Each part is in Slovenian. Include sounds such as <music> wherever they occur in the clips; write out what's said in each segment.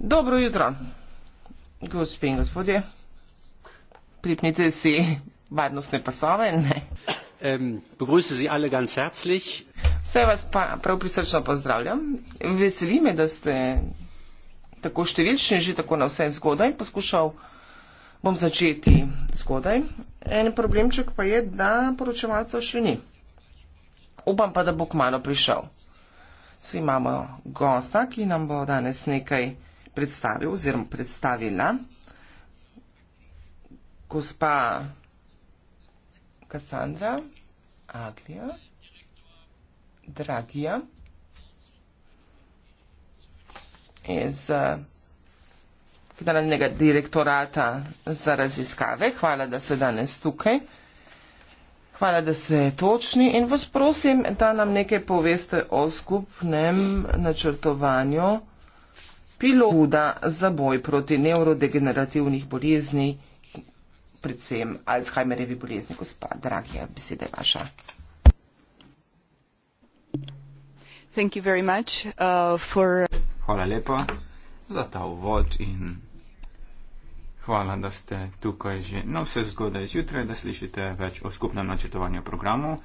Dobro jutro, gospe in gospodje. Pripnite si varnostne pasove. Begrüße Sie alle ganz herzlich. Vse vas pa prav prisrčno pozdravljam. Veseli me, da ste tako številčni, že tako na vse zgodaj. Poskušal bom začeti zgodaj. En problemček pa je, da poročevalca še ni. Upam pa, da bo kmalo prišel. Vsi imamo gosta, ki nam bo danes nekaj predstavil oziroma predstavila. Gospa Kassandra Aglija, Dragija iz eh, Generalnega direktorata za raziskave. Hvala, da ste danes tukaj. Hvala, da ste točni in vas prosim, da nam nekaj poveste o skupnem načrtovanju pilota za boj proti nevrodegenerativnih bolezni, predvsem Alzheimerjevi bolezni. Gospa, dragija, beseda je vaša. Uh, Hvala lepa za ta uvod in hvala, da ste tukaj že na vse zgodaj zjutraj, da slišite več o skupnem načrtovanju programov.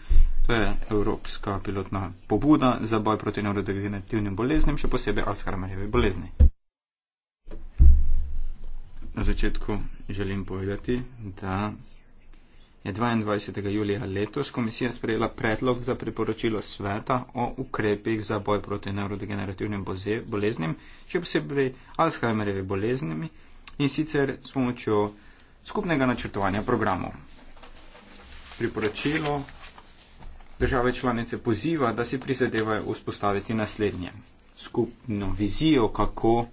To je Evropska pilotna pobuda za boj proti neurodegenerativnim boleznim, še posebej Alzheimerjevi bolezni. Na začetku želim povedati, da je 22. julija letos komisija sprejela predlog za priporočilo sveta o ukrepih za boj proti neurodegenerativnim boleznim, še posebej Alzheimerjevi boleznimi, in sicer s pomočjo skupnega načrtovanja programov. Priporočilo države članice poziva, da si prizadevajo vzpostaviti naslednje skupno vizijo, kako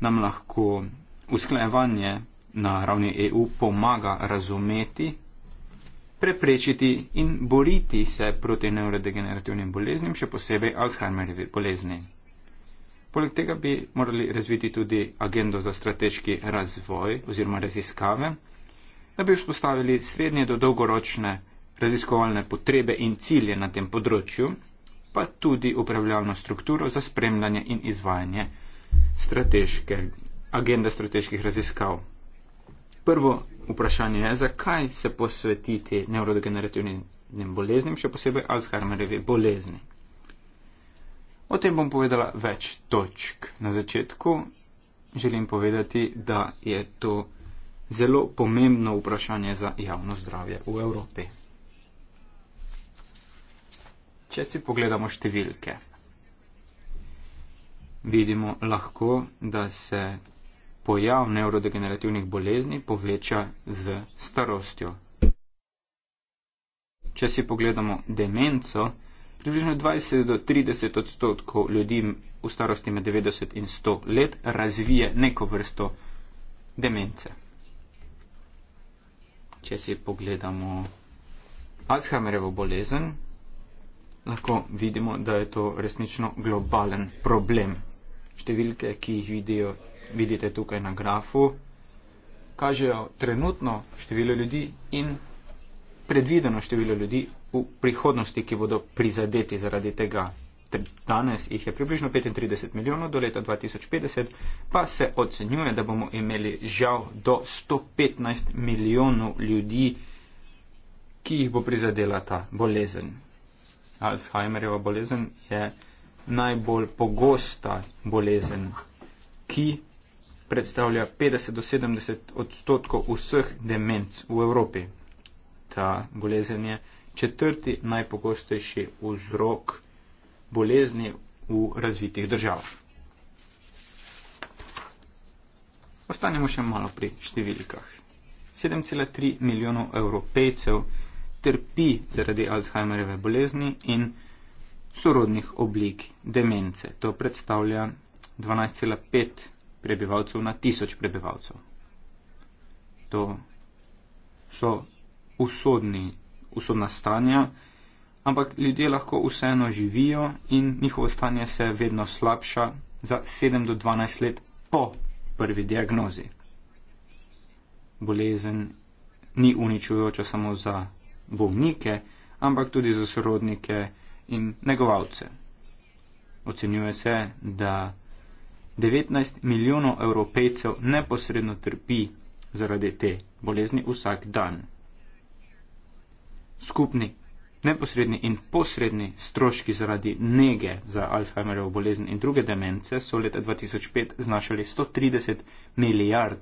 nam lahko usklajevanje na ravni EU pomaga razumeti, preprečiti in boriti se proti neurodegenerativnim boleznim, še posebej Alzheimerjevi bolezni. Poleg tega bi morali razviti tudi agendo za strateški razvoj oziroma raziskave, da bi vzpostavili srednje do dolgoročne raziskovalne potrebe in cilje na tem področju, pa tudi upravljalno strukturo za spremljanje in izvajanje strateške, agende strateških raziskav. Prvo vprašanje je, zakaj se posvetiti nevrodegenerativnim boleznim, še posebej Alzheimerjevi bolezni. O tem bom povedala več točk. Na začetku želim povedati, da je to zelo pomembno vprašanje za javno zdravje v Evropi. Če si pogledamo številke, vidimo lahko, da se pojav neurodegenerativnih bolezni poveča z starostjo. Če si pogledamo demenco, Približno 20 do 30 odstotkov ljudi v starosti med 90 in 100 let razvije neko vrsto demence. Če si pogledamo Alzheimerjevo bolezen, lahko vidimo, da je to resnično globalen problem. Številke, ki jih vidijo, vidite tukaj na grafu, kažejo trenutno število ljudi in predvideno število ljudi v prihodnosti, ki bodo prizadeti zaradi tega. Danes jih je približno 35 milijonov, do leta 2050 pa se ocenjuje, da bomo imeli žal do 115 milijonov ljudi, ki jih bo prizadela ta bolezen. Alzheimerjeva bolezen je najbolj pogosta bolezen, ki predstavlja 50 do 70 odstotkov vseh demenc v Evropi. Ta bolezen je četrti najpogostejši vzrok bolezni v razvitih državah. Ostanemo še malo pri številkah. 7,3 milijonov evropejcev trpi zaradi Alzheimerjeve bolezni in sorodnih oblik demence. To predstavlja 12,5 prebivalcev na tisoč prebivalcev. To so usodni usodna stanja, ampak ljudje lahko vseeno živijo in njihovo stanje se vedno slabša za 7 do 12 let po prvi diagnozi. Bolezen ni uničujoča samo za bolnike, ampak tudi za sorodnike in negovalce. Ocenjuje se, da 19 milijonov evropejcev neposredno trpi zaradi te bolezni vsak dan skupni neposredni in posredni stroški zaradi nege za Alzheimerjevo bolezen in druge demence so leta 2005 znašali 130 milijard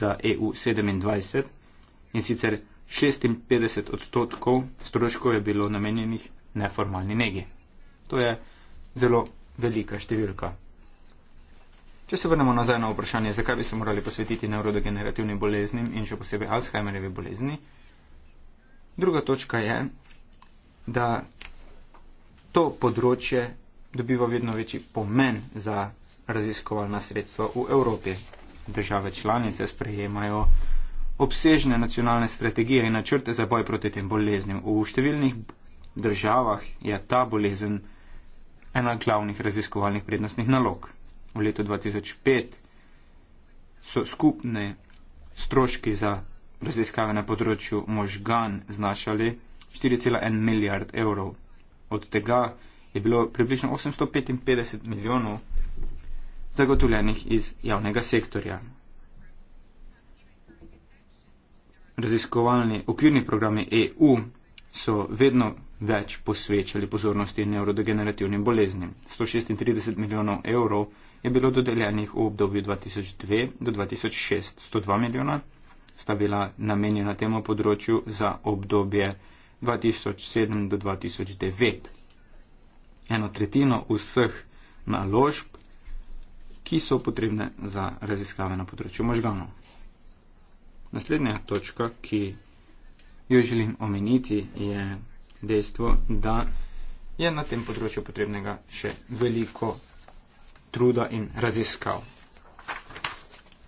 za EU27 in sicer 56 odstotkov stroškov je bilo namenjenih neformalni negi. To je zelo velika številka. Če se vrnemo nazaj na vprašanje, zakaj bi se morali posvetiti neurodegenerativnim boleznim in še posebej Alzheimerjevi bolezni, Druga točka je, da to področje dobiva vedno večji pomen za raziskovalna sredstva v Evropi. Države članice sprejemajo obsežne nacionalne strategije in načrte za boj proti tem boleznim. V številnih državah je ta bolezen ena glavnih raziskovalnih prednostnih nalog. V letu 2005 so skupne stroški za raziskave na področju možgan znašali 4,1 milijard evrov. Od tega je bilo približno 855 milijonov zagotovljenih iz javnega sektorja. Raziskovalni okvirni programi EU so vedno več posvečali pozornosti nevrodegenerativnim boleznim. 136 milijonov evrov je bilo dodeljenih v obdobju 2002 do 2006, 102 milijona sta bila namenjena temu področju za obdobje 2007 do 2009. Eno tretjino vseh naložb, ki so potrebne za raziskave na področju možganov. Naslednja točka, ki jo želim omeniti, je dejstvo, da je na tem področju potrebnega še veliko truda in raziskav.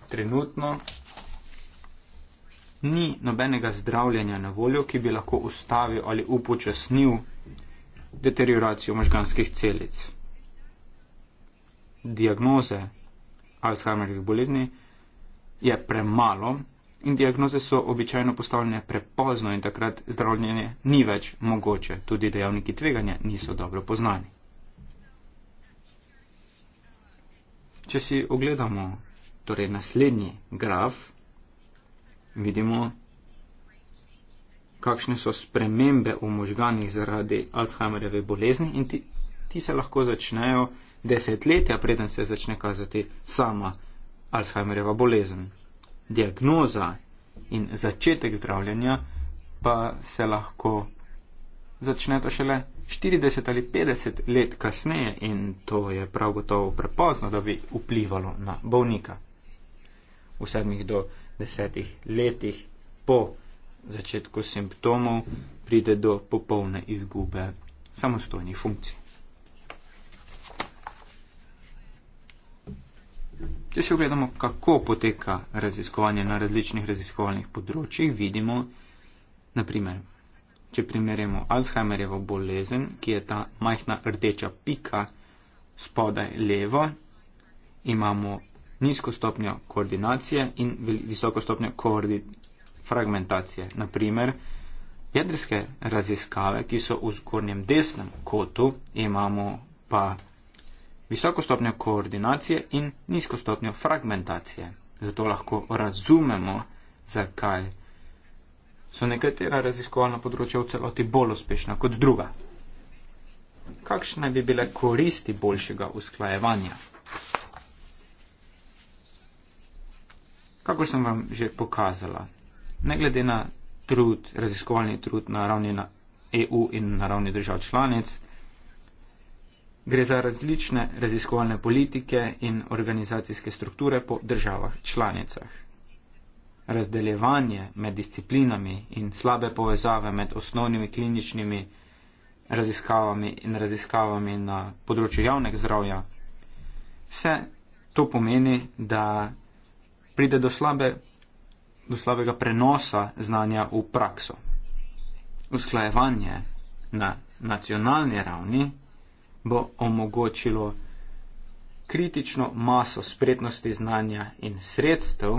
Trenutno ni nobenega zdravljenja na voljo, ki bi lahko ustavil ali upočasnil deterioracijo možganskih celic. Diagnoze Alzheimerjevih bolezni je premalo in diagnoze so običajno postavljene prepozno in takrat zdravljenje ni več mogoče, tudi dejavniki tveganja niso dobro poznani. Če si ogledamo torej naslednji graf, vidimo, kakšne so spremembe v možganjih zaradi Alzheimerjeve bolezni in ti, ti se lahko začnejo desetletja, preden se začne kazati sama Alzheimerjeva bolezen. Diagnoza in začetek zdravljenja pa se lahko začneta šele 40 ali 50 let kasneje in to je prav gotovo prepozno, da bi vplivalo na bolnika. V sedmih do desetih letih po začetku simptomov pride do popolne izgube samostojnih funkcij. Če si ogledamo, kako poteka raziskovanje na različnih raziskovalnih področjih, vidimo, naprimer, če primerjamo Alzheimerjevo bolezen, ki je ta majhna rdeča pika spodaj levo, imamo nizko stopnjo koordinacije in visoko stopnjo fragmentacije. Naprimer, jedrske raziskave, ki so v zgornjem desnem kotu, imamo pa visoko stopnjo koordinacije in nizko stopnjo fragmentacije. Zato lahko razumemo, zakaj so nekatera raziskovalna področja v celoti bolj uspešna kot druga. Kakšne bi bile koristi boljšega usklajevanja? kako sem vam že pokazala, ne glede na trud, raziskovalni trud na ravni na EU in na ravni držav članic, gre za različne raziskovalne politike in organizacijske strukture po državah članicah. Razdeljevanje med disciplinami in slabe povezave med osnovnimi kliničnimi raziskavami in raziskavami na področju javnega zdravja, vse to pomeni, da pride do, slabe, do slabega prenosa znanja v prakso. Usklajevanje na nacionalni ravni bo omogočilo kritično maso spretnosti znanja in sredstev,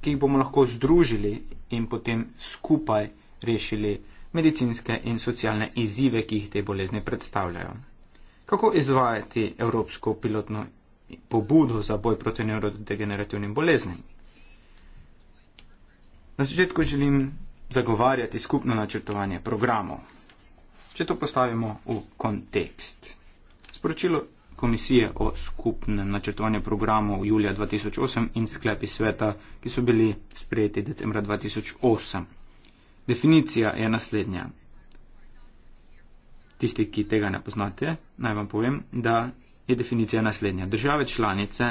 ki jih bomo lahko združili in potem skupaj rešili medicinske in socialne izzive, ki jih te bolezni predstavljajo. Kako izvajati evropsko pilotno pobudo za boj proti nevrodegenerativnim boleznim? Na začetku želim zagovarjati skupno načrtovanje programov. Če to postavimo v kontekst. Sporočilo komisije o skupnem načrtovanju programov julija 2008 in sklepi sveta, ki so bili sprejeti decembra 2008. Definicija je naslednja. Tisti, ki tega ne poznate, naj vam povem, da je definicija naslednja. Države članice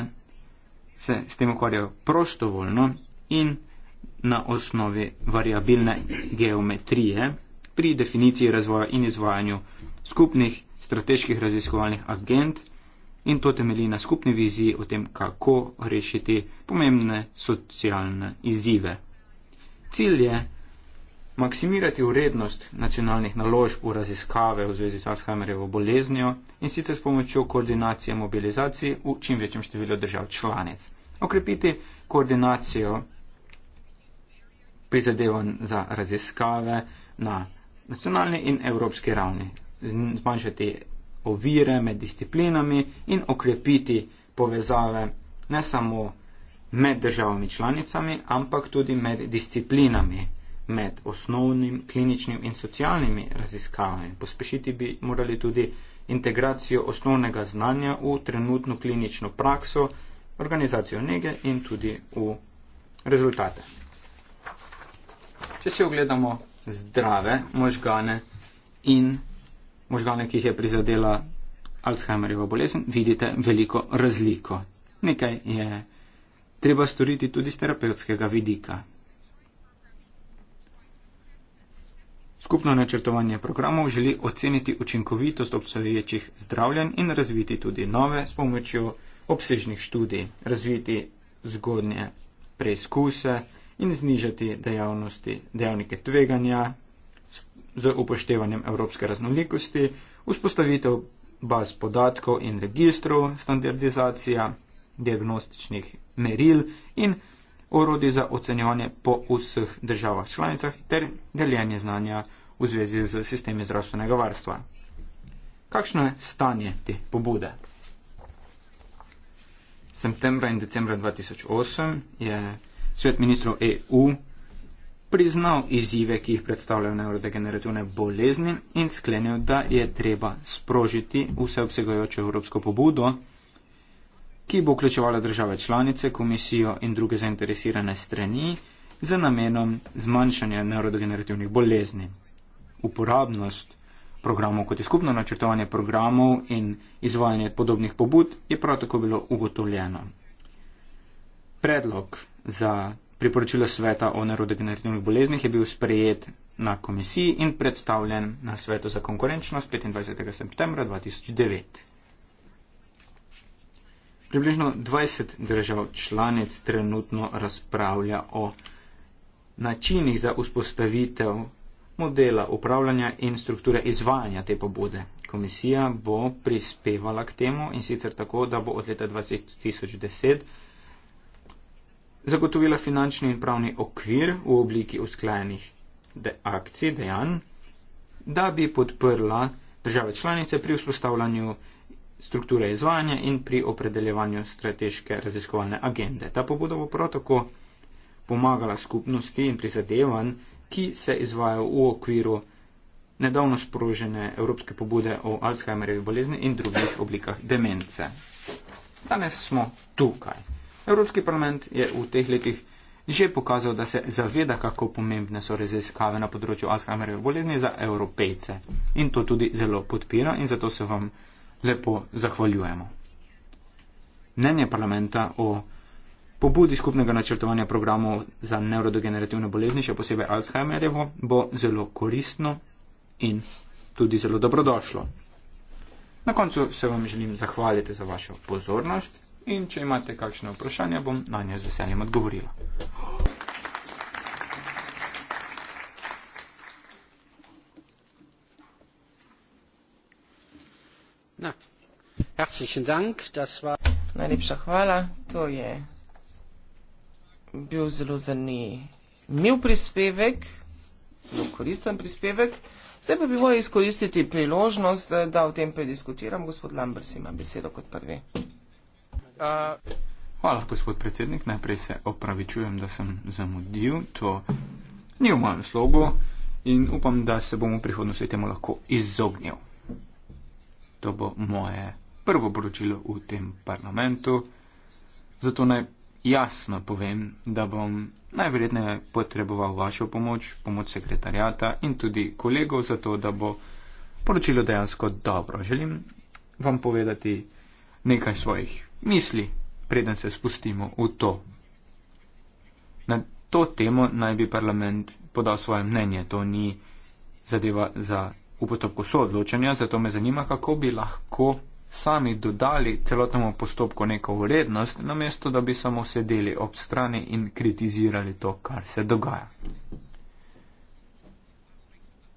se s tem ukvarjajo prostovoljno in na osnovi variabilne geometrije pri definiciji razvoja in izvajanju skupnih strateških raziskovalnih agent in to temelji na skupni viziji o tem, kako rešiti pomembne socialne izzive. Cilj je maksimirati urednost nacionalnih naložb v raziskave v zvezi z Alzheimerjevo boleznjo in sicer s pomočjo koordinacije mobilizacij v čim večjem številu držav članic. Okrepiti koordinacijo prizadevanj za raziskave na nacionalni in evropski ravni, zmanjšati ovire med disciplinami in okrepiti povezave ne samo med državami članicami, ampak tudi med disciplinami, med osnovnim, kliničnim in socialnimi raziskavami. Pospešiti bi morali tudi integracijo osnovnega znanja v trenutno klinično prakso, organizacijo nege in tudi v rezultate če si ogledamo zdrave možgane in možgane, ki jih je prizadela Alzheimerjeva bolezen, vidite veliko razliko. Nekaj je treba storiti tudi z terapevtskega vidika. Skupno načrtovanje programov želi oceniti učinkovitost obstoječih zdravljenj in razviti tudi nove s pomočjo obsežnih študij, razviti zgodnje preizkuse, in znižati dejavnike tveganja z, z upoštevanjem evropske raznolikosti, vzpostavitev baz podatkov in registrov, standardizacija diagnostičnih meril in orodi za ocenjevanje po vseh državah članicah ter deljenje znanja v zvezi z sistemi zdravstvenega varstva. Kakšno je stanje te pobude? Septembra in decembra 2008 je svet ministrov EU priznal izzive, ki jih predstavljajo neurodegenerativne bolezni in sklenil, da je treba sprožiti vseobsegajočo evropsko pobudo, ki bo vključevala države članice, komisijo in druge zainteresirane strani za namenom zmanjšanja neurodegenerativnih bolezni. Uporabnost programov kot je skupno načrtovanje programov in izvajanje podobnih pobud je prav tako bilo ugotovljeno. Predlog za priporočilo sveta o nerodegenerativnih boleznih je bil sprejet na komisiji in predstavljen na svetu za konkurenčnost 25. septembra 2009. Približno 20 držav članic trenutno razpravlja o načinih za vzpostavitev modela upravljanja in strukture izvajanja te pobude. Komisija bo prispevala k temu in sicer tako, da bo od leta 2010 zagotovila finančni in pravni okvir v obliki usklajenih de akcij, dejanj, da bi podprla države članice pri vzpostavljanju strukture izvajanja in pri opredeljevanju strateške raziskovalne agende. Ta pobuda bo prav tako pomagala skupnosti in prizadevanj, ki se izvajo v okviru nedavno sprožene evropske pobude o Alzheimerjevi bolezni in drugih oblikah demence. Danes smo tukaj. Evropski parlament je v teh letih že pokazal, da se zaveda, kako pomembne so raziskave na področju Alzheimerjeve bolezni za evropejce. In to tudi zelo podpira in zato se vam lepo zahvaljujemo. Mnenje parlamenta o pobudi skupnega načrtovanja programov za nevrodegenerativne bolezni, še posebej Alzheimerjevo, bo zelo koristno in tudi zelo dobrodošlo. Na koncu se vam želim zahvaliti za vašo pozornost. In če imate kakšne vprašanja, bom na nje z veseljem odgovorila. Najlepša hvala. To je bil zelo zanimiv prispevek, zelo koristen prispevek. Zdaj pa bi morali izkoristiti priložnost, da o tem prediskutiram. Gospod Lambers ima besedo kot prvi. Uh, Hvala, gospod predsednik. Najprej se opravičujem, da sem zamudil. To ni v mojem slogu in upam, da se bomo v prihodnosti temu lahko izognil. To bo moje prvo poročilo v tem parlamentu. Zato naj jasno povem, da bom najverjetneje potreboval vašo pomoč, pomoč sekretarjata in tudi kolegov, zato da bo poročilo dejansko dobro. Želim vam povedati nekaj svojih misli, preden se spustimo v to. Na to temo naj bi parlament podal svoje mnenje, to ni zadeva za v postopku soodločanja, zato me zanima, kako bi lahko sami dodali celotnemu postopku neko vrednost, namesto da bi samo sedeli ob strani in kritizirali to, kar se dogaja.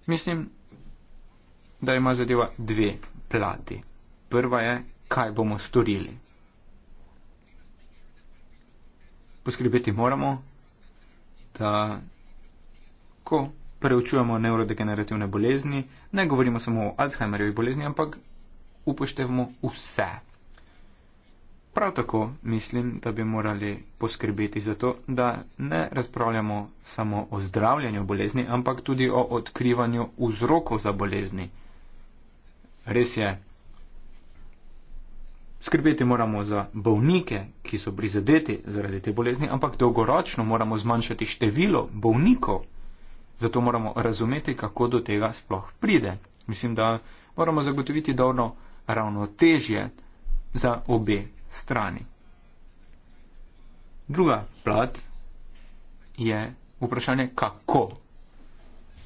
Mislim, da ima zadeva dve plati. Prva je, kaj bomo storili. poskrbeti moramo, da ko preučujemo neurodegenerativne bolezni, ne govorimo samo o Alzheimerjevi bolezni, ampak upoštevamo vse. Prav tako mislim, da bi morali poskrbeti za to, da ne razpravljamo samo o zdravljanju bolezni, ampak tudi o odkrivanju vzrokov za bolezni. Res je, Skrbeti moramo za bolnike, ki so prizadeti zaradi te bolezni, ampak dolgoročno moramo zmanjšati število bolnikov. Zato moramo razumeti, kako do tega sploh pride. Mislim, da moramo zagotoviti dobro ravnotežje za obe strani. Druga plat je vprašanje, kako.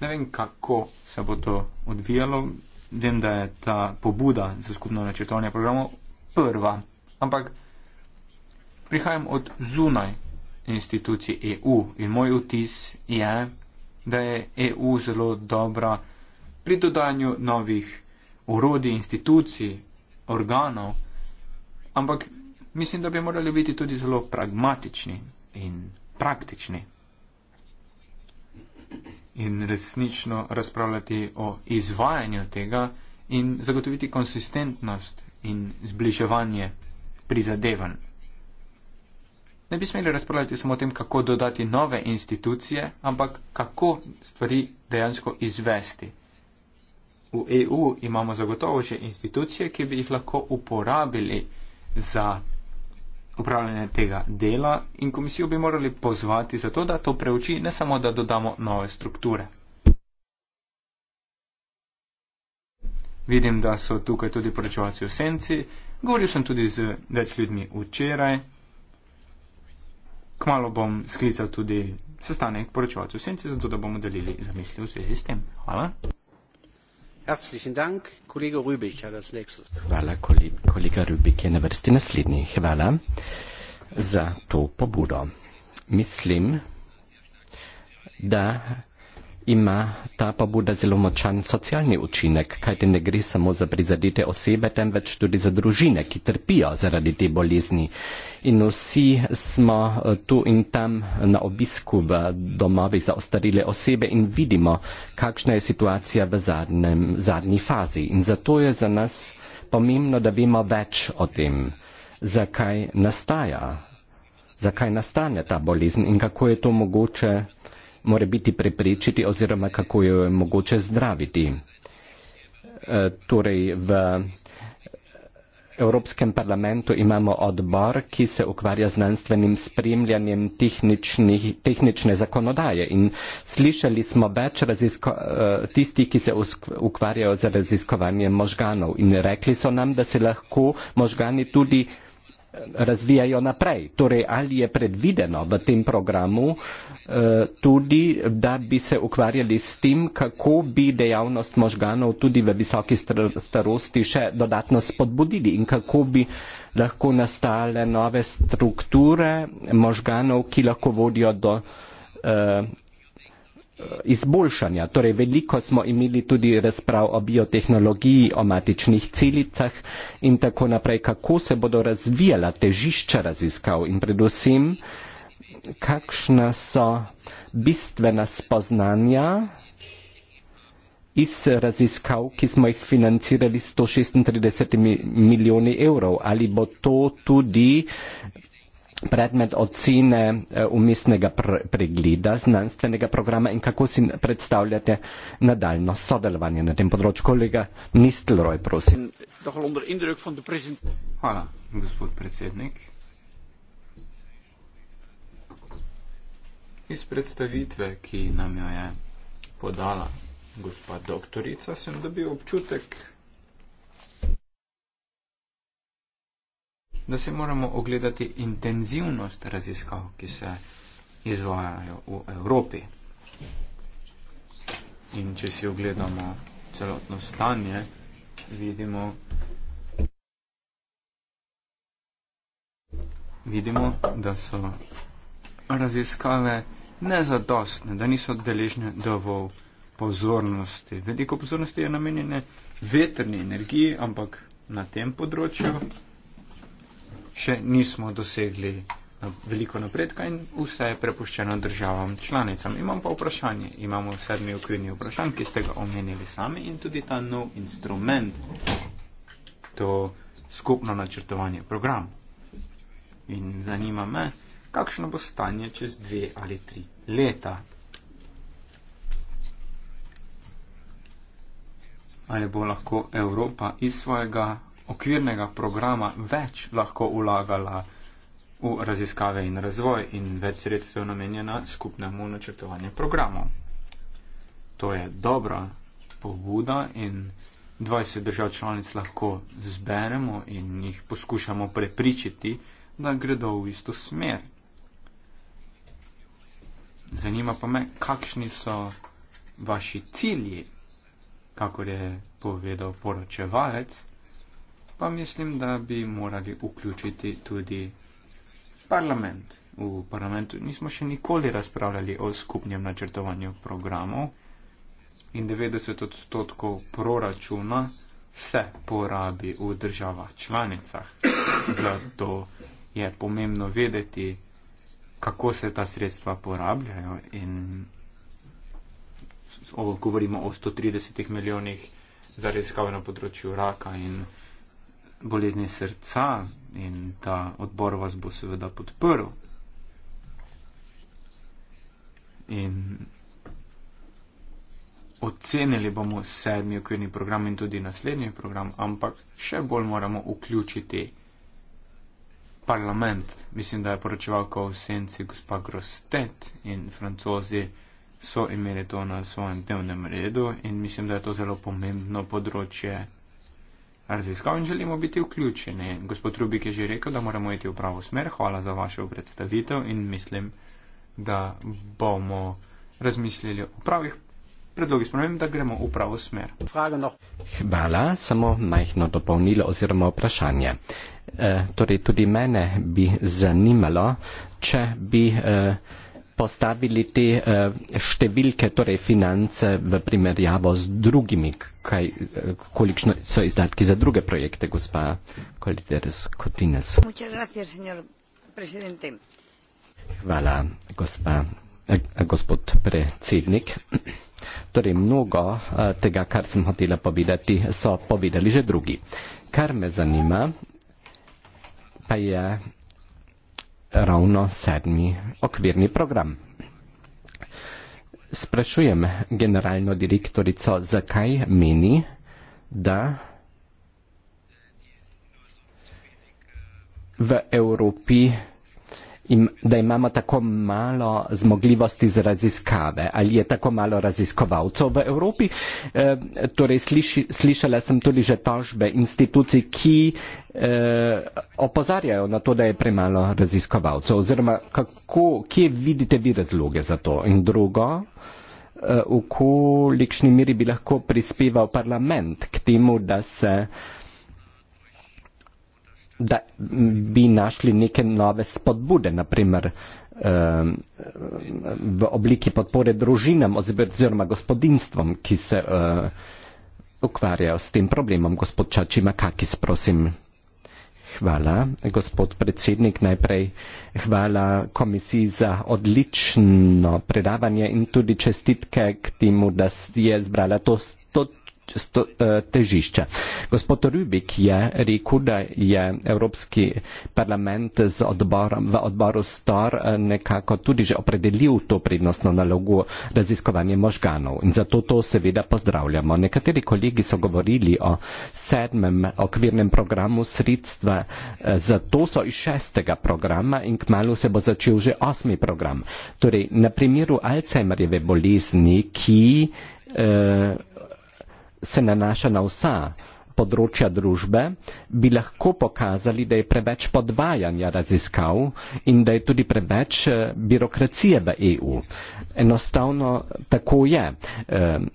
Ne vem, kako se bo to odvijalo. Vem, da je ta pobuda za skupno načrtovanje programov prva, ampak prihajam od zunaj institucij EU in moj vtis je, da je EU zelo dobra pri dodanju novih urodij, institucij, organov, ampak mislim, da bi morali biti tudi zelo pragmatični in praktični in resnično razpravljati o izvajanju tega in zagotoviti konsistentnost in zbliževanje prizadevanj. Ne bi smeli razpravljati samo o tem, kako dodati nove institucije, ampak kako stvari dejansko izvesti. V EU imamo zagotovo še institucije, ki bi jih lahko uporabili za upravljanje tega dela in komisijo bi morali pozvati za to, da to preuči, ne samo da dodamo nove strukture. vidim, da so tukaj tudi poročevalci v senci. Govoril sem tudi z več ljudmi včeraj. Kmalo bom sklical tudi sestanek poročevalcev v senci, zato da bomo delili zamisli v zvezi s tem. Hvala. Dank. Kolega Rubik, das Hvala, kolega Rubik je na vrsti naslednji. Hvala za to pobudo. Mislim, da ima ta pobuda zelo močan socialni učinek, kajti ne gre samo za prizadete osebe, temveč tudi za družine, ki trpijo zaradi te bolezni. In vsi smo eh, tu in tam na obisku v domovih za ostarile osebe in vidimo, kakšna je situacija v zadnjem, zadnji fazi. In zato je za nas pomembno, da vemo več o tem, zakaj nastaja, zakaj nastane ta bolezen in kako je to mogoče more biti preprečiti oziroma kako jo je mogoče zdraviti. E, torej, v Evropskem parlamentu imamo odbor, ki se ukvarja znanstvenim spremljanjem tehnične zakonodaje in slišali smo več e, tistih, ki se ukvarjajo za raziskovanje možganov in rekli so nam, da se lahko možgani tudi razvijajo naprej. Torej, ali je predvideno v tem programu eh, tudi, da bi se ukvarjali s tem, kako bi dejavnost možganov tudi v visoki starosti še dodatno spodbudili in kako bi lahko nastale nove strukture možganov, ki lahko vodijo do eh, Eh, izboljšanja. Torej, veliko smo imeli tudi razprav o biotehnologiji, o matičnih celicah in tako naprej, kako se bodo razvijala težišča raziskav in predvsem, kakšna so bistvena spoznanja iz raziskav, ki smo jih financirali 136 milijoni evrov. Ali bo to tudi predmet ocene eh, umestnega pregleda znanstvenega programa in kako si predstavljate nadaljno sodelovanje na tem področju. Kolega Nistelroj, prosim. Hvala, gospod predsednik. Iz predstavitve, ki nam jo je podala gospa doktorica, sem dobil občutek, da se moramo ogledati intenzivnost raziskav, ki se izvajajo v Evropi. In če si ogledamo celotno stanje, vidimo, vidimo da so raziskave nezadostne, da niso deležne dovolj pozornosti. Veliko pozornosti je namenjene vetrni energiji, ampak na tem področju. Ja še nismo dosegli veliko napredka in vse je prepuščeno državam članicam. Imam pa vprašanje, imamo sedmi okvirni vprašanj, ki ste ga omenili sami in tudi ta nov instrument, to skupno načrtovanje programa. In zanima me, kakšno bo stanje čez dve ali tri leta. Ali bo lahko Evropa iz svojega okvirnega programa več lahko ulagala v raziskave in razvoj in več sredstev namenjena skupnemu načrtovanju programov. To je dobra pobuda in 20 držav članic lahko zberemo in jih poskušamo prepričati, da gredo v isto smer. Zanima pa me, kakšni so vaši cilji, kako je povedal poročevalec pa mislim, da bi morali vključiti tudi parlament. V parlamentu nismo še nikoli razpravljali o skupnem načrtovanju programov in 90 odstotkov proračuna se porabi v državah članicah. Zato je pomembno vedeti, kako se ta sredstva porabljajo in o, govorimo o 130 milijonih za raziskave na področju raka in bolezni srca in ta odbor vas bo seveda podprl. In ocenili bomo sedmi okvirni program in tudi naslednji program, ampak še bolj moramo vključiti parlament. Mislim, da je poročevalka v senci gospa Grostet in francozi so imeli to na svojem dnevnem redu in mislim, da je to zelo pomembno področje raziskav in želimo biti vključeni. Gospod Rubik je že rekel, da moramo iti v pravo smer. Hvala za vašo predstavitev in mislim, da bomo razmislili o pravih predlogih sprememb, da gremo v pravo smer. No- Hvala, samo majhno dopolnilo oziroma vprašanje. E, torej, tudi mene bi zanimalo, če bi. E, postavili te eh, številke, torej finance v primerjavo z drugimi, kaj, eh, kolikšno so izdatki za druge projekte, gospa Koliteres Kotines. Hvala, gospa, eh, gospod predsednik. Torej, mnogo tega, kar sem hotela povedati, so povedali že drugi. Kar me zanima, pa je ravno sedmi okvirni program. Sprašujem generalno direktorico, zakaj meni, da v Evropi in da imamo tako malo zmogljivosti za raziskave, ali je tako malo raziskovalcev v Evropi. E, torej, sliši, slišala sem tudi že tožbe institucij, ki e, opozarjajo na to, da je premalo raziskovalcev. Oziroma, kako, kje vidite vi razloge za to? In drugo, e, v kolikšni miri bi lahko prispeval parlament k temu, da se da bi našli neke nove spodbude, naprimer v obliki podpore družinam oziroma gospodinstvom, ki se eh, ukvarjajo s tem problemom. Gospod Čačima, kak izprosim? Hvala, gospod predsednik, najprej hvala komisiji za odlično predavanje in tudi čestitke k temu, da je zbrala to 100 sto, eh, težišče. Gospod Rubik je rekel, da je Evropski parlament z odbor, v odboru STOR eh, nekako tudi že opredelil to prednostno nalogo raziskovanje možganov in zato to seveda pozdravljamo. Nekateri kolegi so govorili o sedmem okvirnem programu sredstva, eh, zato so iz šestega programa in kmalo se bo začel že osmi program. Torej, na primeru Alzheimerjeve bolezni, ki eh, se nanaša na vsa področja družbe, bi lahko pokazali, da je preveč podvajanja raziskav in da je tudi preveč eh, birokracije v EU. Enostavno tako je. Ehm,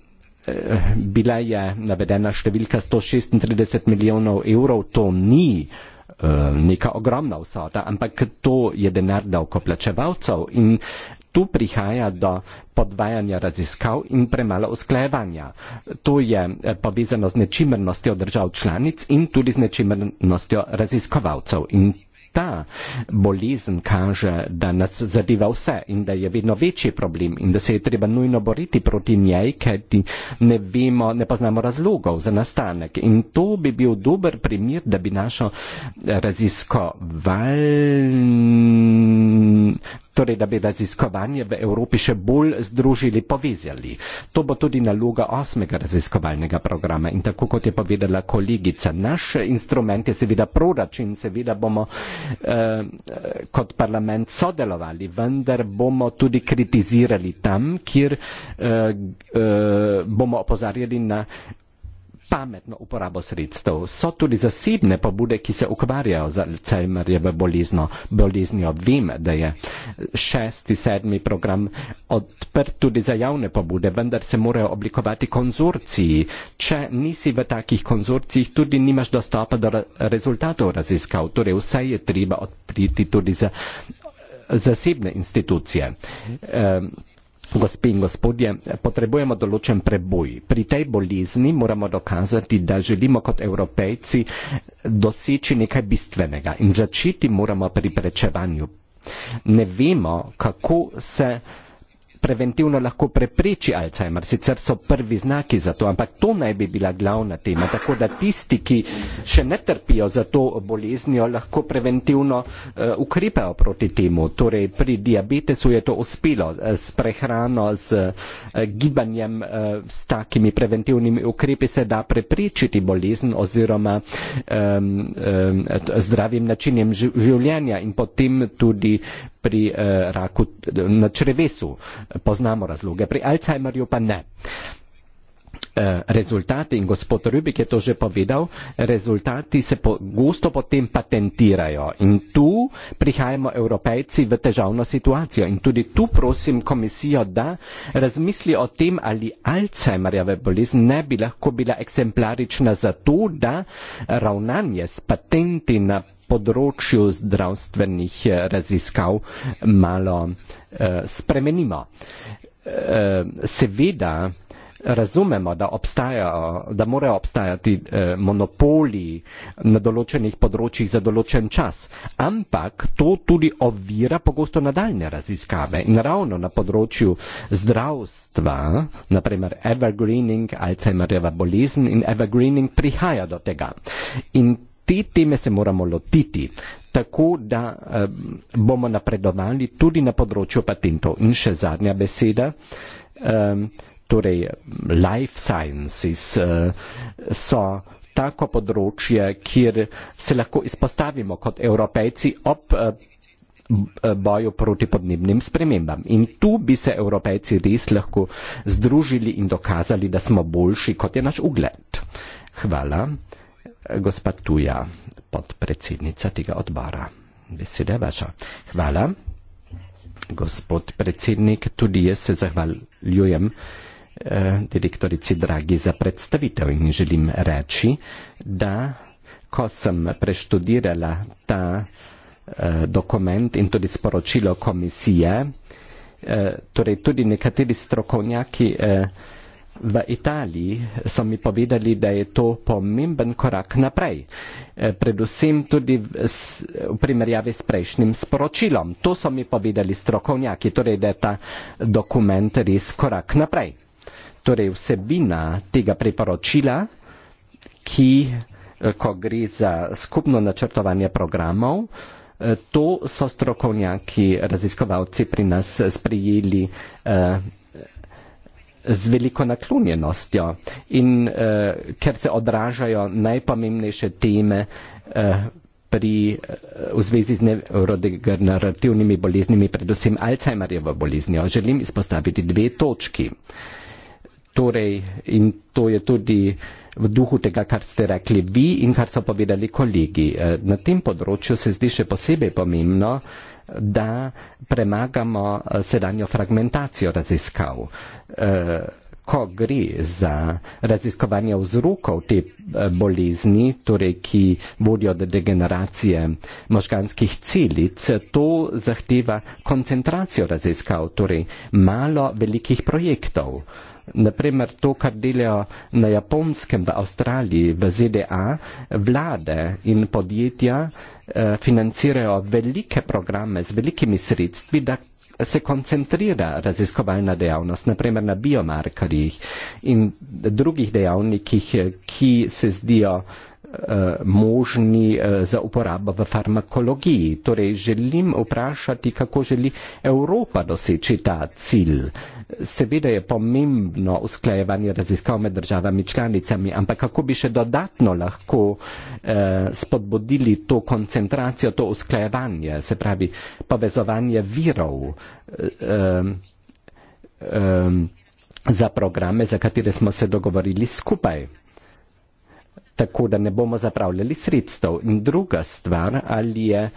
eh, bila je navedena številka 136 milijonov evrov, to ni eh, neka ogromna vsota, ampak to je denar davkoplačevalcev in tu prihaja do podvajanja raziskav in premalo usklajevanja. To je eh, povezano z nečimrnostjo držav članic in tudi z nečimrnostjo raziskovalcev. In ta bolezen kaže, da nas zadeva vse in da je vedno večji problem in da se je treba nujno boriti proti njej, ker ne, vemo, ne poznamo razlogov za nastanek. In to bi bil dober primer, da bi našo raziskoval torej da bi raziskovanje v Evropi še bolj združili, povezali. To bo tudi naloga osmega raziskovalnega programa in tako kot je povedala kolegica, naš instrument je seveda proračun, seveda bomo eh, kot parlament sodelovali, vendar bomo tudi kritizirali tam, kjer eh, eh, bomo opozarjali na pametno uporabo sredstev. So tudi zasebne pobude, ki se ukvarjajo z Alzheimerjevo boleznjo. Boleznjo vem, da je šesti, sedmi program odprt tudi za javne pobude, vendar se morajo oblikovati konzorciji. Če nisi v takih konzorcijih, tudi nimaš dostopa do rezultatov raziskav. Torej vse je treba odpriti tudi za zasebne institucije. Um, Gospi in gospodje, potrebujemo določen preboj. Pri tej bolizni moramo dokazati, da želimo kot evropejci doseči nekaj bistvenega in začeti moramo pri prečevanju. Ne vemo, kako se preventivno lahko prepreči Alzheimer. Sicer so prvi znaki za to, ampak to naj bi bila glavna tema. Tako da tisti, ki še ne trpijo za to boleznijo, lahko preventivno uh, ukrepajo proti temu. Torej, pri diabetesu je to uspelo eh, s prehrano, s uh, eh, gibanjem, uh, s takimi preventivnimi ukrepi se da preprečiti bolezen oziroma um, um, zdravim načinjem življenja in potem tudi pri eh, raku na črevesu poznamo razloge, pri Alzheimerju pa ne. Eh, rezultati, in gospod Rubik je to že povedal, rezultati se pogosto potem patentirajo in tu prihajamo evropejci v težavno situacijo in tudi tu prosim komisijo, da razmisli o tem, ali Alzheimerjeve bolezen ne bi lahko bila eksemplarična za to, da ravnanje s patenti na področju zdravstvenih eh, raziskav malo eh, spremenimo. Eh, seveda razumemo, da, obstajajo, da morajo obstajati monopoli na določenih področjih za določen čas, ampak to tudi ovira pogosto nadaljne raziskave. In ravno na področju zdravstva, naprimer evergreening, Alzheimerjeva bolezen in evergreening prihaja do tega. In te teme se moramo lotiti, tako da um, bomo napredovali tudi na področju patentov. In še zadnja beseda, um, torej life sciences uh, so tako področje, kjer se lahko izpostavimo kot evropejci ob boju proti podnebnim spremembam. In tu bi se evropejci res lahko združili in dokazali, da smo boljši, kot je naš ugled. Hvala gospa Tuja, podpredsednica tega odbora. Beseda je vaša. Hvala. Gospod predsednik, tudi jaz se zahvaljujem eh, direktorici Dragi za predstavitev in želim reči, da ko sem preštudirala ta eh, dokument in tudi sporočilo komisije, eh, torej tudi nekateri strokovnjaki eh, V Italiji so mi povedali, da je to pomemben korak naprej, eh, predvsem tudi v primerjavi s prejšnjim sporočilom. To so mi povedali strokovnjaki, torej da je ta dokument res korak naprej. Torej vsebina tega priporočila, ki, eh, ko gre za skupno načrtovanje programov, eh, to so strokovnjaki, raziskovalci pri nas sprejeli. Eh, z veliko naklonjenostjo in uh, ker se odražajo najpomembnejše teme uh, pri, uh, v zvezi z neurodegenerativnimi boleznimi, predvsem Alzheimerjevo boleznjo. Želim izpostaviti dve točki. Torej, in to je tudi v duhu tega, kar ste rekli vi in kar so povedali kolegi. Uh, na tem področju se zdi še posebej pomembno, uh, da premagamo eh, sedanjo fragmentacijo raziskav. Eh, ko gre za raziskovanje vzrokov te eh, bolezni, torej ki vodijo do degeneracije možganskih celic, to zahteva koncentracijo raziskav, torej malo velikih projektov naprimer to, kar delajo na Japonskem, v Avstraliji, v ZDA, vlade in podjetja eh, financirajo velike programe z velikimi sredstvi, da se koncentrira raziskovalna dejavnost, naprimer na biomarkerjih in drugih dejavnikih, ki se zdijo Eh, možni eh, za uporabo v farmakologiji. Torej, želim vprašati, kako želi Evropa doseči ta cilj. Seveda je pomembno usklajevanje raziskav med državami članicami, ampak kako bi še dodatno lahko eh, spodbudili to koncentracijo, to usklajevanje, se pravi povezovanje virov. Eh, eh, eh za programe, za katere smo se dogovorili skupaj tako da ne bomo zapravljali sredstev. In druga stvar, ali je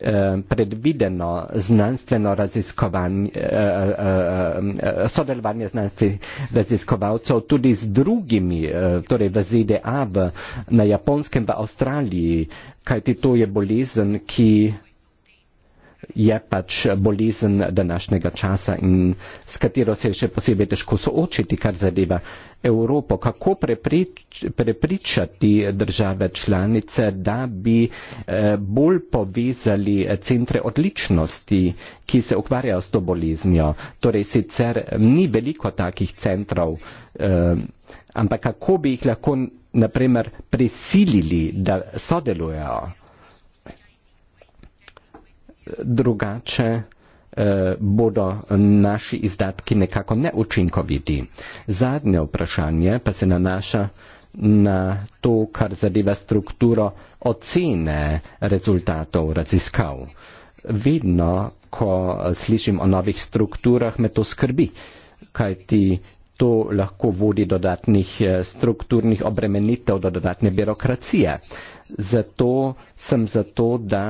eh, predvideno znanstveno raziskovanje, eh, eh, sodelovanje znanstvenih raziskovalcev tudi z drugimi, torej v ZDA, v, na Japonskem, v Avstraliji, kajti to je bolezen, ki je pač bolezen današnjega časa in s katero se je še posebej težko soočiti, kar zadeva Evropo. Kako preprič, prepričati države članice, da bi eh, bolj povezali eh, centre odličnosti, ki se ukvarjajo s to boleznjo? Torej, sicer ni veliko takih centrov, eh, ampak kako bi jih lahko, naprimer, prisilili, da sodelujejo? drugače eh, bodo naši izdatki nekako neučinkoviti. Zadnje vprašanje pa se nanaša na to, kar zadeva strukturo ocene rezultatov raziskav. Vedno, ko slišim o novih strukturah, me to skrbi, kajti to lahko vodi dodatnih eh, strukturnih obremenitev do dodatne birokracije. Zato sem zato, da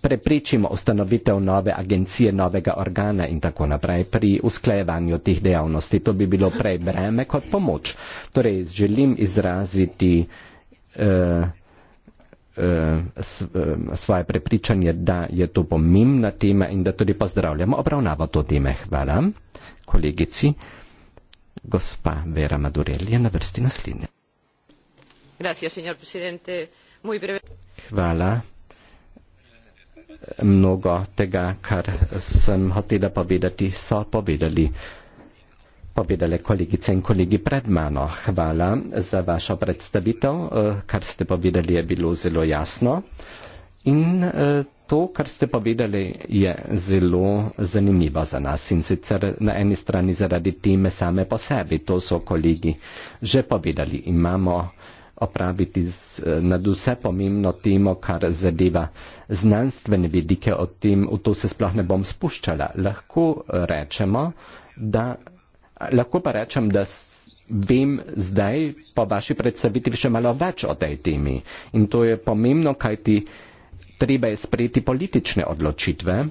preprečimo ustanovitev nove agencije, novega organa in tako naprej pri usklajevanju teh dejavnosti. To bi bilo prej breme kot pomoč. Torej, želim izraziti uh, uh, svoje prepričanje, da je to pomembna tema in da tudi pozdravljamo obravnavo to teme. Hvala, kolegici. Gospa Vera Madurel je na vrsti naslednja. Hvala, mnogo tega, kar sem hotela povedati, so povedali, povedali kolegice in kolegi pred mano. Hvala za vašo predstavitev, eh, kar ste povedali, je bilo zelo jasno. In eh, to, kar ste povedali, je zelo zanimivo za nas in sicer na eni strani zaradi teme same po sebi, to so kolegi že povedali. Imamo opraviti z, nad vse pomembno temo, kar zadeva znanstvene vidike o tem, v to se sploh ne bom spuščala. Lahko rečemo, da, lahko pa rečem, da vem zdaj po vaši predstavitvi še malo več o tej temi. In to je pomembno, kajti treba je sprejeti politične odločitve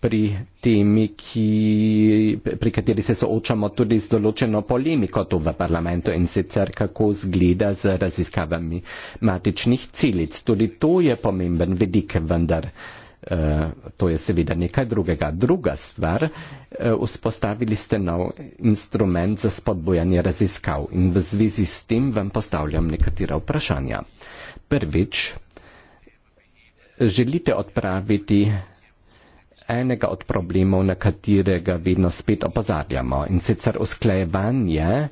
pri temi, ki, pri kateri se soočamo tudi z določeno polemiko tu v parlamentu in sicer kako zgleda z raziskavami matičnih celic. Tudi to je pomemben vidik, vendar eh, to je seveda nekaj drugega. Druga stvar, eh, vzpostavili ste nov instrument za spodbojanje raziskav in v zvezi s tem vam postavljam nekatera vprašanja. Prvič, želite odpraviti enega od problemov, na katerega vedno spet opozarjamo in sicer usklajevanje eh,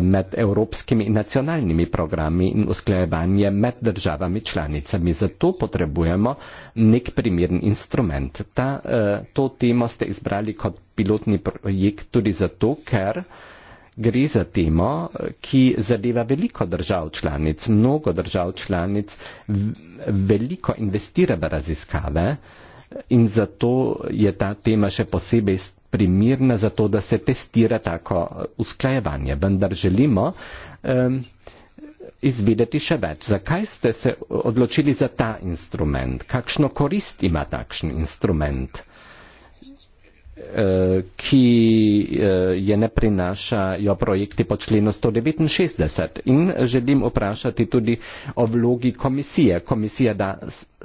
med evropskimi in nacionalnimi programi in usklajevanje med državami članicami. Zato potrebujemo nek primern instrument. Ta, eh, to temo ste izbrali kot pilotni projekt tudi zato, ker gre za temo, eh, ki zadeva veliko držav članic, mnogo držav članic, veliko investira v raziskave, In zato je ta tema še posebej primirna za to, da se testira tako usklajevanje. Vendar želimo um, izvedeti še več. Zakaj ste se odločili za ta instrument? Kakšno korist ima takšen instrument? Eh, ki eh, je ne prinašajo projekti po členu 169. In želim vprašati tudi o vlogi komisije. Komisija da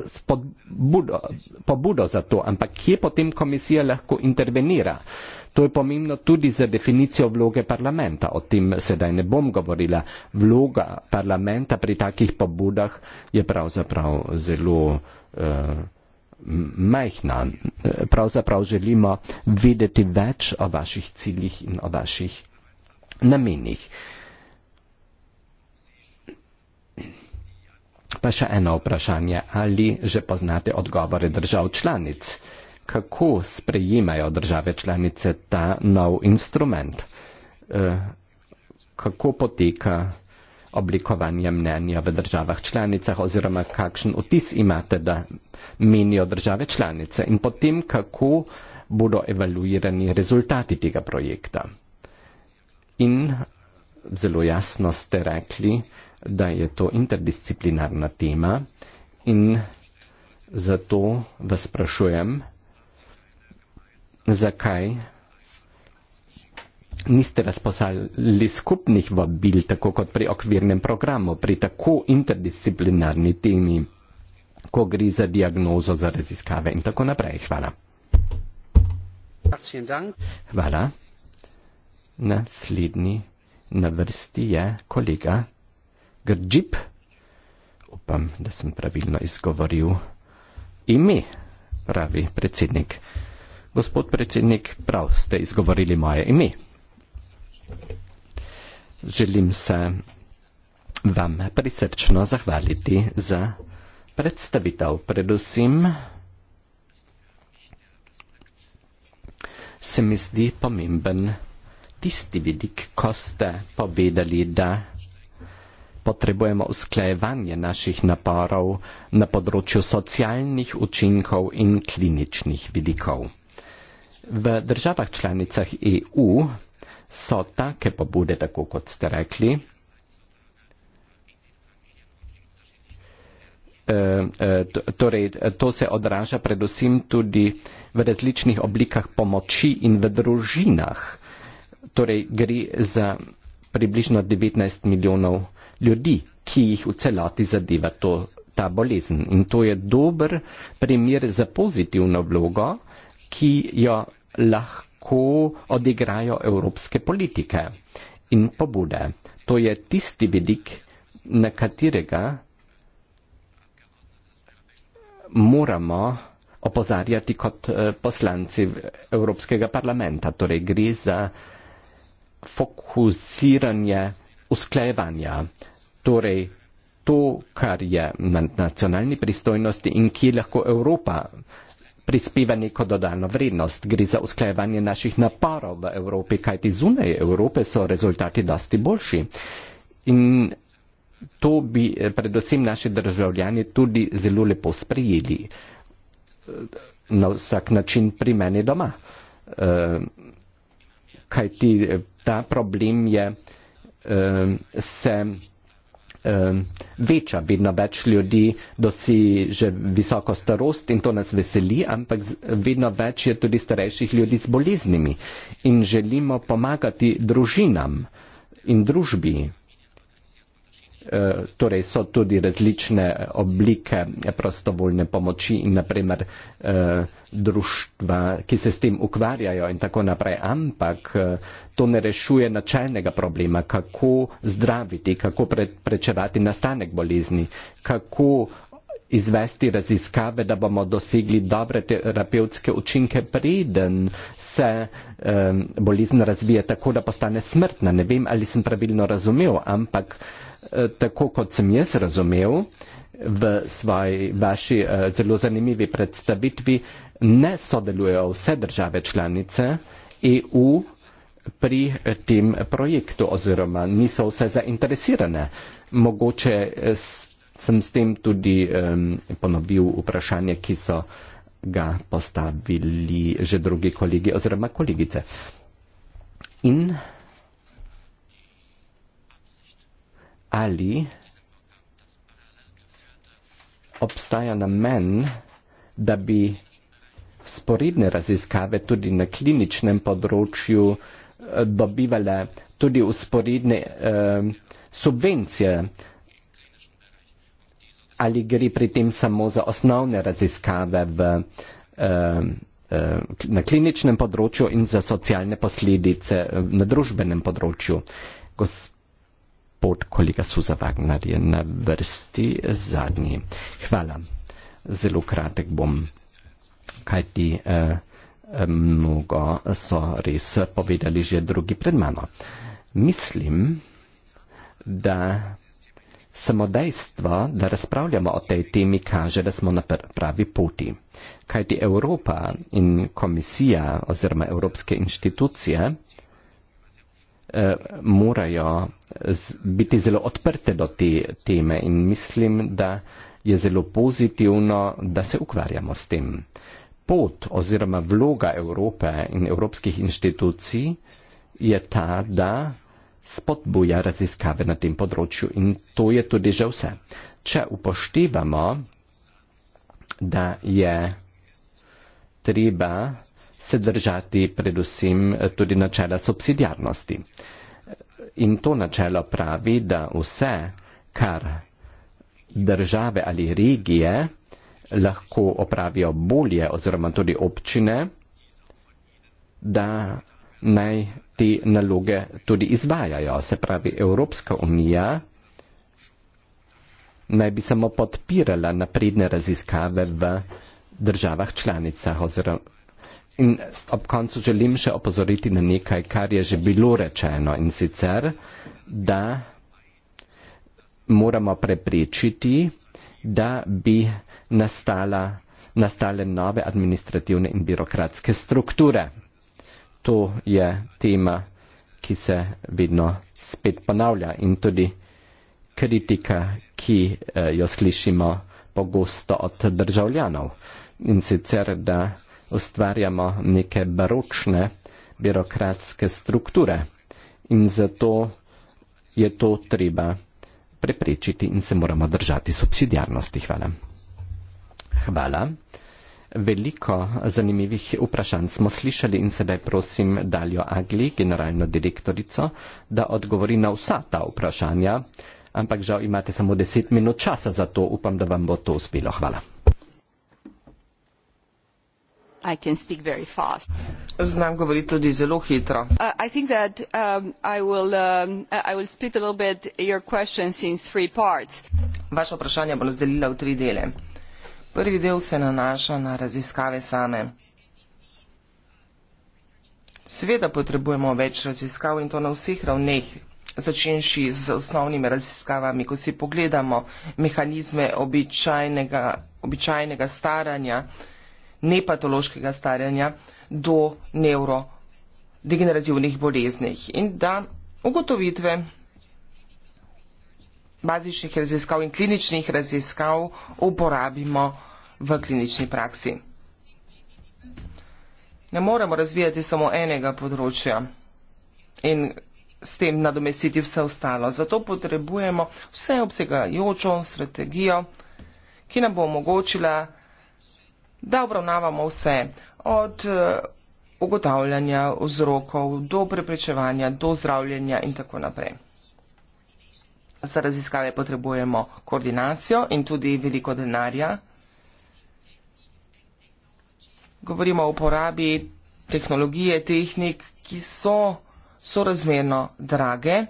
spodbudo, pobudo za to, ampak kje potem komisija lahko intervenira? To je pomembno tudi za definicijo vloge parlamenta. O tem sedaj ne bom govorila. Vloga parlamenta pri takih pobudah je pravzaprav zelo. Uh, majhna. Pravzaprav želimo vedeti več o vaših ciljih in o vaših namenih. Pa še eno vprašanje, ali že poznate odgovore držav članic? Kako sprejemajo države članice ta nov instrument? Eh, kako poteka oblikovanje mnenja v državah članicah oziroma kakšen otis imate, da menijo države članice in potem kako bodo evaluirani rezultati tega projekta. In zelo jasno ste rekli, da je to interdisciplinarna tema in zato vas sprašujem, zakaj niste razposali skupnih vabil, tako kot pri okvirnem programu, pri tako interdisciplinarni temi, ko gre za diagnozo, za raziskave in tako naprej. Hvala. Hvala. Naslednji na vrsti je kolega Grđip. Upam, da sem pravilno izgovoril ime, pravi predsednik. Gospod predsednik, prav ste izgovorili moje ime. Želim se vam prisrčno zahvaliti za predstavitev. Predvsem se mi zdi pomemben tisti vidik, ko ste povedali, da potrebujemo usklajevanje naših naporov na področju socialnih učinkov in kliničnih vidikov. V državah članicah EU sota, ki pa bude tako, kot ste rekli, e, e, Torej, to se odraža predvsem tudi v različnih oblikah pomoči in v družinah. Torej, gre za približno 19 milijonov ljudi, ki jih v celoti zadeva to, ta bolezen. In to je dober primer za pozitivno vlogo, ki jo lahko kako odigrajo evropske politike in pobude. To je tisti vidik, na katerega moramo opozarjati kot eh, poslanci Evropskega parlamenta. Torej gre za fokusiranje usklajevanja. Torej to, kar je na nacionalni pristojnosti in ki lahko Evropa prispeva neko dodano vrednost. Gre za usklajevanje naših naporov v Evropi, kajti zunaj Evrope so rezultati dosti boljši. In to bi eh, predvsem naši državljani tudi zelo lepo sprejeli eh, na vsak način pri meni doma. Eh, kajti ta problem je se eh, večja, vedno več ljudi doseže visoko starost in to nas veseli, ampak vedno več je tudi starejših ljudi z boleznimi in želimo pomagati družinam in družbi Eh, torej so tudi različne oblike prostovoljne pomoči in naprimer eh, društva, ki se s tem ukvarjajo in tako naprej, ampak eh, to ne rešuje načelnega problema, kako zdraviti, kako prečevati nastanek bolezni, kako izvesti raziskave, da bomo dosegli dobre terapevtske učinke, preden se um, bolezen razvije tako, da postane smrtna. Ne vem, ali sem pravilno razumel, ampak uh, Eh, tako kot sem jaz razumel v svoji vaši eh, zelo zanimivi predstavitvi, ne sodelujejo vse države članice EU pri tem projektu oziroma niso vse zainteresirane. Mogoče eh, sem s tem tudi um, ponovil vprašanje, ki so ga postavili že drugi kolegi oziroma kolegice. In ali obstaja namen, da bi sporedne raziskave tudi na kliničnem področju eh, dobivale tudi usporedne eh, subvencije. Ali gre pri tem samo za osnovne raziskave v, eh, eh, na kliničnem področju in za socialne posledice eh, na družbenem področju. Gospod pod kolega Suza Wagner je na vrsti zadnji. Hvala. Zelo kratek bom, kaj ti eh, mnogo so res povedali že drugi pred mano. Mislim, da samo dejstvo, da razpravljamo o tej temi, kaže, da smo na pravi poti. Kajti Evropa in komisija oziroma evropske inštitucije Eh, morajo biti zelo odprte do te teme in mislim, da je zelo pozitivno, da se ukvarjamo s tem. Pot oziroma vloga Evrope in evropskih inštitucij je ta, da spodbuja raziskave na tem področju in to je tudi že vse. Če upoštevamo, da je treba se držati predvsem eh, tudi načela subsidiarnosti. In to načelo pravi, da vse, kar države ali regije lahko opravijo bolje oziroma tudi občine, da naj te naloge tudi izvajajo. Se pravi, Evropska unija naj bi samo podpirala napredne raziskave v državah članicah oziroma In ob koncu želim še opozoriti na nekaj, kar je že bilo rečeno in sicer, da moramo preprečiti, da bi nastala, nastale nove administrativne in birokratske strukture. To je tema, ki se vedno spet ponavlja in tudi kritika, ki eh, jo slišimo pogosto od državljanov. In sicer, da ustvarjamo neke baročne birokratske strukture in zato je to treba preprečiti in se moramo držati subsidijarnosti. Hvala. Hvala. Veliko zanimivih vprašanj smo slišali in sedaj prosim Daljo Agli, generalno direktorico, da odgovori na vsa ta vprašanja, ampak žal imate samo deset minut časa za to, upam, da vam bo to uspelo. Hvala. I can speak very fast. Znam govoriti tudi zelo hitro. Uh, I think that um, I will um, I will split a little bit your questions in three parts. Vaše vprašanje bom razdelila v tri dele. Prvi del se nanaša na raziskave same. Sveda potrebujemo več raziskav in to na vseh ravneh, začenši z osnovnimi raziskavami, ko si pogledamo mehanizme običajnega, običajnega staranja nepatološkega staranja do neurodegenerativnih boleznih in da ugotovitve bazičnih raziskav in kliničnih raziskav uporabimo v klinični praksi. Ne moremo razvijati samo enega področja in s tem nadomestiti vse ostalo. Zato potrebujemo vseobsegajočo strategijo, ki nam bo omogočila, da obravnavamo vse od eh, ugotavljanja vzrokov do preprečevanja, do zdravljenja in tako naprej. Za raziskave potrebujemo koordinacijo in tudi veliko denarja. Govorimo o uporabi tehnologije, tehnik, ki so sorazmerno drage,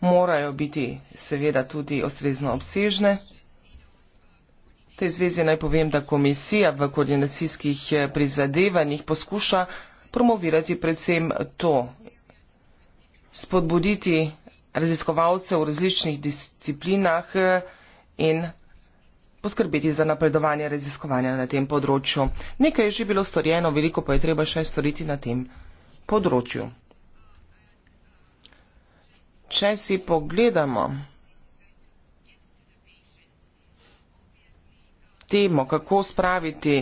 morajo biti seveda tudi ostrezno obsežne tej zvezi naj povem, da komisija v koordinacijskih eh, prizadevanjih poskuša promovirati predvsem to, spodbuditi raziskovalce v različnih disciplinah eh, in poskrbeti za napredovanje raziskovanja na tem področju. Nekaj je že bilo storjeno, veliko pa je treba še storiti na tem področju. Če si pogledamo, temo, kako spraviti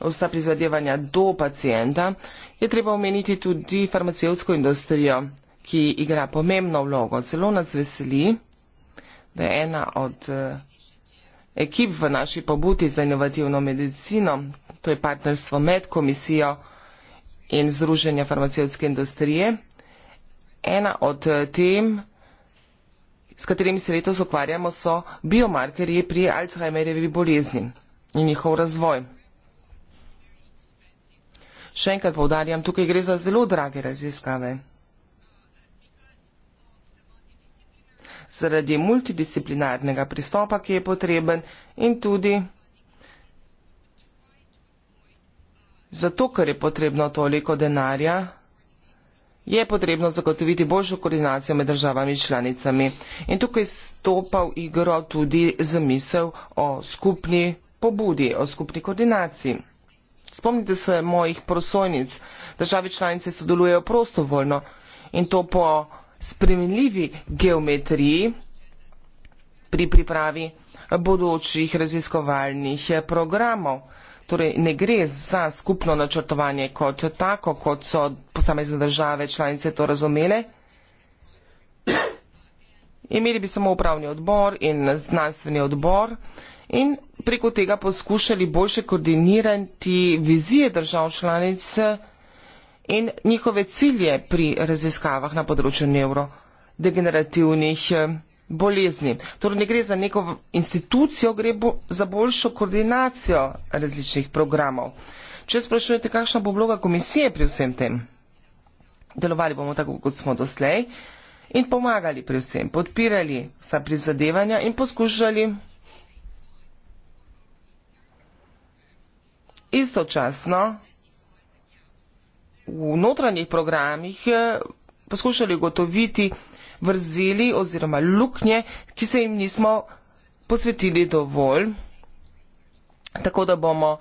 vsa prizadevanja do pacijenta, je treba omeniti tudi farmacevtsko industrijo, ki igra pomembno vlogo. Zelo nas veseli, da je ena od eh, ekip v naši pobuti za inovativno medicino, to je partnerstvo med komisijo in Združenja farmacevtske industrije, ena od eh, tem, s katerimi se letos ukvarjamo, so biomarkerji pri Alzheimerjevi bolezni in njihov razvoj. Še enkrat povdarjam, tukaj gre za zelo drage raziskave. Zaradi multidisciplinarnega pristopa, ki je potreben in tudi zato, ker je potrebno toliko denarja, je potrebno zagotoviti boljšo koordinacijo med državami članicami. In tukaj stopa v igro tudi zamisel o skupni pobudi o skupni koordinaciji. Spomnite se mojih prosojnic, države članice sodelujejo prostovoljno in to po spremenljivi geometriji pri pripravi bodočih raziskovalnih programov. Torej ne gre za skupno načrtovanje kot tako, kot so posamezne države članice to razumele. Imeli bi samo upravni odbor in znanstveni odbor in preko tega poskušali boljše koordinirati vizije držav članic in njihove cilje pri raziskavah na področju neurodegenerativnih eh, bolezni. Torej ne gre za neko institucijo, gre bo za boljšo koordinacijo različnih programov. Če sprašujete, kakšna bo vloga komisije pri vsem tem, delovali bomo tako, kot smo doslej in pomagali pri vsem, podpirali vsa prizadevanja in poskušali istočasno v notranjih programih eh, poskušali ugotoviti vrzeli oziroma luknje, ki se jim nismo posvetili dovolj, tako da bomo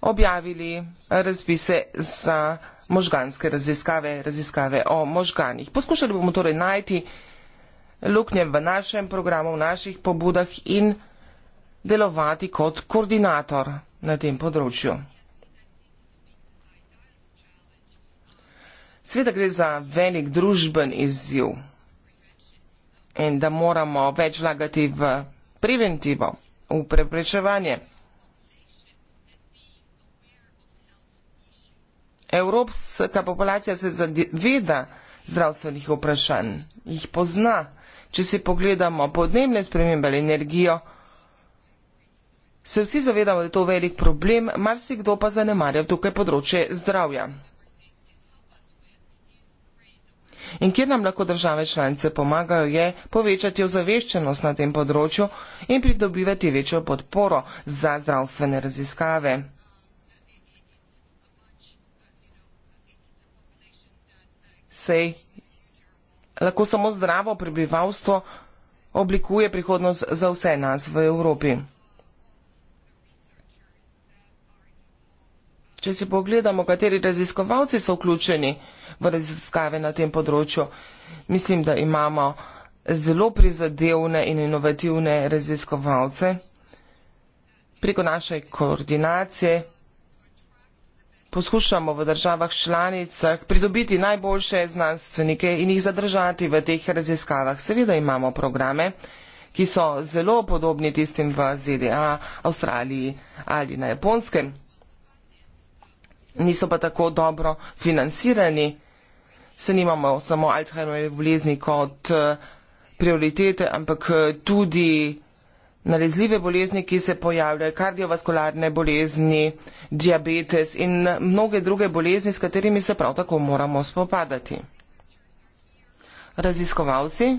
objavili razpise za možganske raziskave, raziskave o možganih. Poskušali bomo torej najti luknje v našem programu, v naših pobudah in delovati kot koordinator na tem področju. Sveda gre za velik družben izziv in da moramo več vlagati v preventivo, v preprečevanje. Evropska populacija se zaveda zdravstvenih vprašanj, jih pozna. Če si pogledamo podnebne spremembe ali energijo, se vsi zavedamo, da je to velik problem, marsikdo pa zanemarja tukaj področje zdravja in kjer nam lahko države članice pomagajo, je povečati ozaveščenost na tem področju in pridobivati večjo podporo za zdravstvene raziskave. Sej lahko samo zdravo prebivalstvo oblikuje prihodnost za vse nas v Evropi. Če si pogledamo, kateri raziskovalci so vključeni v raziskave na tem področju, mislim, da imamo zelo prizadevne in inovativne raziskovalce preko naše koordinacije. Poskušamo v državah članicah pridobiti najboljše znanstvenike in jih zadržati v teh raziskavah. Seveda imamo programe, ki so zelo podobni tistim v ZDA, Avstraliji ali na Japonskem niso pa tako dobro financirani. Se nimamo samo Alzheimerjeve bolezni kot eh, prioritete, ampak eh, tudi nalezljive bolezni, ki se pojavljajo, kardiovaskularne bolezni, diabetes in mnoge druge bolezni, s katerimi se prav tako moramo spopadati. Raziskovalci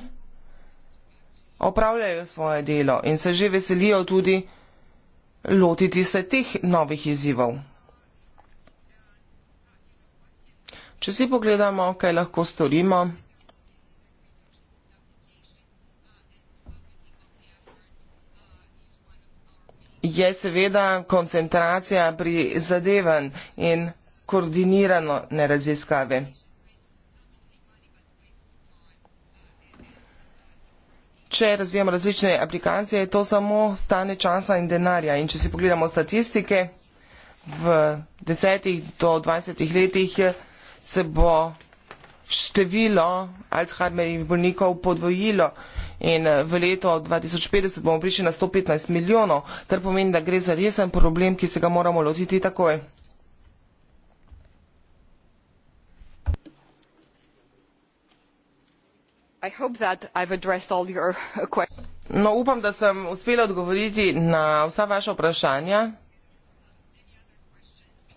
opravljajo svoje delo in se že veselijo tudi lotiti se teh novih izzivov. Če si pogledamo, kaj lahko storimo, je seveda koncentracija pri zadevan in koordinirano neraziskave. Če razvijamo različne aplikacije, to samo stane časa in denarja. In če si pogledamo statistike, v desetih do dvajsetih letih je se bo število Alzheimerjevih bolnikov podvojilo in eh, v leto 2050 bomo prišli na 115 milijonov, kar pomeni, da gre za resen problem, ki se ga moramo lotiti takoj. <laughs> No, upam, da sem uspela odgovoriti na vsa vaša vprašanja.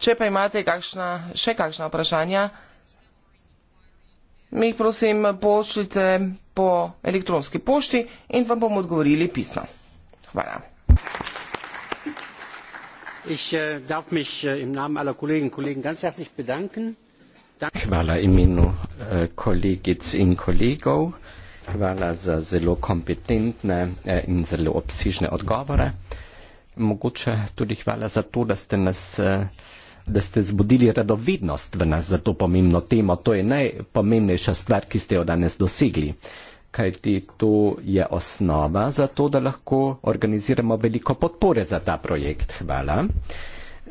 Če pa imate kakšna, še kakšna vprašanja, mi jih prosim pošljite po elektronski pošti in vam bomo odgovorili pisno. Hvala. Ich äh, darf mich äh, im Namen aller Kolleginnen und Kollegen ganz herzlich bedanken. Hvala imenu äh, kolegic in kolegov. Hvala za zelo kompetentne in zelo obsižne odgovore. Mogoče tudi hvala za to, da ste nas uh, da ste zbudili radovednost v nas za to pomembno temo. To je najpomembnejša stvar, ki ste jo danes dosegli. Kaj ti to je osnova za to, da lahko organiziramo veliko podpore za ta projekt. Hvala.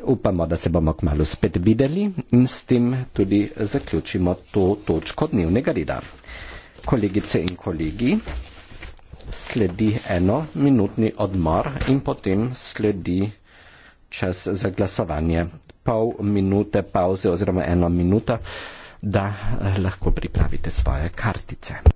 Upamo, da se bomo kmalo spet videli in s tem tudi zaključimo to točko dnevnega reda. Kolegice in kolegi, sledi eno minutni odmor in potem sledi čas za glasovanje pol minute pauze oziroma eno minuto, da eh, lahko pripravite svoje kartice.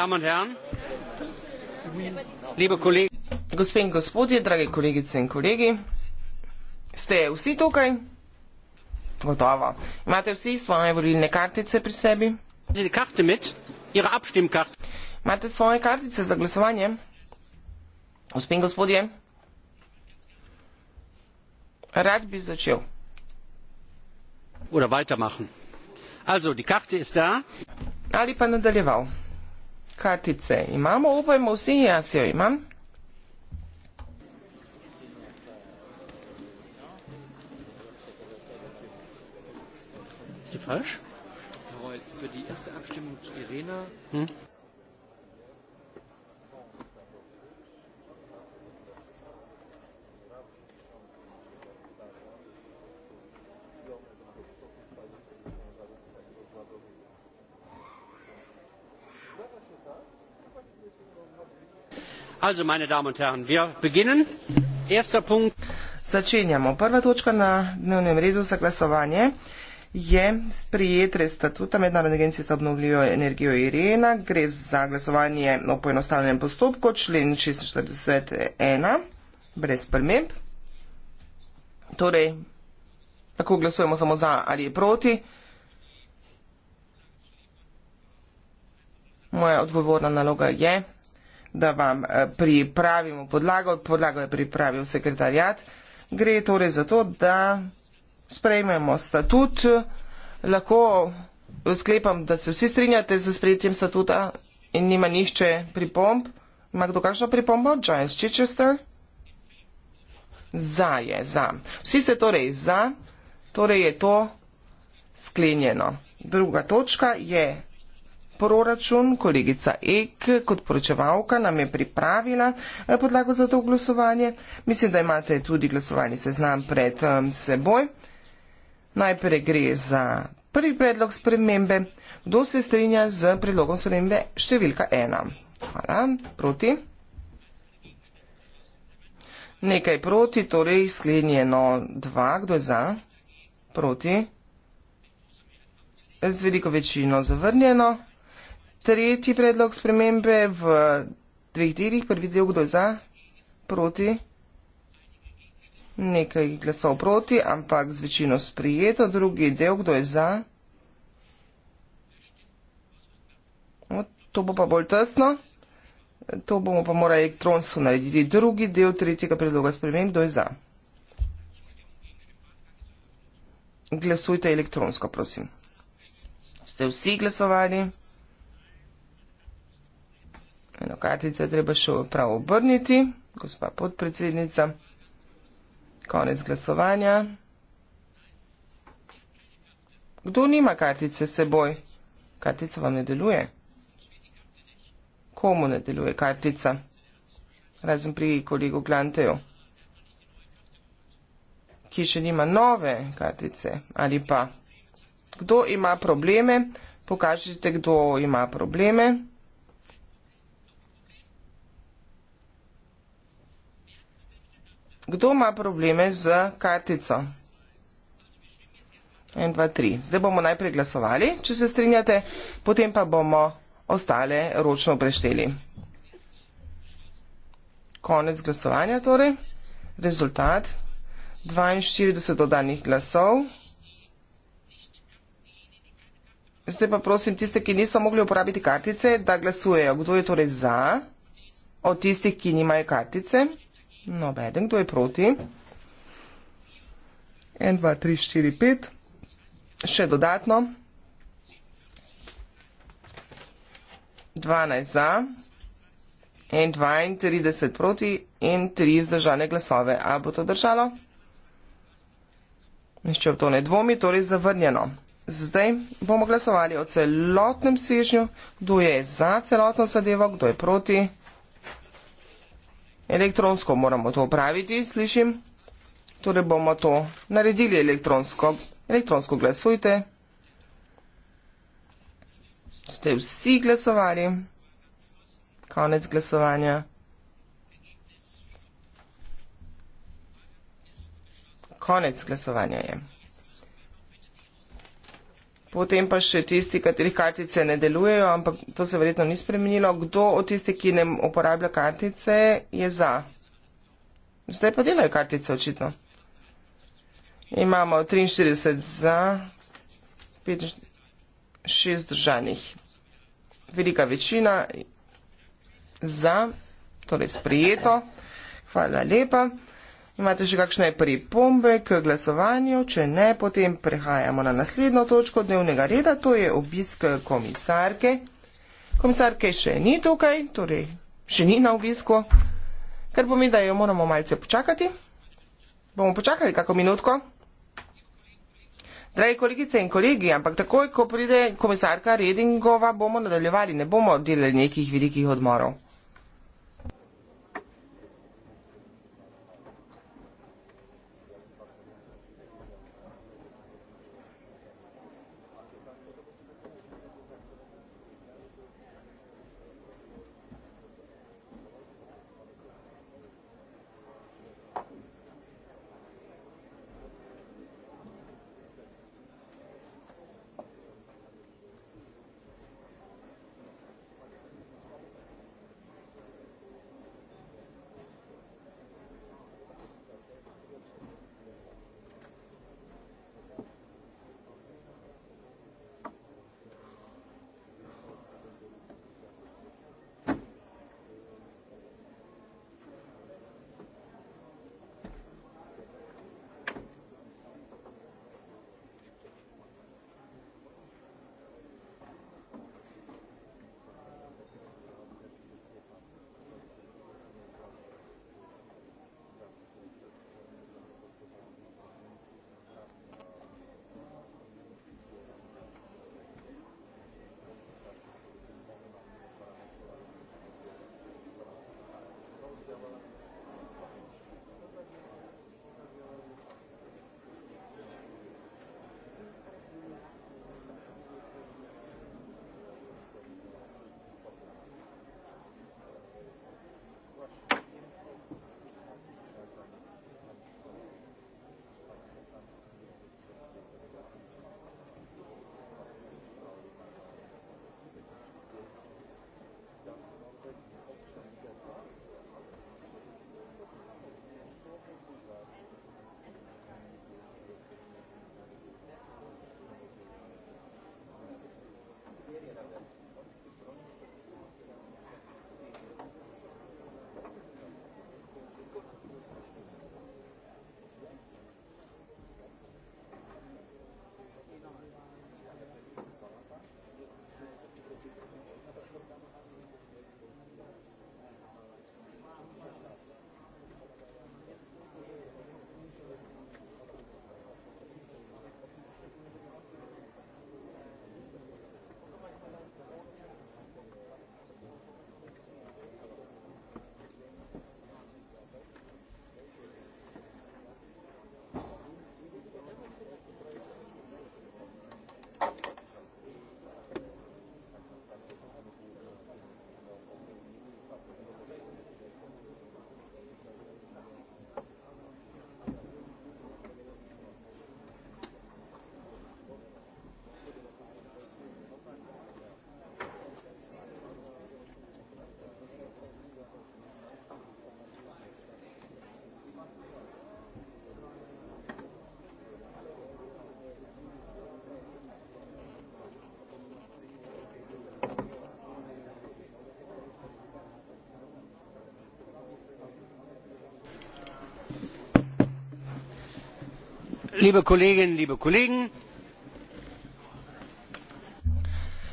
damen und herren liebe kollegen gospe in gospodje drage kolegice in kolegi ste vsi tukaj gotovo imate vsi svoje volilne kartice pri sebi imate svoje kartice za glasovanje gospe in gospodje rad bi začel Oder weitermachen. Also, die Karte ist da. Ali pa nadaljeval kartice. Imamo, upajmo vsi, jaz jo imam. Falsch? Für die erste Abstimmung zu Irena. Hm? Also, meine Damen und Herren, wir beginnen. Erster Punkt. Začenjamo. Prva točka na dnevnem redu za glasovanje je sprijet res statuta Mednarodne agencije za obnovljivo energijo Irena. Gre za glasovanje o poenostavljenem postopku, člen 641, brez prememb. Torej, lahko glasujemo samo za ali proti. Moja odgovorna naloga je, da vam eh, pripravimo podlago. Podlago je pripravil sekretarjat. Gre torej za to, da sprejmemo statut. Lahko sklepam, da se vsi strinjate z sprejetjem statuta in nima nišče pripomb. Ima kdo kakšno pripombo? Giles Chichester? Za je, za. Vsi ste torej za, torej je to sklenjeno. Druga točka je proračun. Kolegica Ek kot poročevalka nam je pripravila eh, podlago za to glasovanje. Mislim, da imate tudi glasovanje seznam pred eh, seboj. Najprej gre za prvi predlog spremembe. Kdo se strinja z predlogom spremembe številka ena? Hvala. Proti. Nekaj proti, torej sklenjeno dva. Kdo je za? Proti. Z veliko večino zavrnjeno. Tretji predlog spremembe v dveh delih, prvi del kdo za, proti, nekaj glasov proti, ampak z večino sprijeto, drugi del kdo je za. O, to bo pa bolj tesno, to bomo pa morali elektronsko narediti. Drugi del tretjega predloga spremembe, kdo je za. Glasujte elektronsko, prosim. Ste vsi glasovali? Eno kartico je treba še prav obrniti, gospa podpredsednica. Konec glasovanja. Kdo nima kartice seboj? Kartica vam ne deluje. Komu ne deluje kartica? Razen pri kolegu Glanteju, ki še nima nove kartice ali pa. Kdo ima probleme? Pokažite, kdo ima probleme. Kdo ima probleme z kartico? 1, 2, 3. Zdaj bomo najprej glasovali, če se strinjate, potem pa bomo ostale ročno prešteli. Konec glasovanja torej. Rezultat. 42 dodanih glasov. Zdaj pa prosim tiste, ki niso mogli uporabiti kartice, da glasujejo. Kdo je torej za od tistih, ki nimajo kartice? 42. Nobeden, kdo je proti? En, dva, tri, štiri, pet. Še dodatno. 12 za in 32 proti in 3 zdržane glasove. A bo to držalo? Nišče v to ne dvomi, torej zavrnjeno. Zdaj bomo glasovali o celotnem svežnju. Kdo je za celotno zadevo, kdo je proti? elektronsko moramo to upraviti, slišim. Torej bomo to naredili elektronsko. Elektronsko glasujte. Ste vsi glasovali. Konec glasovanja. Konec glasovanja je. Potem pa še tisti, katerih kartice ne delujejo, ampak to se verjetno ni spremenilo. Kdo od tistih, ki ne uporablja kartice, je za? Zdaj pa delajo kartice, očitno. Imamo 43 za, 5, 6 držanih. Velika večina za, torej sprijeto. Hvala lepa. Imate že kakšne pripombe k glasovanju? Če ne, potem prehajamo na naslednjo točko dnevnega reda, to je obisk komisarke. Komisarke še ni tukaj, torej še ni na obisku, kar pomeni, da jo moramo malce počakati. Bomo počakali kako minutko. Dragi kolegice in kolegi, ampak takoj, ko pride komisarka Redingova, bomo nadaljevali, ne bomo delali nekih velikih odmorov. liebe kolleginnen liebe kollegen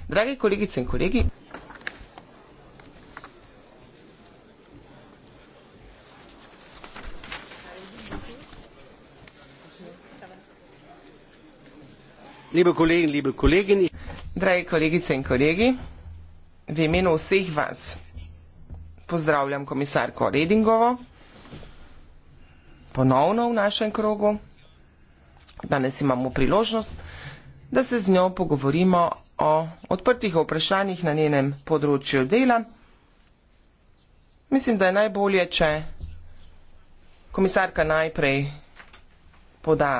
drage kolegice in kolegi liebe kolleginnen liebe kollegen drage kolegice in kolegi v imenu vseh vas pozdravljam komisarko redingovo ponovno v našem krogu Danes imamo priložnost, da se z njo pogovorimo o odprtih vprašanjih na njenem področju dela. Mislim, da je najbolje, če komisarka najprej poda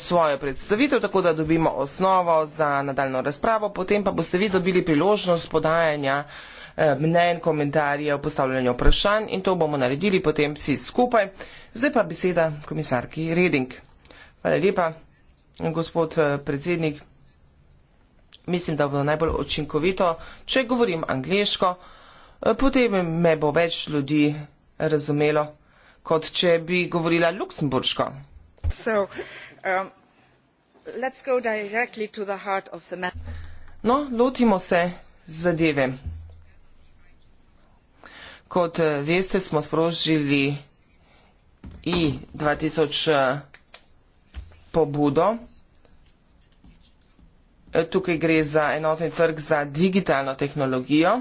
svojo predstavitev, tako da dobimo osnovo za nadaljno razpravo, potem pa boste vi dobili priložnost podajanja uh, Eh, mnen, komentarjev, postavljanja vprašanj in to bomo naredili potem vsi skupaj. Zdaj pa beseda komisarki Reding. Hvala lepa, gospod eh, predsednik. Mislim, da bo najbolj očinkovito, če govorim angliško, eh, potem me bo več ljudi razumelo, kot če bi govorila luksemburško. So, um, no, lotimo se zadeve. Kot eh, veste, smo sprožili i2000 eh, pobudo. Eh, tukaj gre za enotni trg za digitalno tehnologijo.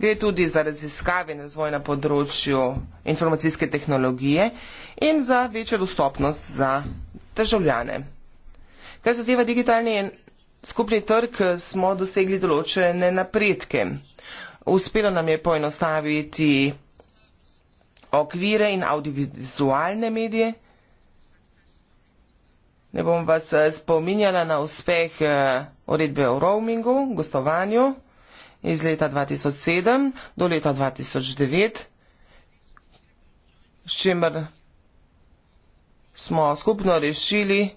Gre tudi za raziskave in razvoj na področju informacijske tehnologije in za večjo dostopnost za državljane. Kar zadeva digitalni skupni trg eh, smo dosegli določene napredke. Uspelo nam je poenostaviti okvire in audiovizualne medije. Ne bom vas eh, spominjala na uspeh eh, uredbe o roamingu, gostovanju iz leta 2007 do leta 2009, s čimer smo skupno rešili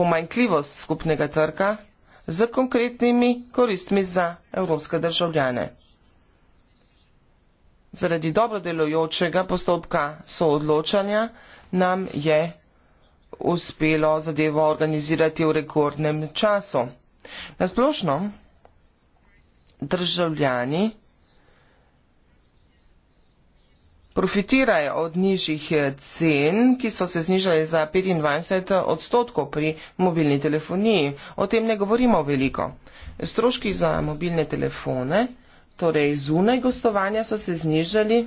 pomanjkljivost skupnega trga z konkretnimi koristmi za evropske državljane. Zaradi dobro delujočega postopka soodločanja nam je uspelo zadevo organizirati v rekordnem času. Nasplošno državljani profitirajo od nižjih eh, cen, ki so se znižali za 25 eh, odstotkov pri mobilni telefoniji. O tem ne govorimo veliko. Stroški za mobilne telefone, torej zunaj gostovanja, so se znižali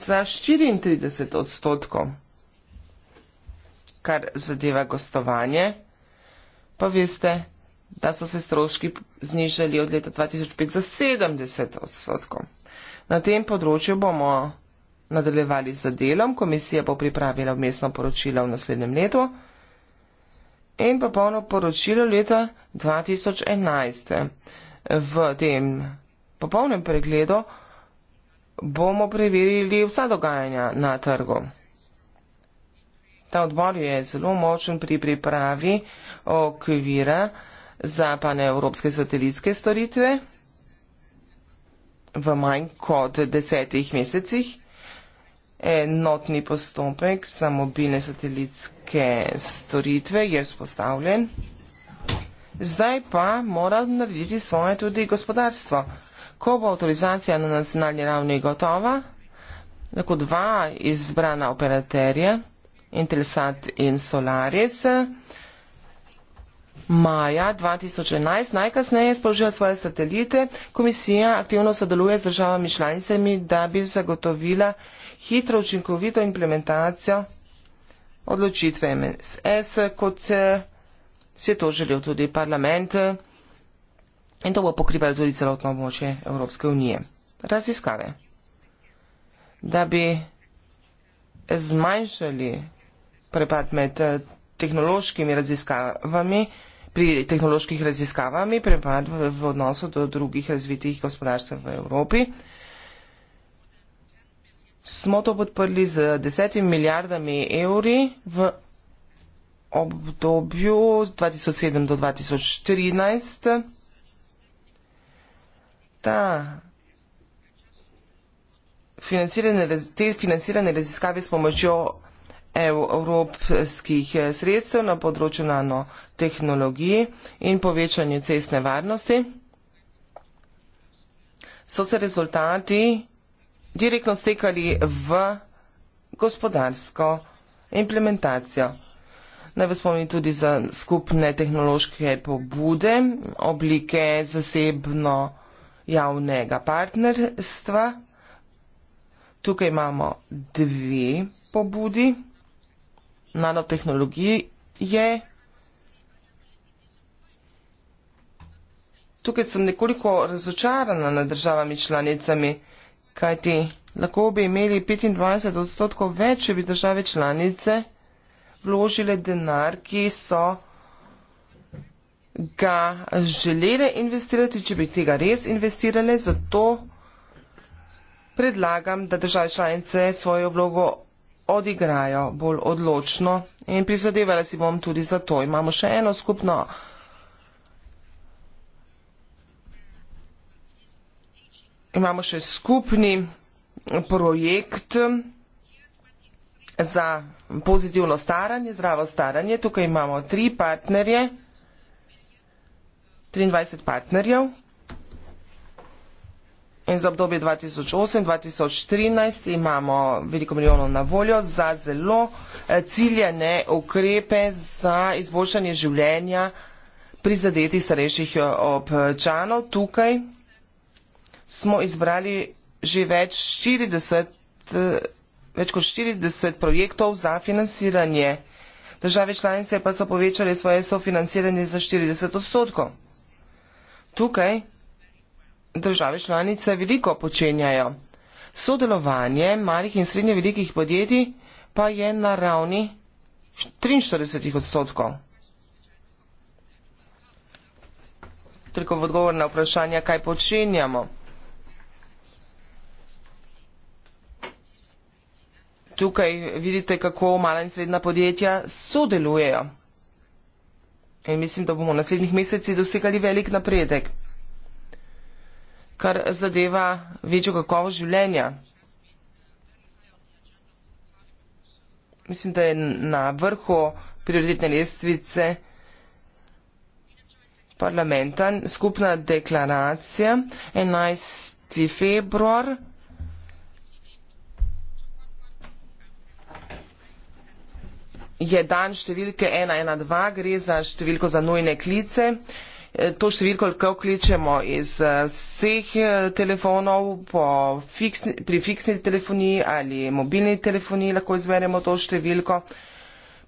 za 34 odstotkov, kar zadeva gostovanje. Pa veste, da so se stroški znižali od leta 2005 za 70 odstotkov. Na tem področju bomo nadaljevali z delom, komisija bo pripravila umestno poročilo v naslednjem letu in pa polno poročilo leta 2011. V tem popolnem pregledu bomo preverili vsa dogajanja na trgu. Ta odbor je zelo močen pri pripravi okvira za paneuropske satelitske storitve v manj kot desetih mesecih. Enotni postopek za mobilne satelitske storitve je vzpostavljen. Zdaj pa mora narediti svoje tudi gospodarstvo. Ko bo avtorizacija na nacionalni ravni gotova, lahko dva izbrana operaterja, Intelsat in Solaris, maja 2011, najkasneje sprožijo svoje satelite. Komisija aktivno sodeluje z državami članicami, da bi zagotovila hitro, učinkovito implementacijo odločitve MSS, kot eh, si je to želel tudi parlament eh, in to bo pokrivalo tudi celotno območje Evropske unije. Raziskave. Da bi zmanjšali prepad med eh, tehnološkimi raziskavami, pri tehnoloških raziskavami, prepad v, v odnosu do drugih razvitih gospodarstv v Evropi. Smo to podprli z desetimi milijardami evri v obdobju 2007 do 2014. Ta financirane, te financirane raziskave s pomočjo evropskih eh, sredstev na področju nanotehnologij in povečanje cestne varnosti, so se rezultati direktno stekali v gospodarsko implementacijo. Naj vas spomnim tudi za skupne tehnološke pobude, oblike zasebno javnega partnerstva. Tukaj imamo dve pobudi nanotehnologiji je, tukaj sem nekoliko razočarana nad državami članicami, kajti lahko bi imeli 25 odstotkov več, če bi države članice vložile denar, ki so ga želele investirati, če bi tega res investirale, zato predlagam, da države članice svojo vlogo odigrajo bolj odločno in prizadevala si bom tudi za to. Imamo še eno skupno. Imamo še skupni projekt za pozitivno staranje, zdravo staranje. Tukaj imamo tri partnerje, 23 partnerjev. In za obdobje 2008-2013 imamo veliko milijonov na voljo za zelo eh, ciljene ukrepe za izboljšanje življenja prizadetih starejših eh, občanov. Tukaj smo izbrali že več, 40, eh, več kot 40 projektov za financiranje. Države članice pa so povečali svoje sofinanciranje za 40 odstotkov. Tukaj države članice veliko počenjajo. Sodelovanje malih in srednje velikih podjetij pa je na ravni 43 odstotkov. Toliko v odgovor na vprašanje, kaj počenjamo. Tukaj vidite, kako mala in srednja podjetja sodelujejo. In mislim, da bomo v naslednjih mesecih dosegali velik napredek kar zadeva večjo kakovost življenja. Mislim, da je na vrhu prioritetne lestvice parlamenta skupna deklaracija 11. februar. Je dan številke 112, gre za številko za nujne klice to številko lahko kličemo iz eh, vseh eh, telefonov, fiksni, pri fiksni telefoniji ali mobilni telefoniji lahko izveremo to številko.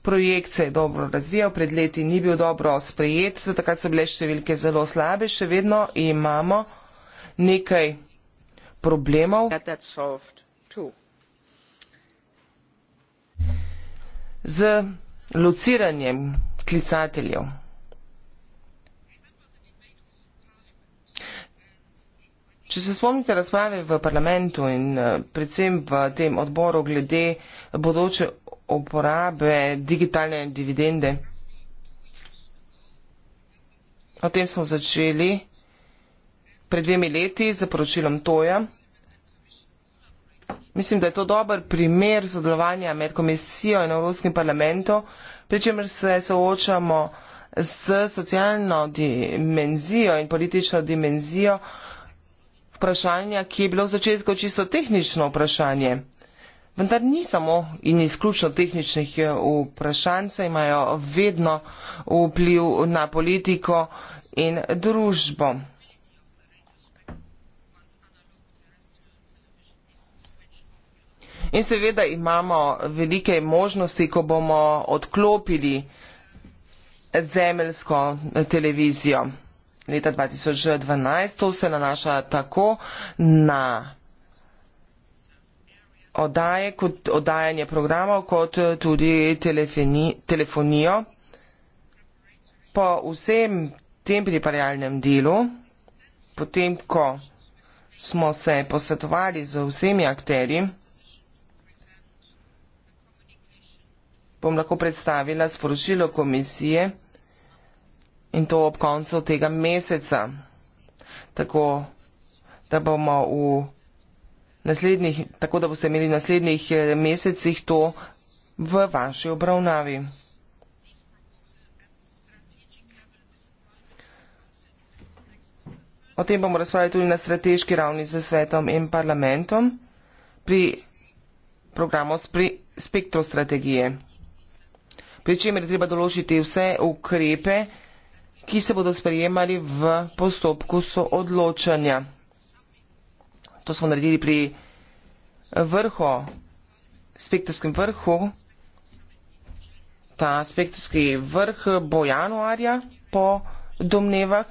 Projekt se je dobro razvijal, pred leti ni bil dobro sprejet, takrat so bile številke zelo slabe, še vedno imamo nekaj problemov. Z lociranjem klicateljev. Če se spomnite razprave v parlamentu in eh, predvsem v tem odboru glede bodoče uporabe digitalne dividende, o tem smo začeli pred dvemi leti z poročilom Toja. Mislim, da je to dober primer sodelovanja med komisijo in Evropskim parlamentom, pri čemer se soočamo s socialno dimenzijo in politično dimenzijo, vprašanja, ki je bilo v začetku čisto tehnično vprašanje. Vendar ni samo in izključno tehničnih eh, vprašanj, saj imajo vedno vpliv na politiko in družbo. In seveda imamo velike možnosti, ko bomo odklopili zemeljsko televizijo leta 2012. To se nanaša tako na oddaje, kot oddajanje programov, kot tudi telefoni, telefonijo. Po vsem tem pripravljalnem delu, potem, ko smo se posvetovali z vsemi akteri, bom lahko predstavila sporočilo komisije in to ob koncu tega meseca. Tako da, v tako da boste imeli v naslednjih eh, mesecih to v vaši obravnavi. O tem bomo razpravljali tudi na strateški ravni z svetom in parlamentom pri programu spektrostrategije. Pri čemer je treba določiti vse ukrepe, ki se bodo sprejemali v postopku soodločanja. To smo naredili pri vrhu, spektrskem vrhu. Ta spektrski vrh bo januarja po domnevah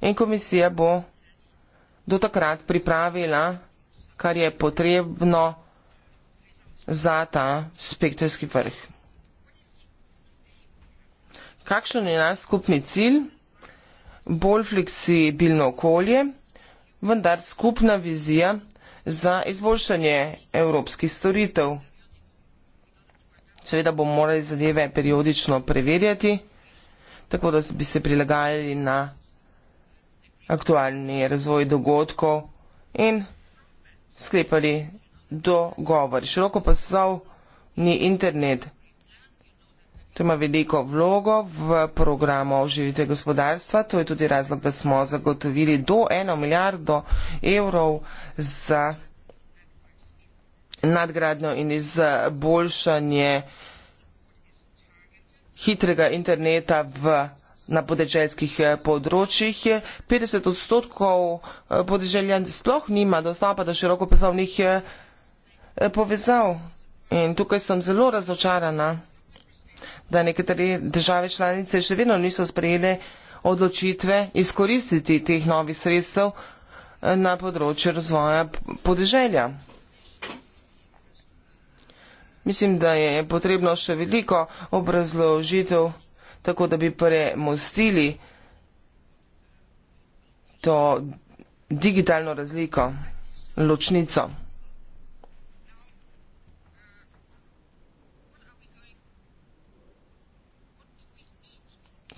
in komisija bo do takrat pripravila, kar je potrebno za ta spektrski vrh kakšen je naš skupni cilj, bolj fleksibilno okolje, vendar skupna vizija za izboljšanje evropskih storitev. Seveda bomo morali zadeve periodično preverjati, tako da bi se prilagajali na aktualni razvoj dogodkov in sklepali dogovor. Široko pa so ni internet. To ima veliko vlogo v programu Oživite gospodarstva. To je tudi razlog, da smo zagotovili do eno milijardo evrov za nadgradno in izboljšanje hitrega interneta v, na podeželjskih eh, področjih. 50 odstotkov eh, podeželja sploh nima dostopa do široko poslovnih eh, povezav. In tukaj sem zelo razočarana da nekatere države članice še vedno niso sprejele odločitve izkoristiti teh novih sredstev eh, na področju razvoja podeželja. Mislim, da je potrebno še veliko obrazložitev, tako da bi premostili to digitalno razliko, ločnico.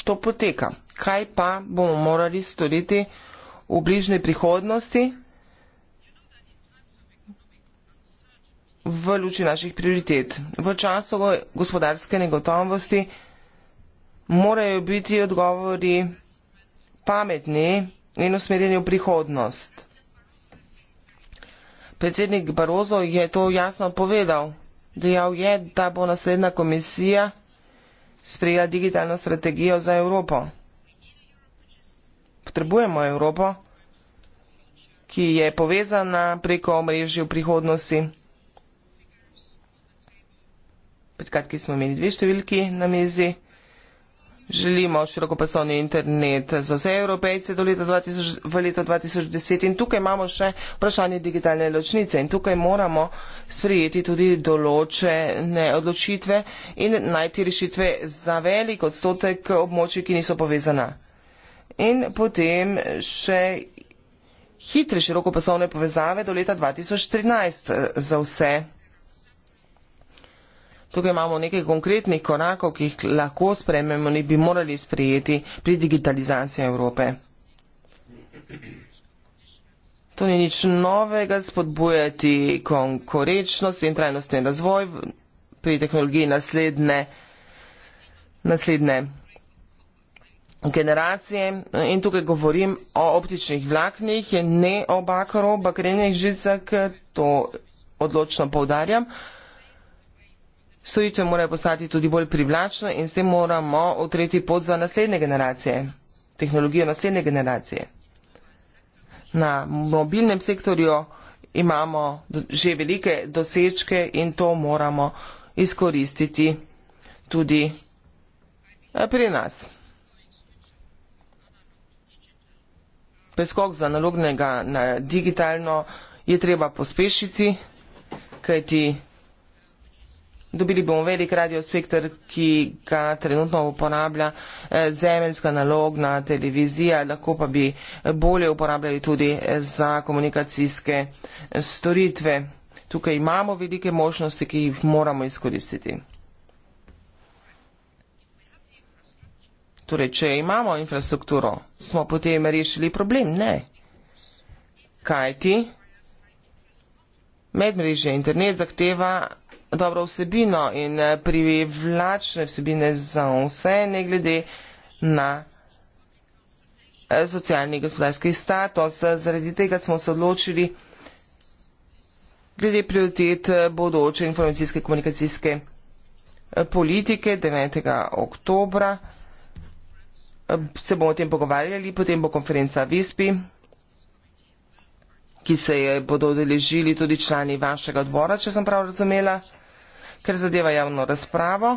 to poteka. Kaj pa bomo morali storiti v bližnji prihodnosti v luči naših prioritet? V času gospodarske negotovosti morajo biti odgovori pametni in usmerjeni v prihodnost. Predsednik Barozo je to jasno povedal. Dejal je, da bo naslednja komisija sprejela digitalno strategijo za Evropo. Potrebujemo Evropo, ki je povezana preko omrežja v prihodnosti. Pred kratkim smo imeli dve številki na mizi želimo širokopasovni internet za vse evropejce do leta 2000, v leta 2010 in tukaj imamo še vprašanje digitalne ločnice in tukaj moramo sprijeti tudi določene odločitve in najti rešitve za velik odstotek območij, ki niso povezana. In potem še hitre širokopasovne povezave do leta 2013 eh, za vse evropejce tukaj imamo nekaj konkretnih korakov, ki jih lahko sprememo in bi morali sprejeti pri digitalizaciji Evrope. To ni nič novega, spodbujati konkurečnost in trajnostni razvoj pri tehnologiji naslednje, naslednje generacije. In tukaj govorim o optičnih vlaknih, ne o bakro, bakrenih žicah, to odločno povdarjam. Storitve morajo postati tudi bolj privlačne in s tem moramo otreti pot za naslednje generacije, tehnologijo naslednje generacije. Na mobilnem sektorju imamo že velike dosečke in to moramo izkoristiti tudi eh, pri nas. Preskok z analognega na digitalno je treba pospešiti, kajti Dobili bomo velik radiospektr, ki ga trenutno uporablja eh, zemeljska nalogna televizija, lahko pa bi bolje uporabljali tudi eh, za komunikacijske eh, storitve. Tukaj imamo velike možnosti, ki jih moramo izkoristiti. Torej, če imamo infrastrukturo, smo potem rešili problem? Ne. Kaj ti? Medmrežje internet zahteva dobro vsebino in eh, privlačne vsebine za vse, ne glede na eh, socialni in gospodarski status. Zaradi tega smo se odločili glede prioritet eh, bodoče informacijske komunikacijske politike 9. oktobra. Se bomo o tem pogovarjali, potem bo konferenca VISPI, ki se je bodo odeležili tudi člani vašega odbora, če sem prav razumela ker zadeva javno razpravo.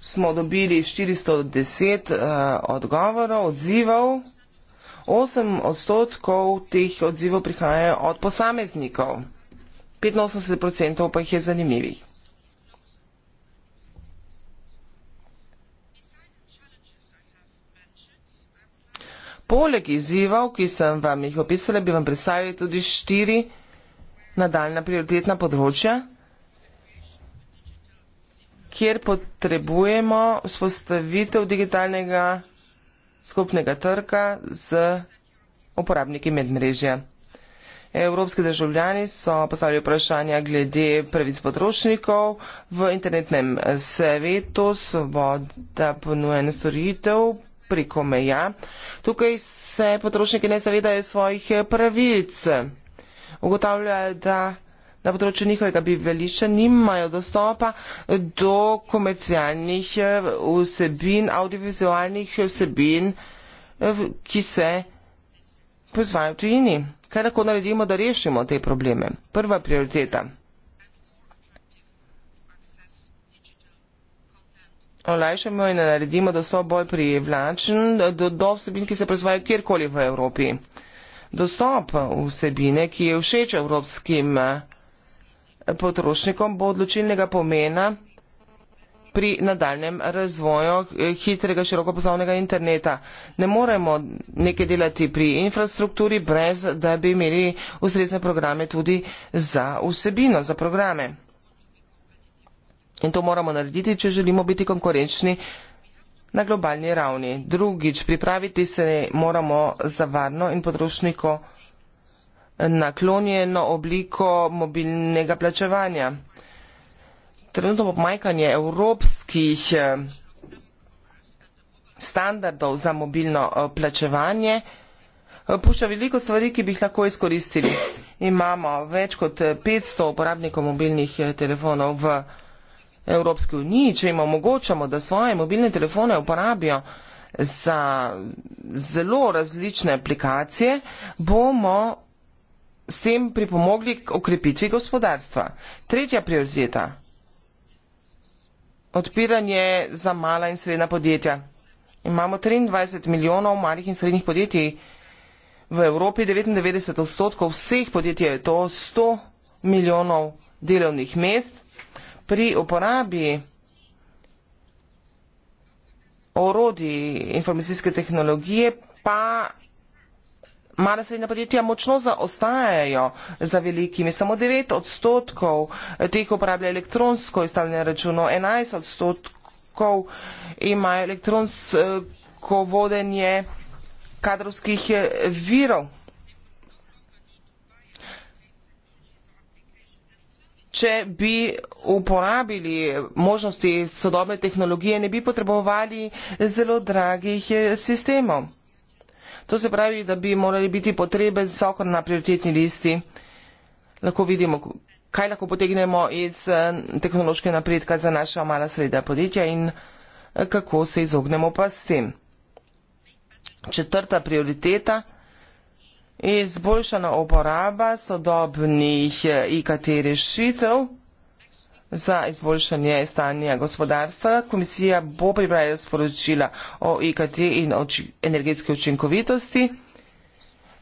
Smo dobili 410 uh, eh, odgovorov, odzivov. 8 odstotkov teh odzivov prihaja od posameznikov, 85 odstotkov pa jih je zanimivih. Poleg izzivov, ki sem vam jih opisala, bi vam predstavili tudi štiri nadaljna prioritetna področja, kjer potrebujemo vzpostavitev digitalnega skupnega trga z uporabniki medmrežja. Evropski državljani so postavili vprašanja glede pravic potrošnikov v internetnem svetu, svoboda ponujena storitev preko meja. Tukaj se potrošniki ne zavedajo svojih pravic. Ugotavljajo, da na področju njihovega bivališča nimajo dostopa do komercialnih eh, vsebin, audiovizualnih vsebin, eh, ki se pozvajo v tujini. Kaj lahko naredimo, da rešimo te probleme? Prva prioriteta. Olajšamo in naredimo, da so bolj privlačen do, do vsebin, ki se proizvajajo kjerkoli v Evropi. Dostop vsebine, ki je všeč evropskim eh, potrošnikom bo odločilnega pomena pri nadaljem razvoju eh, hitrega širokopoznavnega interneta. Ne moremo nekaj delati pri infrastrukturi, brez da bi imeli ustrezne programe tudi za vsebino, za programe. In to moramo narediti, če želimo biti konkurenčni na globalni ravni. Drugič, pripraviti se moramo za varno in potrošniko naklonjeno obliko mobilnega plačevanja. Trenutno pomanjkanje evropskih eh, standardov za mobilno eh, plačevanje eh, pušča veliko stvari, ki bi jih lahko izkoristili. Imamo več kot 500 uporabnikov mobilnih telefonov v Evropski uniji, če jim omogočamo, da svoje mobilne telefone uporabijo za zelo različne aplikacije, bomo s tem pripomogli k okrepitvi gospodarstva. Tretja prioriteta. Odpiranje za mala in srednja podjetja. Imamo 23 milijonov malih in srednjih podjetij. V Evropi 99 odstotkov vseh podjetij je to 100 milijonov delovnih mest. Pri uporabi orodij informacijske tehnologije pa Mala srednja podjetja močno zaostajajo za velikimi. Samo 9 odstotkov teh uporablja elektronsko izstavljanje računov, 11 odstotkov imajo elektronsko vodenje kadrovskih eh, virov. Če bi uporabili možnosti sodobne tehnologije, ne bi potrebovali zelo dragih eh, sistemov. To se pravi, da bi morali biti potrebe visoko na prioritetni listi. Lahko vidimo, kaj lahko potegnemo iz eh, tehnološke napredka za naša mala sredja podjetja in eh, kako se izognemo pa s tem. Četrta prioriteta. Izboljšana uporaba sodobnih eh, IKT rešitev za izboljšanje stanja gospodarstva. Komisija bo pripravila sporočila o IKT in oči, energetske učinkovitosti.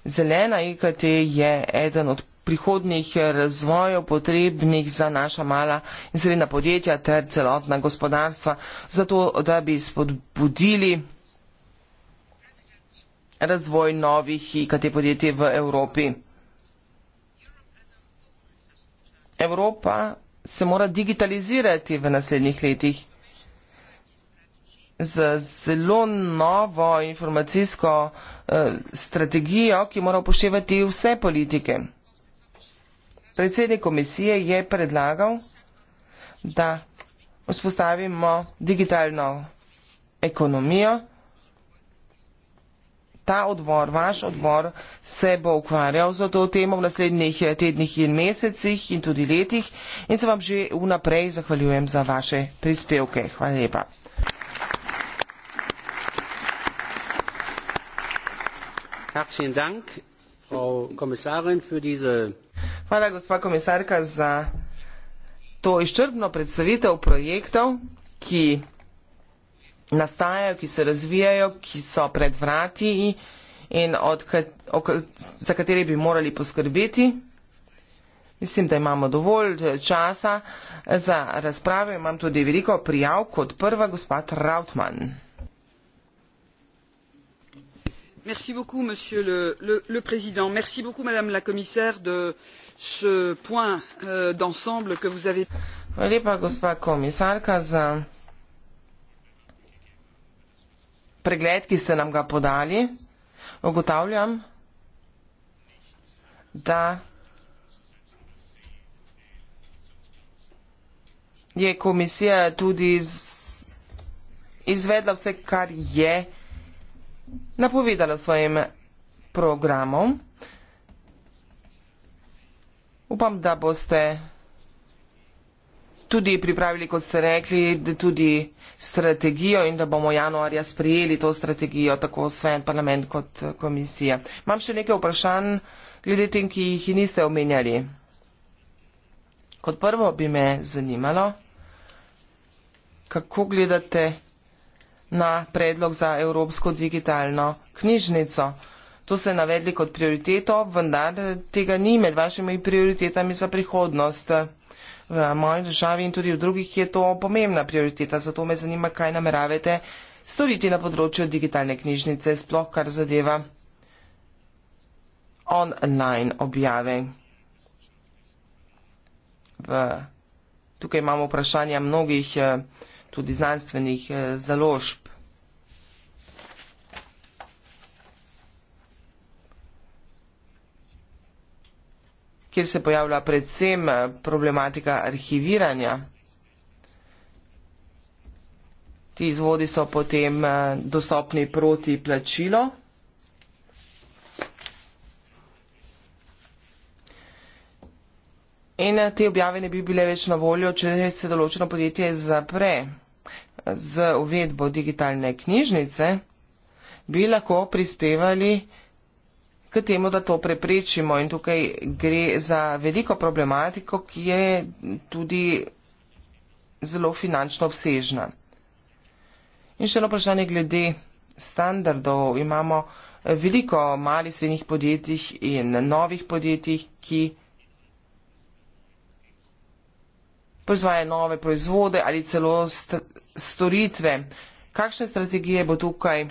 Zelena IKT je eden od prihodnih razvojev potrebnih za naša mala in srednja podjetja ter celotna gospodarstva, zato da bi spodbudili razvoj novih IKT podjetij v Evropi. Evropa se mora digitalizirati v naslednjih letih. Z zelo novo informacijsko eh, strategijo, ki mora upoštevati vse politike. Predsednik komisije je predlagal, da vzpostavimo digitalno ekonomijo, ta odbor, vaš odbor se bo ukvarjal za to temo v naslednjih eh, tednih in mesecih in tudi letih in se vam že vnaprej zahvaljujem za vaše prispevke. Hvala lepa. Hvala, gospa komisarka, za to izčrpno predstavitev projektov, ki nastajajo, ki se razvijajo, ki so pred vrati in od, za katere bi morali poskrbeti. Mislim, da imamo dovolj eh, časa eh, za razprave. Imam tudi veliko prijav kot prva gospod Rautman. Merci beaucoup, monsieur le, le, le président. Merci beaucoup, madame la commissaire, de ce point euh, d'ensemble que vous avez. Merci, madame la commissaire, pour pregled, ki ste nam ga podali, ogotavljam, da je komisija tudi izvedla vse, kar je napovedala svojim programom. Upam, da boste tudi pripravili, kot ste rekli, da tudi strategijo in da bomo januarja sprijeli to strategijo, tako sven parlament kot eh, komisija. Imam še nekaj vprašanj glede tem, ki jih niste omenjali. Kot prvo bi me zanimalo, kako gledate na predlog za Evropsko digitalno knjižnico. To ste navedli kot prioriteto, vendar tega ni med vašimi prioritetami za prihodnost v moji državi in tudi v drugih je to pomembna prioriteta. Zato me zanima, kaj nameravate storiti na področju digitalne knjižnice, sploh kar zadeva online objave. V, tukaj imamo vprašanja mnogih eh, tudi znanstvenih eh, založb. kjer se pojavlja predvsem eh, problematika arhiviranja. Ti izvodi so potem eh, dostopni proti plačilo. In eh, te objave ne bi bile več na voljo, če se določeno podjetje zapre. Z uvedbo digitalne knjižnice bi lahko prispevali k temu, da to preprečimo. In tukaj gre za veliko problematiko, ki je tudi zelo finančno obsežna. In še eno vprašanje glede standardov. Imamo veliko malih srednjih podjetij in novih podjetij, ki proizvaja nove proizvode ali celo st storitve. Kakšne strategije bo tukaj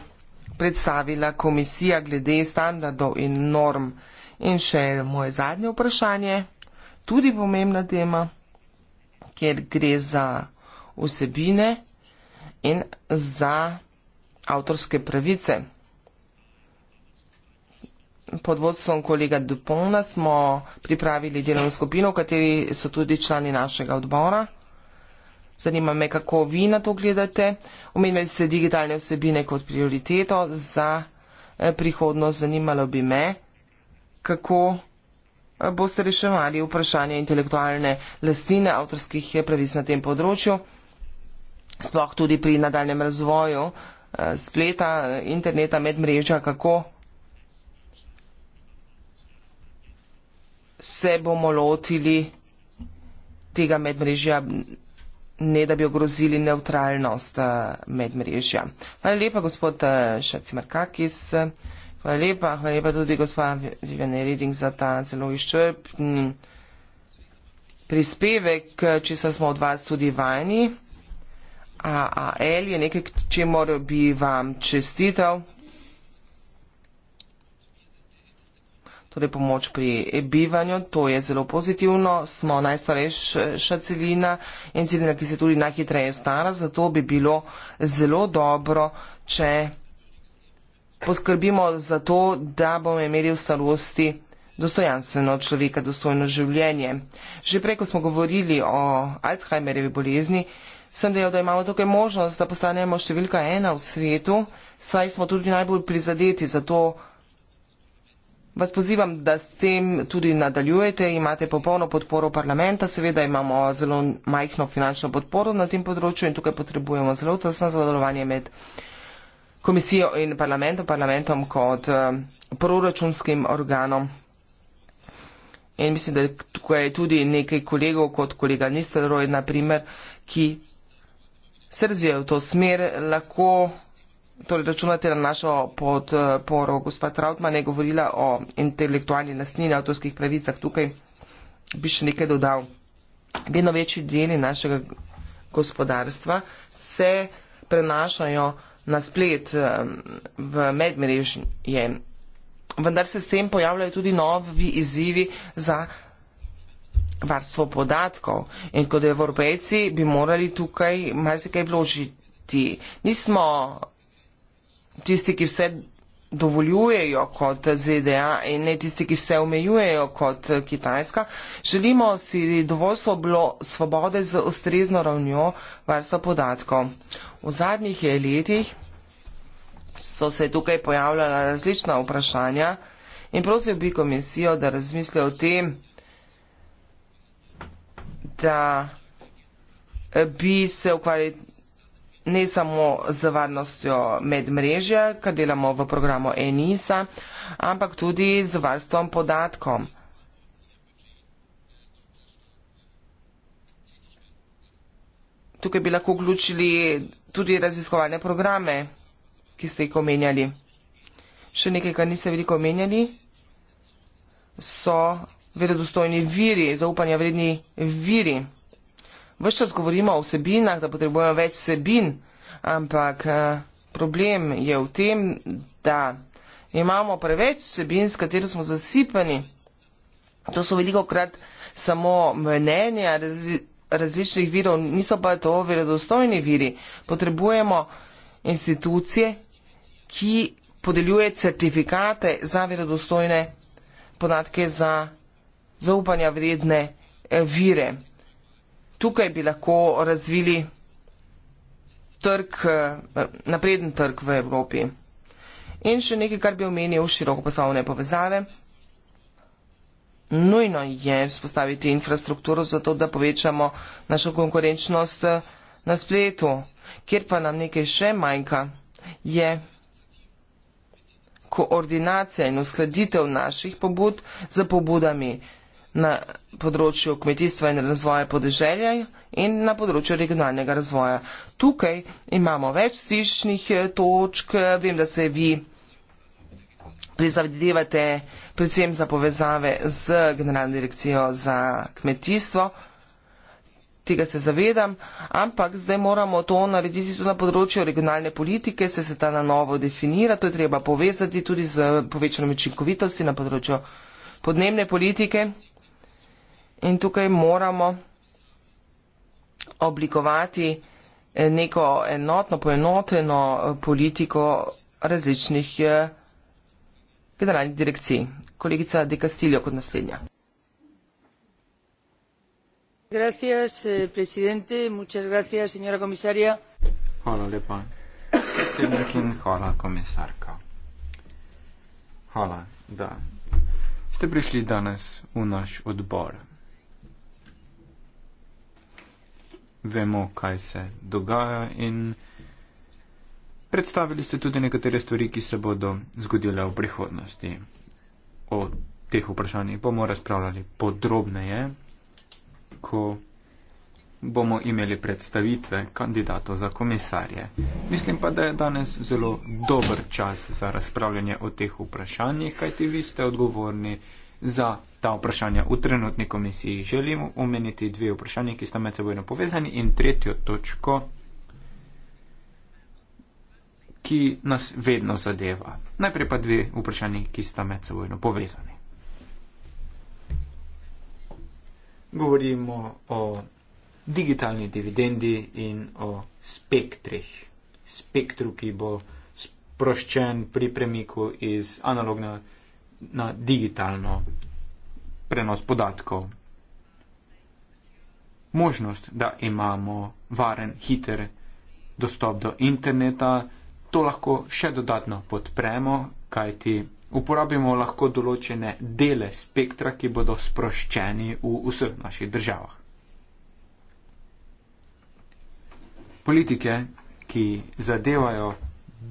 predstavila komisija glede standardov in norm. In še moje zadnje vprašanje, tudi pomembna tema, ker gre za vsebine in za avtorske pravice. Pod vodstvom kolega Dupona smo pripravili delovno skupino, v kateri so tudi člani našega odbora. Zanima me, kako vi na to gledate. Omenjali ste digitalne vsebine kot prioriteto za eh, prihodnost. Zanimalo bi me, kako eh, boste reševali vprašanje intelektualne lastnine, avtorskih eh, pravic na tem področju, sploh tudi pri nadaljem razvoju spleta, interneta, medmrežja, kako se bomo lotili tega medmrežja ne da bi ogrozili neutralnost eh, medmrežja. Hvala lepa, gospod eh, Šacimarkakis. Hvala lepa, hvala lepa tudi gospa Vivene Reding za ta zelo izčrpn prispevek, če se smo od vas tudi vajni. A, a, L je nekaj, če mora bi vam čestital. torej pomoč pri bivanju, to je zelo pozitivno, smo najstarejša celina in celina, ki se tudi najhitreje stara, zato bi bilo zelo dobro, če poskrbimo za to, da bomo imeli v starosti dostojanstveno človeka, dostojno življenje. Že preko smo govorili o Alzheimerjevi bolezni, sem dejal, da imamo tukaj možnost, da postanemo številka ena v svetu, saj smo tudi najbolj prizadeti za to, Vas pozivam, da s tem tudi nadaljujete. Imate popolno podporo parlamenta. Seveda imamo zelo majhno finančno podporo na tem področju in tukaj potrebujemo zelo tesno sodelovanje med komisijo in parlamentom, parlamentom kot eh, proračunskim organom. In mislim, da tukaj je tudi nekaj kolegov, kot kolega Nisteroj, na primer, ki se razvijajo v to smer, lahko torej računate na našo podporo. Eh, Gospa Trautman je govorila o intelektualni lastnini, avtorskih pravicah. Tukaj bi še nekaj dodal. Vedno večji deli našega gospodarstva se prenašajo na splet eh, v medmrežje. Vendar se s tem pojavljajo tudi novi izzivi za varstvo podatkov. In kot evropejci bi morali tukaj malce kaj vložiti. Nismo tisti, ki vse dovoljujejo kot ZDA in ne tisti, ki vse omejujejo kot eh, Kitajska. Želimo si dovolj svobode z ustrezno ravnjo varstva podatkov. V zadnjih eh, letih so se tukaj pojavljala različna vprašanja in prosil bi komisijo, da razmisle o tem, da eh, bi se ukvarjali ne samo z varnostjo medmrežja, kar delamo v programu ENISA, ampak tudi z varstvom podatkom. Tukaj bi lahko vključili tudi raziskovalne programe, ki ste jih omenjali. Še nekaj, kar niste veliko omenjali, so verodostojni viri, zaupanja vredni viri. Vse čas govorimo o vsebinah, da potrebujemo več vsebin, ampak eh, problem je v tem, da imamo preveč vsebin, s katero smo zasipani. To so veliko krat samo mnenja različnih virov, niso pa to verodostojni viri. Potrebujemo institucije, ki podeljuje certifikate za verodostojne podatke, za zaupanja vredne eh, vire tukaj bi lahko razvili trg, eh, napreden trg v Evropi. In še nekaj, kar bi omenil široko poslovne povezave. Nujno je vzpostaviti infrastrukturo za to, da povečamo našo konkurenčnost eh, na spletu, kjer pa nam nekaj še manjka, je koordinacija in uskladitev naših pobud z pobudami na področju kmetijstva in razvoja podeželja in na področju regionalnega razvoja. Tukaj imamo več stišnih eh, točk, vem, da se vi prizavedevate predvsem za povezave z Generalno direkcijo za kmetijstvo, tega se zavedam, ampak zdaj moramo to narediti tudi na področju regionalne politike, se se ta na novo definira, to je treba povezati tudi z povečanjem učinkovitosti na področju podnebne politike. In tukaj moramo oblikovati eh, neko enotno, poenoteno eh, politiko različnih eh, generalnih direkcij. Kolegica De Castillo kot naslednja. Gracias, presidente. Muchas gracias, señora comisaria. Hvala lepa, predsednik in hvala, komisarka. Hvala, da ste prišli danes v naš odbor. vemo, kaj se dogaja in predstavili ste tudi nekatere stvari, ki se bodo zgodile v prihodnosti. O teh vprašanjih bomo razpravljali podrobneje, ko bomo imeli predstavitve kandidatov za komisarje. Mislim pa, da je danes zelo dober čas za razpravljanje o teh vprašanjih, kajti vi ste odgovorni Za ta vprašanja v trenutni komisiji želim omeniti dve vprašanje, ki sta med sebojno povezani in tretjo točko, ki nas vedno zadeva. Najprej pa dve vprašanje, ki sta med sebojno povezani. Govorimo o digitalni dividendi in o spektrih. Spektru, ki bo sproščen pri premiku iz analognega na digitalno prenos podatkov. Možnost, da imamo varen, hiter dostop do interneta, to lahko še dodatno podpremo, kajti uporabimo lahko določene dele spektra, ki bodo sproščeni v vseh naših državah. Politike, ki zadevajo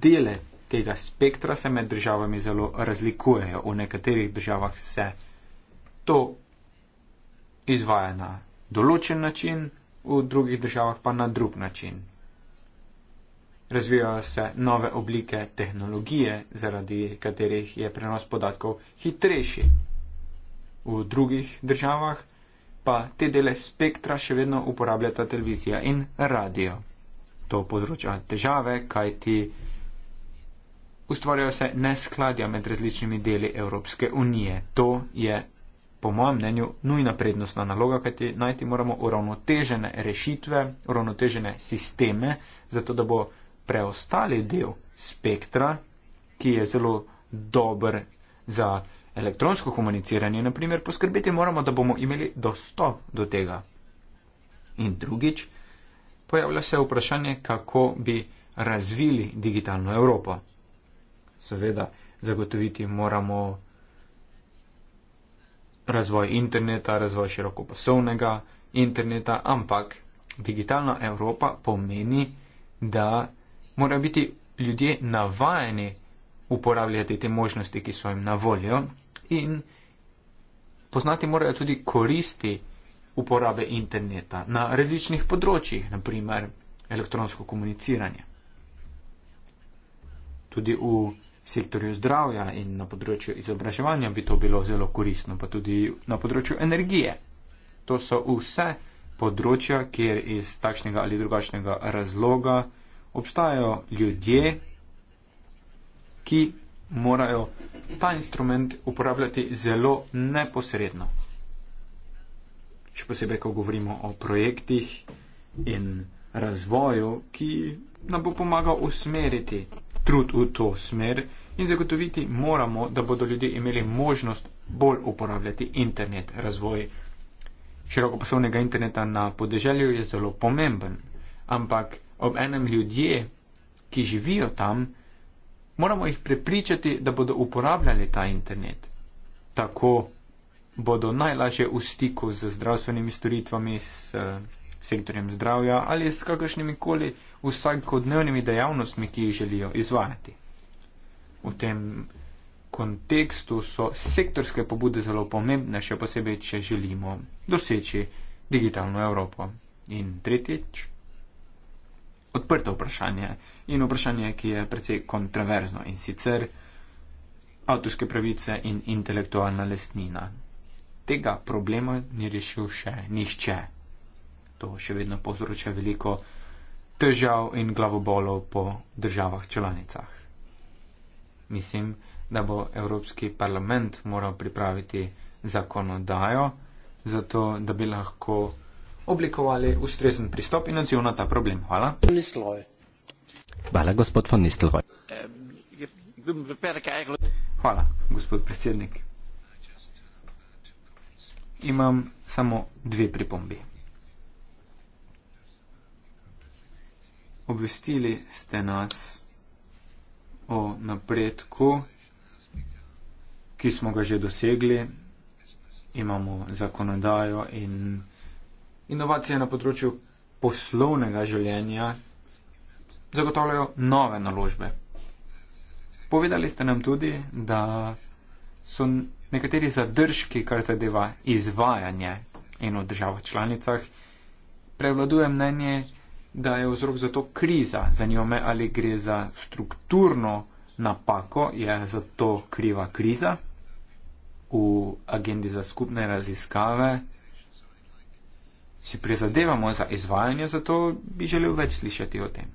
dele tega spektra se med državami zelo razlikujejo. V nekaterih državah se to izvaja na določen način, v drugih državah pa na drug način. Razvijajo se nove oblike tehnologije, zaradi katerih je prenos podatkov hitrejši. V drugih državah pa te dele spektra še vedno uporabljata televizija in radio. To povzroča težave, kajti ustvarjajo se neskladja med različnimi deli Evropske unije. To je, po mojem mnenju, nujna prednostna naloga, kajti najti moramo uravnotežene rešitve, uravnotežene sisteme, zato da bo preostali del spektra, ki je zelo dober za elektronsko komuniciranje, naprimer, poskrbeti moramo, da bomo imeli dostop do tega. In drugič, pojavlja se vprašanje, kako bi razvili digitalno Evropo seveda zagotoviti moramo razvoj interneta, razvoj širokopasovnega interneta, ampak digitalna Evropa pomeni, da morajo biti ljudje navajeni uporabljati te možnosti, ki so jim na voljo in poznati morajo tudi koristi uporabe interneta na različnih področjih, naprimer elektronsko komuniciranje. Tudi v sektorju zdravja in na področju izobraževanja bi to bilo zelo koristno, pa tudi na področju energije. To so vse področja, kjer iz takšnega ali drugačnega razloga obstajajo ljudje, ki morajo ta instrument uporabljati zelo neposredno. Še posebej, ko govorimo o projektih in razvoju, ki nam bo pomagal usmeriti trud v to smer in zagotoviti moramo, da bodo ljudje imeli možnost bolj uporabljati internet. Razvoj širokopasovnega interneta na podeželju je zelo pomemben, ampak ob enem ljudje, ki živijo tam, moramo jih prepričati, da bodo uporabljali ta internet. Tako bodo najlažje v stiku z zdravstvenimi storitvami, s sektorjem zdravja ali s kakršnimi koli vsakodnevnimi dejavnostmi, ki jih želijo izvajati. V tem kontekstu so sektorske pobude zelo pomembne, še posebej, če želimo doseči digitalno Evropo. In tretjič, odprto vprašanje in vprašanje, ki je precej kontroverzno in sicer avtorske pravice in intelektualna lesnina. Tega problema ni rešil še nihče to še vedno povzroča veliko težav in glavobolov po državah članicah. Mislim, da bo Evropski parlament moral pripraviti zakonodajo, zato da bi lahko oblikovali ustrezen pristop in odziv na ta problem. Hvala. Hvala, gospod von Nistelrooy. Hvala, gospod predsednik. Imam samo dve pripombi. obvestili ste nas o napredku, ki smo ga že dosegli. Imamo zakonodajo in inovacije na področju poslovnega življenja zagotavljajo nove naložbe. Povedali ste nam tudi, da so nekateri zadržki, kar zadeva izvajanje in v državah članicah, prevladuje mnenje, da je vzrok za to kriza. Zanima me, ali gre za strukturno napako, je za to kriva kriza v agendi za skupne raziskave. Si prizadevamo za izvajanje, zato bi želel več slišati o tem.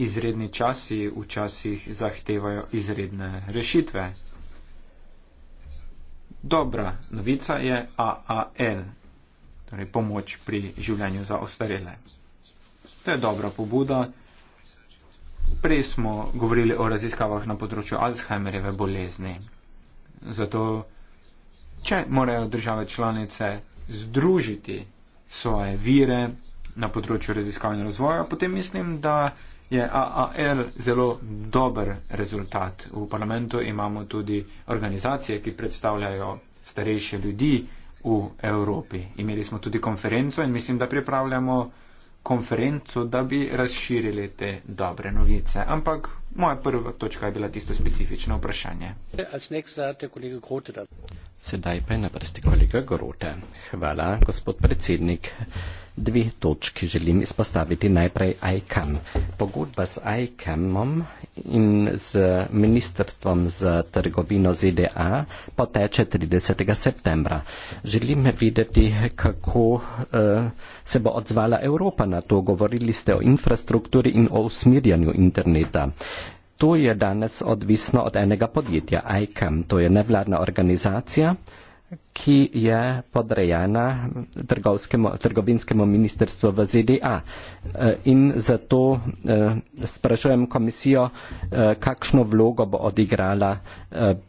Izredni časi včasih zahtevajo izredne rešitve. Dobra novica je AAL, torej pomoč pri življenju za ostarele. To je dobra pobuda. Prej smo govorili o raziskavah na področju Alzheimerjeve bolezni. Zato, če morajo države članice združiti svoje vire na področju raziskav in razvoja, potem mislim, da je AAL zelo dober rezultat. V parlamentu imamo tudi organizacije, ki predstavljajo starejše ljudi, v Evropi. Imeli smo tudi konferenco in mislim, da pripravljamo konferenco, da bi razširili te dobre novice. Ampak moja prva točka je bila tisto specifično vprašanje. Sedaj pa je na vrsti kolega Grote. Hvala, gospod predsednik dve točki želim izpostaviti. Najprej ICAM. Pogodba z ICAM-om in z Ministrstvom za trgovino ZDA poteče 30. septembra. Želim videti, kako uh, se bo odzvala Evropa na to. Govorili ste o infrastrukturi in o usmirjanju interneta. To je danes odvisno od enega podjetja, ICAM. To je nevladna organizacija, ki je podrejena trgovinskemu ministrstvu v ZDA. Eh, in zato eh, sprašujem komisijo, eh, kakšno vlogo bo odigrala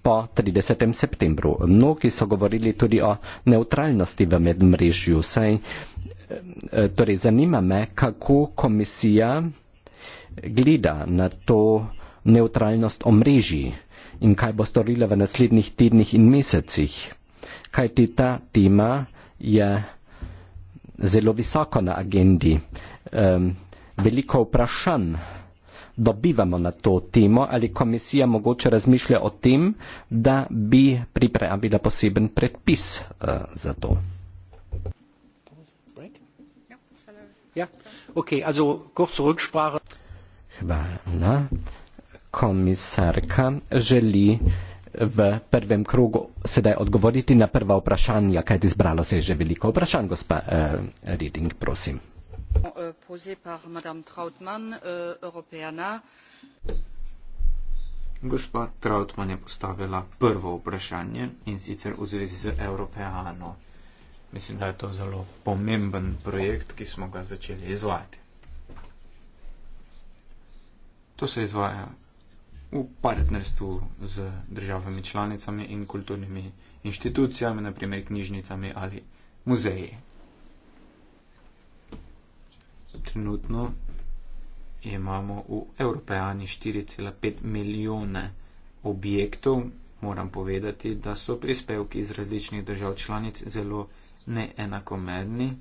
po 30. septembru. Mnogi so govorili tudi o neutralnosti v medmrežju. Saj, torej, zanima me, kako komisija gleda na to neutralnost omrežji in kaj bo storila v naslednjih tednih in mesecih kajti ta tema je zelo visoko na agendi. Um, veliko vprašanj dobivamo na to temo, ali komisija mogoče razmišlja o tem, da bi pripravila poseben predpis uh, za to. Ja. Hvala. Komisarka želi v prvem krogu sedaj odgovoriti na prva vprašanja, kaj ti zbralo se je že veliko vprašanj, gospa uh, Reding, prosim. Gospa Trautman je postavila prvo vprašanje in sicer v zvezi z Evropejano. Mislim, da je to zelo pomemben projekt, ki smo ga začeli izvajati. To se izvaja v partnerstvu z državami članicami in kulturnimi inštitucijami, naprimer knjižnicami ali muzeji. Trenutno imamo v Evropejani 4,5 milijone objektov. Moram povedati, da so prispevki iz različnih držav članic zelo neenakomerni.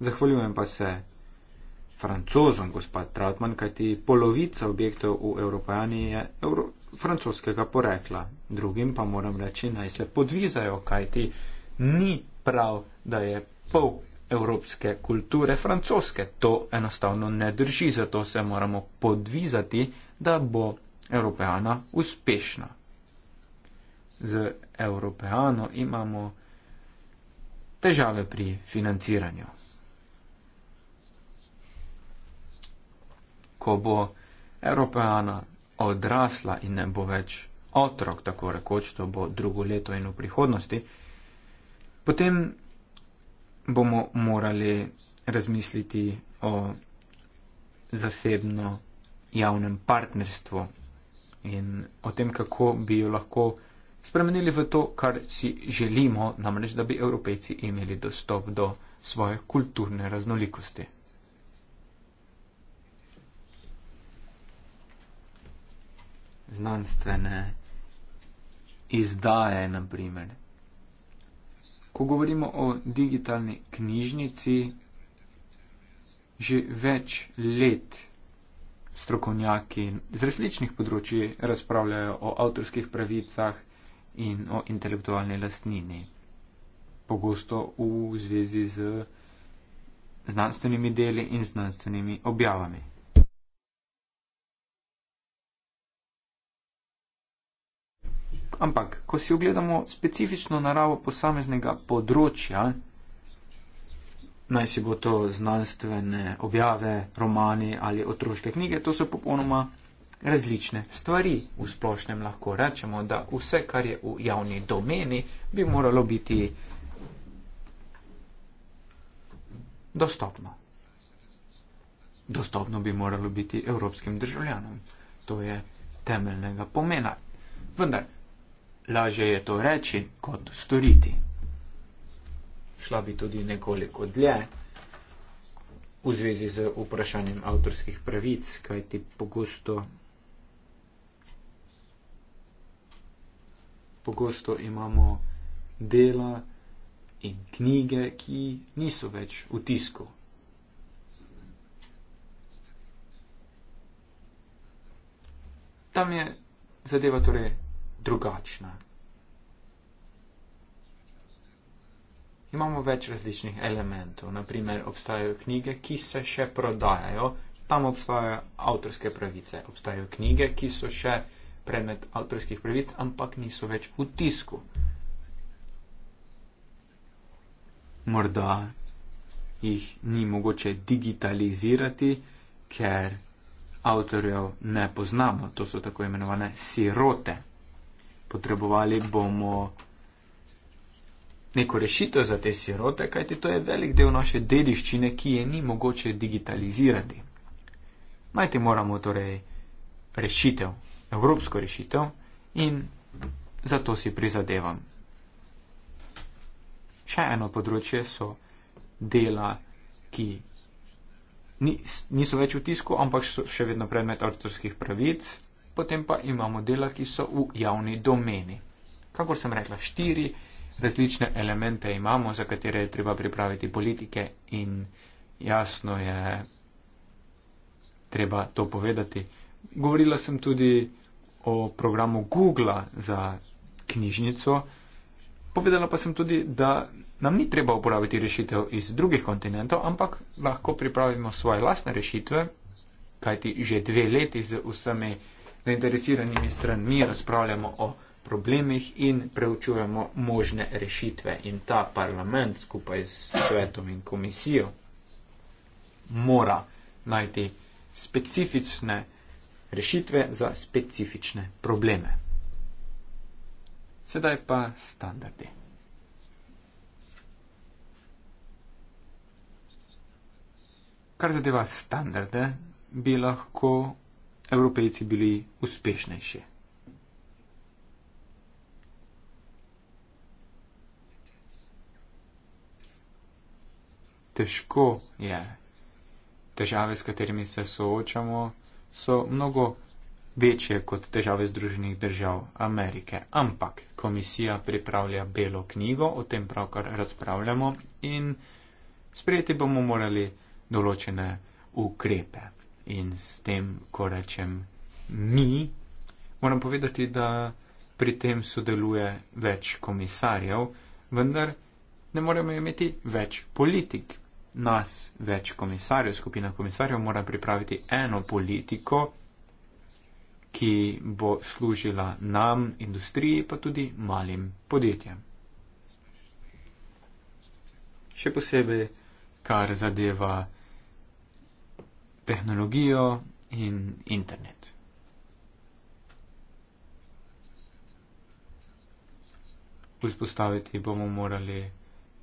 Zahvaljujem pa se francozom, gospod Trautmann, kajti polovica objektov v Evropani je Euro francoskega porekla. Drugim pa moram reči, naj se podvizajo, kajti ni prav, da je pol evropske kulture francoske. To enostavno ne drži, zato se moramo podvizati, da bo Evropejana uspešna. Z Evropejano imamo težave pri financiranju. ko bo Evropejana odrasla in ne bo več otrok, tako rekoč, to bo drugo leto in v prihodnosti, potem bomo morali razmisliti o zasebno javnem partnerstvu in o tem, kako bi jo lahko spremenili v to, kar si želimo, namreč, da bi evropejci imeli dostop do svoje kulturne raznolikosti. znanstvene izdaje, naprimer. Ko govorimo o digitalni knjižnici, že več let strokovnjaki z različnih področji razpravljajo o avtorskih pravicah in o intelektualni lastnini. Pogosto v zvezi z znanstvenimi deli in znanstvenimi objavami. Ampak, ko si ogledamo specifično naravo posameznega področja, naj si bo to znanstvene objave, romani ali otroške knjige, to so popolnoma različne stvari. V splošnem lahko rečemo, da vse, kar je v javni domeni, bi moralo biti dostopno. Dostopno bi moralo biti evropskim državljanom. To je temeljnega pomena. Vendar, lažje je to reči, kot storiti. Šla bi tudi nekoliko dlje v zvezi z vprašanjem avtorskih pravic, kaj ti pogosto, pogosto imamo dela in knjige, ki niso več v tisku. Tam je zadeva torej drugačne. Imamo več različnih elementov, naprimer obstajajo knjige, ki se še prodajajo, tam obstajajo avtorske pravice, obstajajo knjige, ki so še predmet avtorskih pravic, ampak niso več v tisku. Morda jih ni mogoče digitalizirati, ker avtorjev ne poznamo, to so tako imenovane sirote potrebovali bomo neko rešitev za te sirote, kajti to je velik del naše dediščine, ki je ni mogoče digitalizirati. Najti moramo torej rešitev, evropsko rešitev in zato si prizadevam. Še eno področje so dela, ki niso več v tisku, ampak so še vedno predmet avtorskih pravic potem pa imamo dela, ki so v javni domeni. Kakor sem rekla, štiri različne elemente imamo, za katere je treba pripraviti politike in jasno je treba to povedati. Govorila sem tudi o programu Google za knjižnico. Povedala pa sem tudi, da nam ni treba uporabiti rešitev iz drugih kontinentov, ampak lahko pripravimo svoje lastne rešitve, kajti že dve leti z vsemi zainteresiranimi stranmi razpravljamo o problemih in preučujemo možne rešitve. In ta parlament skupaj s svetom in komisijo mora najti specifične rešitve za specifične probleme. Sedaj pa standardi. Kar zadeva standarde, bi lahko evropejci bili uspešnejši. Težko je. Težave, s katerimi se soočamo, so mnogo večje kot težave Združenih držav Amerike. Ampak komisija pripravlja belo knjigo, o tem pravkar razpravljamo in sprejeti bomo morali določene ukrepe in s tem, ko rečem mi, moram povedati, da pri tem sodeluje več komisarjev, vendar ne moremo imeti več politik. Nas več komisarjev, skupina komisarjev mora pripraviti eno politiko, ki bo služila nam, industriji, pa tudi malim podjetjem. Še posebej, kar zadeva tehnologijo in internet. Vzpostaviti bomo morali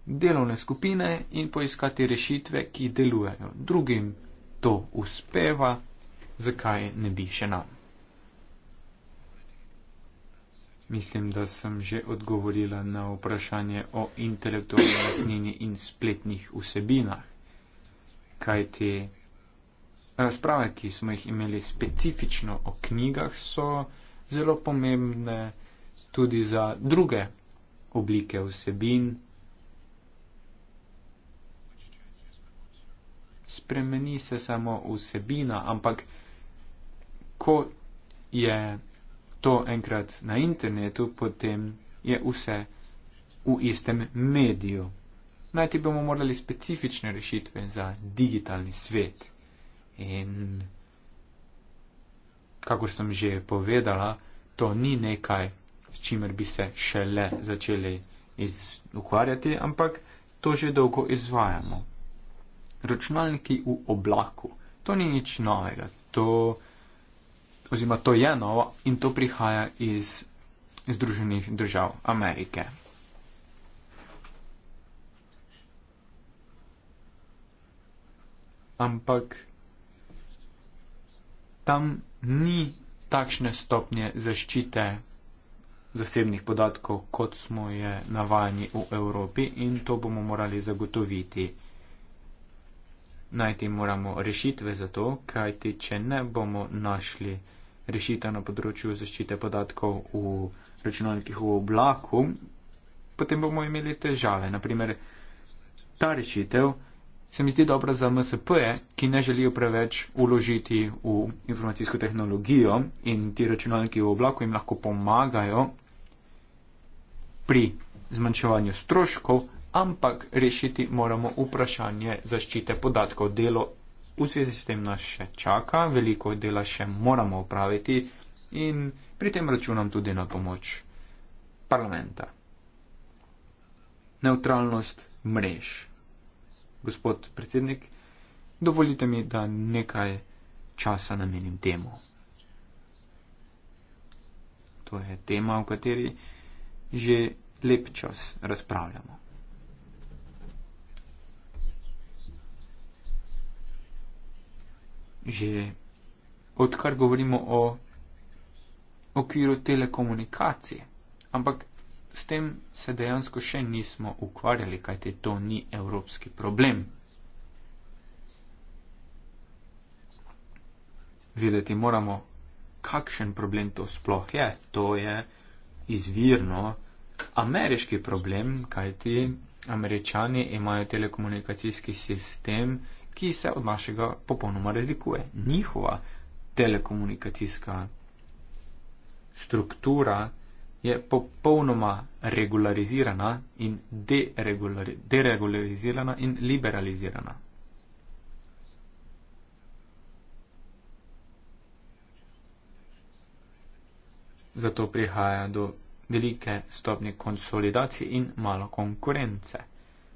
delovne skupine in poiskati rešitve, ki delujejo. Drugim to uspeva, zakaj ne bi še nam? Mislim, da sem že odgovorila na vprašanje o intelektualni lasnini in spletnih vsebinah, kajti razprave, ki smo jih imeli specifično o knjigah, so zelo pomembne tudi za druge oblike vsebin. Spremeni se samo vsebina, ampak ko je to enkrat na internetu, potem je vse v istem mediju. Najti bomo morali specifične rešitve za digitalni svet. In kako sem že povedala, to ni nekaj, s čimer bi se šele začeli iz, ukvarjati, ampak to že dolgo izvajamo. Računalniki v oblaku, to ni nič novega, to, oziroma to je novo in to prihaja iz Združenih držav Amerike. Ampak tam ni takšne stopnje zaščite zasebnih podatkov, kot smo je navajeni v Evropi in to bomo morali zagotoviti. Najti moramo rešitve za to, kajti če ne bomo našli rešitev na področju zaščite podatkov v računalnikih v oblaku, potem bomo imeli težave. Naprimer, ta rešitev se mi zdi dobra za MSP, ki ne želijo preveč uložiti v informacijsko tehnologijo in ti računalniki v oblaku jim lahko pomagajo pri zmanjševanju stroškov, ampak rešiti moramo vprašanje zaščite podatkov. Delo v zvezi s tem nas še čaka, veliko dela še moramo upraviti in pri tem računam tudi na pomoč parlamenta. Neutralnost mreža gospod predsednik, dovolite mi, da nekaj časa namenim temu. To je tema, o kateri že lep čas razpravljamo. Že odkar govorimo o okviru telekomunikacije, ampak s tem se dejansko še nismo ukvarjali, kajte to ni evropski problem. Videti moramo, kakšen problem to sploh je. To je izvirno ameriški problem, kajti američani imajo telekomunikacijski sistem, ki se od našega popolnoma razlikuje. Njihova telekomunikacijska struktura je popolnoma regularizirana in deregularizirana in liberalizirana. Zato prihaja do velike stopnje konsolidacije in malo konkurence.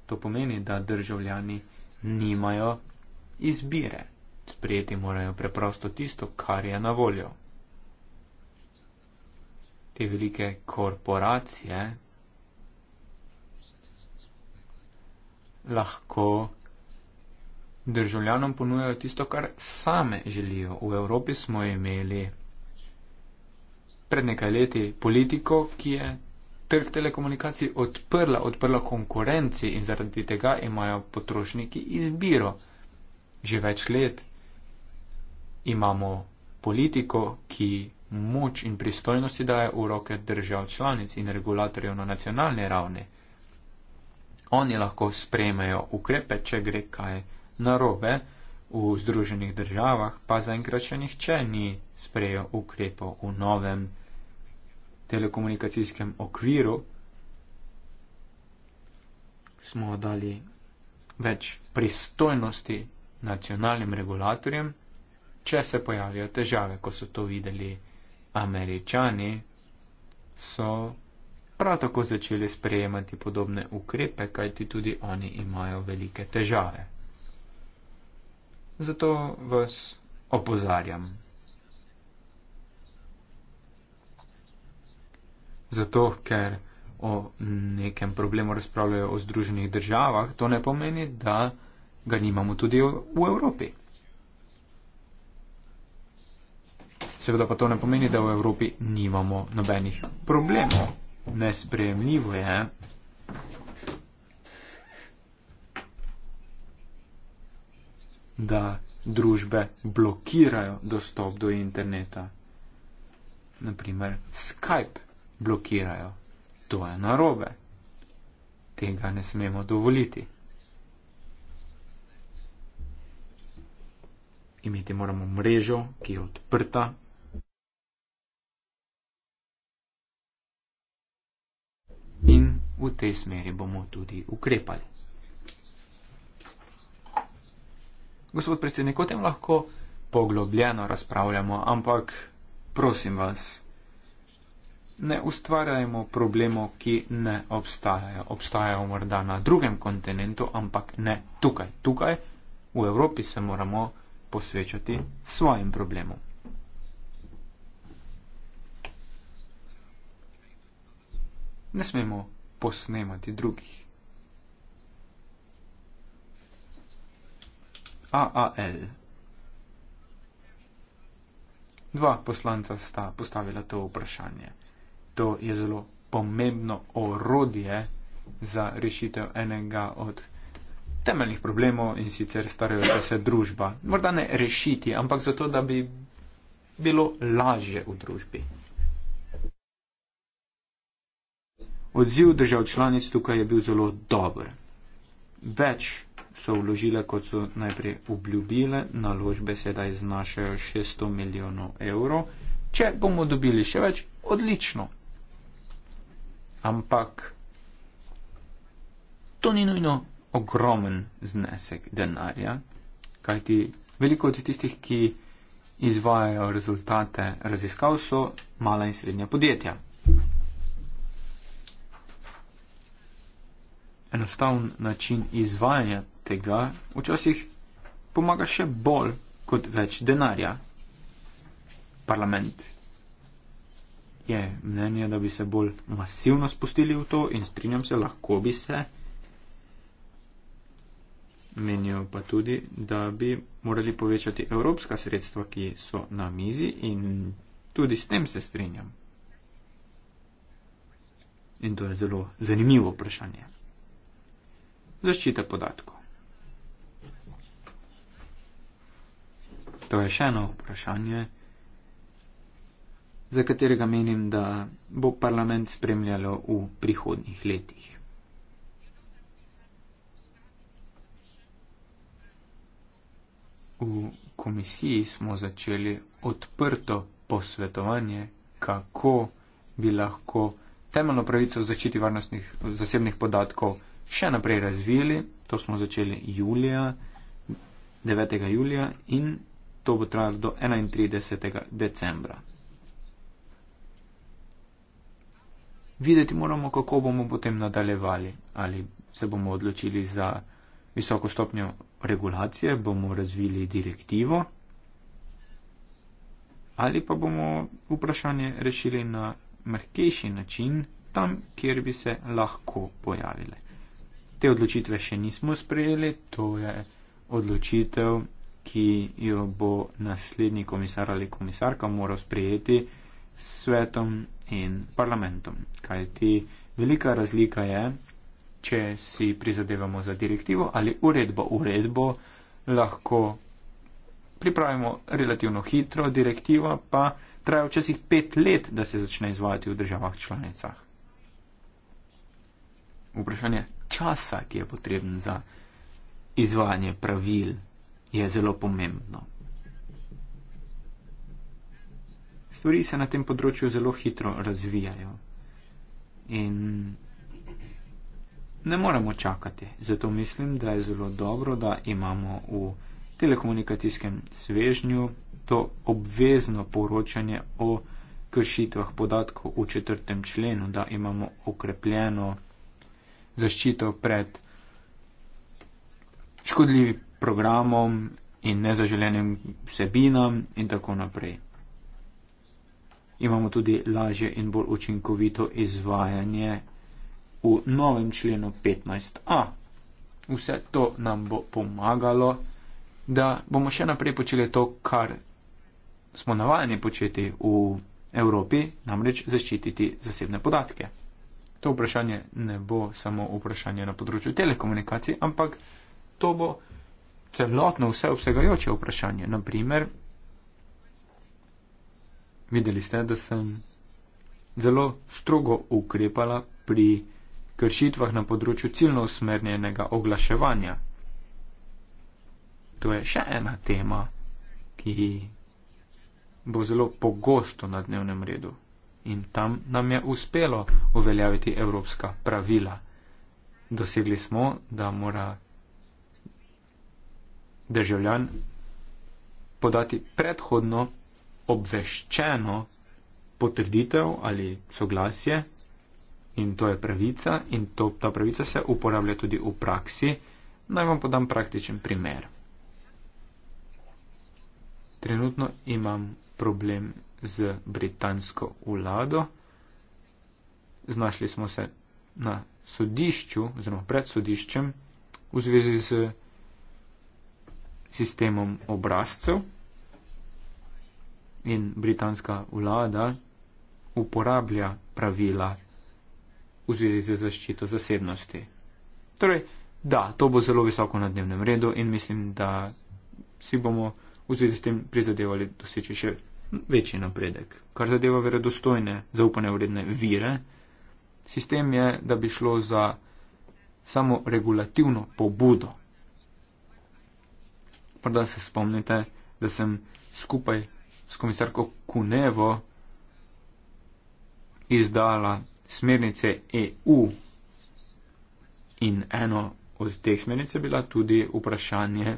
To pomeni, da državljani nimajo izbire. Sprejeti morajo preprosto tisto, kar je na voljo te velike korporacije lahko državljanom ponujajo tisto, kar same želijo. V Evropi smo imeli pred nekaj leti politiko, ki je trg telekomunikacij odprla, odprla konkurenci in zaradi tega imajo potrošniki izbiro. Že več let imamo politiko, ki moč in pristojnosti daje v roke držav članic in regulatorjev na nacionalni ravni. Oni lahko sprejmejo ukrepe, če gre kaj narobe v združenih državah, pa zaenkrat še nihče ni sprejel ukrepov v novem telekomunikacijskem okviru. Smo dali več pristojnosti nacionalnim regulatorjem, če se pojavijo težave, ko so to videli. Američani so prav tako začeli sprejemati podobne ukrepe, kajti tudi oni imajo velike težave. Zato vas opozarjam. Zato, ker o nekem problemu razpravljajo o Združenih državah, to ne pomeni, da ga nimamo tudi v Evropi. Seveda pa to ne pomeni, da v Evropi nimamo nobenih problemov. Nesprejemljivo je, da družbe blokirajo dostop do interneta. Naprimer, Skype blokirajo. To je narobe. Tega ne smemo dovoliti. Imeti moramo mrežo, ki je odprta v tej smeri bomo tudi ukrepali. Gospod predsednik, o tem lahko poglobljeno razpravljamo, ampak prosim vas, ne ustvarjajmo problemov, ki ne obstajajo. Obstajajo morda na drugem kontinentu, ampak ne tukaj. Tukaj v Evropi se moramo posvečati svojim problemom. Ne smemo posnemati drugih. AAL. Dva poslanca sta postavila to vprašanje. To je zelo pomembno orodje za rešitev enega od temeljnih problemov in sicer starajoča se družba. Morda ne rešiti, ampak zato, da bi bilo lažje v družbi. Odziv držav članic tukaj je bil zelo dober. Več so vložile, kot so najprej obljubile, naložbe sedaj znašajo 600 milijonov evrov. Če bomo dobili še več, odlično. Ampak to ni nujno ogromen znesek denarja, kajti veliko od tistih, ki izvajajo rezultate raziskav, so mala in srednja podjetja. enostaven način izvajanja tega včasih pomaga še bolj kot več denarja. Parlament je mnenje, da bi se bolj masivno spustili v to in strinjam se, lahko bi se. Menijo pa tudi, da bi morali povečati evropska sredstva, ki so na mizi in tudi s tem se strinjam. In to je zelo zanimivo vprašanje zaščita podatkov. To je še eno vprašanje, za katerega menim, da bo parlament spremljalo v prihodnih letih. V komisiji smo začeli odprto posvetovanje, kako bi lahko temeljno pravico v zaščiti varnostnih zasebnih podatkov še naprej razvijali. To smo začeli julija, 9. julija in to bo trajalo do 31. decembra. Videti moramo, kako bomo potem nadaljevali. Ali se bomo odločili za visoko stopnjo regulacije, bomo razvili direktivo ali pa bomo vprašanje rešili na mehkejši način, tam, kjer bi se lahko pojavile. Te odločitve še nismo sprejeli, to je odločitev, ki jo bo naslednji komisar ali komisarka moral sprejeti s svetom in parlamentom. Kaj ti velika razlika je, če si prizadevamo za direktivo ali uredbo. Uredbo lahko pripravimo relativno hitro, direktiva pa traja včasih pet let, da se začne izvajati v državah članicah. Vprašanje časa, ki je potreben za izvajanje pravil, je zelo pomembno. Stvari se na tem področju zelo hitro razvijajo in ne moremo čakati. Zato mislim, da je zelo dobro, da imamo v telekomunikacijskem svežnju to obvezno poročanje o kršitvah podatkov v četrtem členu, da imamo okrepljeno zaščito pred škodljivim programom in nezaželenim vsebinam in tako naprej. Imamo tudi lažje in bolj učinkovito izvajanje v novem členu 15a. Vse to nam bo pomagalo, da bomo še naprej počeli to, kar smo navajeni početi v Evropi, namreč zaščititi zasebne podatke to vprašanje ne bo samo vprašanje na področju telekomunikacij, ampak to bo celotno vseobsegajoče vprašanje. Naprimer, videli ste, da sem zelo strogo ukrepala pri kršitvah na področju ciljno usmerjenega oglaševanja. To je še ena tema, ki bo zelo pogosto na dnevnem redu. In tam nam je uspelo uveljaviti evropska pravila. Dosegli smo, da mora državljan podati predhodno obveščeno potrditev ali soglasje in to je pravica in to, ta pravica se uporablja tudi v praksi. Naj vam podam praktičen primer. Trenutno imam problem z britansko vlado. Znašli smo se na sodišču, oziroma pred sodiščem, v zvezi z sistemom obrazcev in britanska vlada uporablja pravila v zvezi z zaščito zasebnosti. Torej, da, to bo zelo visoko na dnevnem redu in mislim, da si bomo v zvezi s tem prizadevali doseči še večji napredek. Kar zadeva verodostojne, zaupanje vredne vire, sistem je, da bi šlo za samo regulativno pobudo. Morda se spomnite, da sem skupaj s komisarko Kunevo izdala smernice EU in eno od teh smernic je bila tudi vprašanje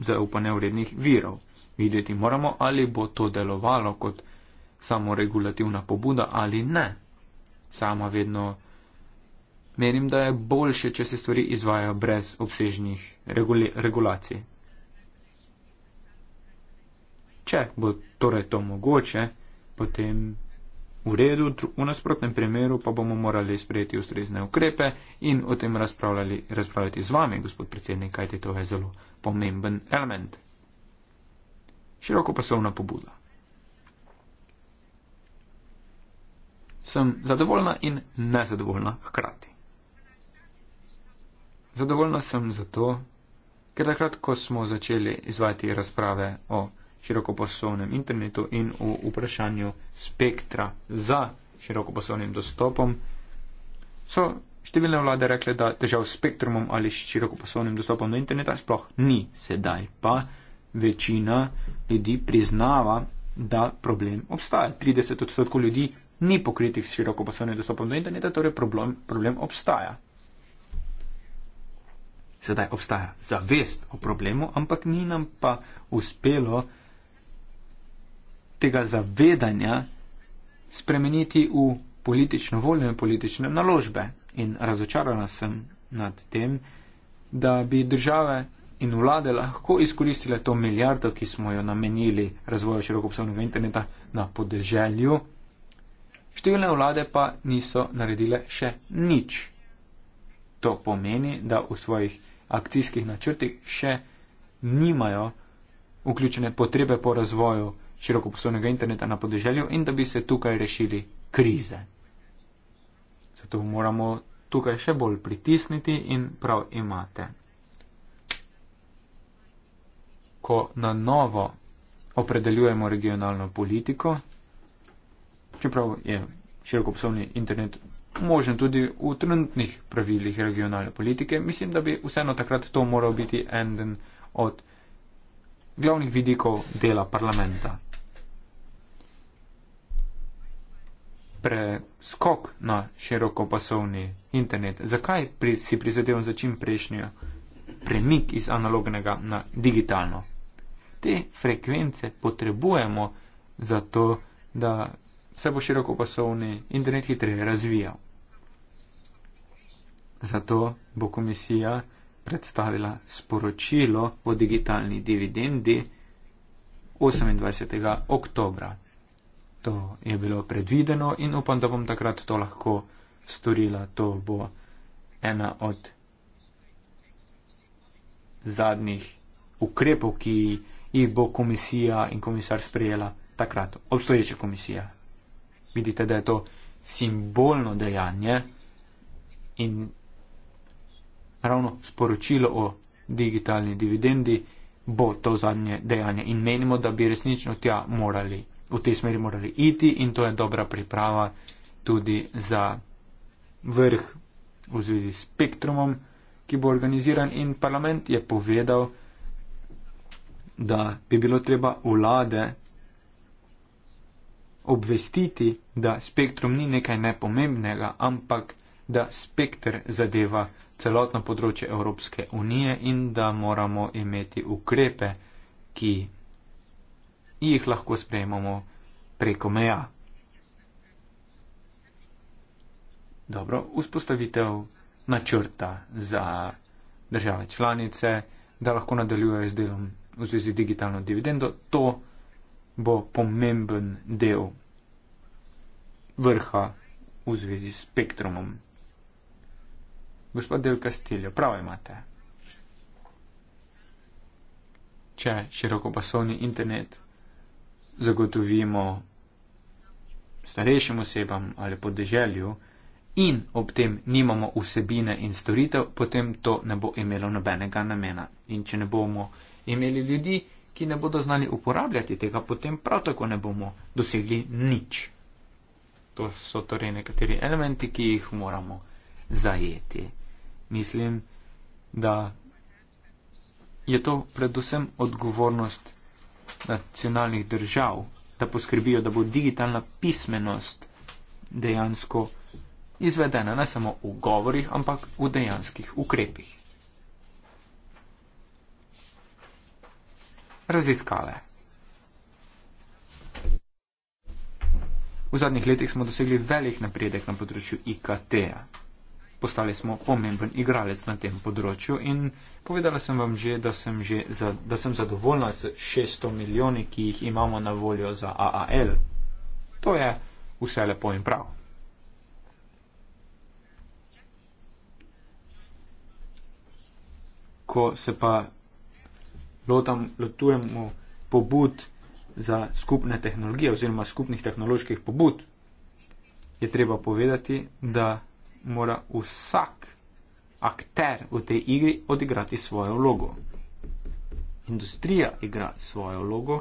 zaupanja vrednih virov. Videti moramo, ali bo to delovalo kot samoregulativna pobuda ali ne. Sama vedno menim, da je boljše, če se stvari izvajajo brez obsežnih regula regulacij. Če bo torej to mogoče, potem v redu, v nasprotnem primeru pa bomo morali sprejeti ustrezne ukrepe in o tem razpravljati z vami, gospod predsednik, kajti to je zelo pomemben element širokopasovna pobuda. Sem zadovoljna in nezadovoljna hkrati. Zadovoljna sem zato, ker takrat, ko smo začeli izvajati razprave o širokoposovnem internetu in o vprašanju spektra za širokoposovnim dostopom, so številne vlade rekle, da težav s spektrumom ali s širokoposovnim dostopom do interneta sploh ni sedaj pa večina ljudi priznava, da problem obstaja. 30 odstotkov ljudi ni pokritih s široko poslovnim dostopom do interneta, torej problem, problem obstaja. Sedaj obstaja zavest o problemu, ampak ni nam pa uspelo tega zavedanja spremeniti v politično voljo in politične naložbe. In razočarana sem nad tem, da bi države in vlade lahko izkoristile to milijardo, ki smo jo namenili razvoju širokopsovnega interneta na podeželju, številne vlade pa niso naredile še nič. To pomeni, da v svojih akcijskih načrtih še nimajo vključene potrebe po razvoju širokopsovnega interneta na podeželju in da bi se tukaj rešili krize. Zato moramo tukaj še bolj pritisniti in prav imate ko na novo opredeljujemo regionalno politiko, čeprav je širokopsovni internet možen tudi v trenutnih pravilih regionalne politike, mislim, da bi vseeno takrat to moral biti eden od glavnih vidikov dela parlamenta. Preskok na širokopasovni internet. Zakaj pri, si prizadevam za čim prejšnjo premik iz analognega na digitalno? te frekvence potrebujemo za to, da se bo širokopasovni internet hitreje razvijal. Zato bo komisija predstavila sporočilo o digitalni dividendi 28. oktobra. To je bilo predvideno in upam, da bom takrat to lahko storila. To bo ena od zadnjih ukrepov, ki jih bo komisija in komisar sprejela takrat, obstoječa komisija. Vidite, da je to simbolno dejanje in ravno sporočilo o digitalni dividendi bo to zadnje dejanje in menimo, da bi resnično tja morali, v tej smeri morali iti in to je dobra priprava tudi za vrh v zvezi s spektrumom, ki bo organiziran in parlament je povedal, da bi bilo treba vlade obvestiti, da spektrum ni nekaj nepomembnega, ampak da spektr zadeva celotno področje Evropske unije in da moramo imeti ukrepe, ki jih lahko sprejmemo preko meja. Dobro, vzpostavitev načrta za države članice, da lahko nadaljujejo z delom v zvezi z digitalno dividendo, to bo pomemben del vrha v zvezi s spektrumom. Gospod Del Castillo, prav imate. Če širokopasovni internet zagotovimo starejšim osebam ali podeželju in ob tem nimamo vsebine in storitev, potem to ne bo imelo nobenega namena. In če ne bomo imeli ljudi, ki ne bodo znali uporabljati tega, potem prav tako ne bomo dosegli nič. To so torej nekateri elementi, ki jih moramo zajeti. Mislim, da je to predvsem odgovornost nacionalnih držav, da poskrbijo, da bo digitalna pismenost dejansko izvedena ne samo v govorih, ampak v dejanskih ukrepih. raziskave. V zadnjih letih smo dosegli velik napredek na področju IKT. -ja. Postali smo pomemben igralec na tem področju in povedala sem vam že, da sem, že za, da sem zadovoljna s 600 milijoni, ki jih imamo na voljo za AAL. To je vse lepo in prav. Ko se pa lotujemo pobud za skupne tehnologije oziroma skupnih tehnoloških pobud, je treba povedati, da mora vsak akter v tej igri odigrati svojo vlogo. Industrija igra svojo vlogo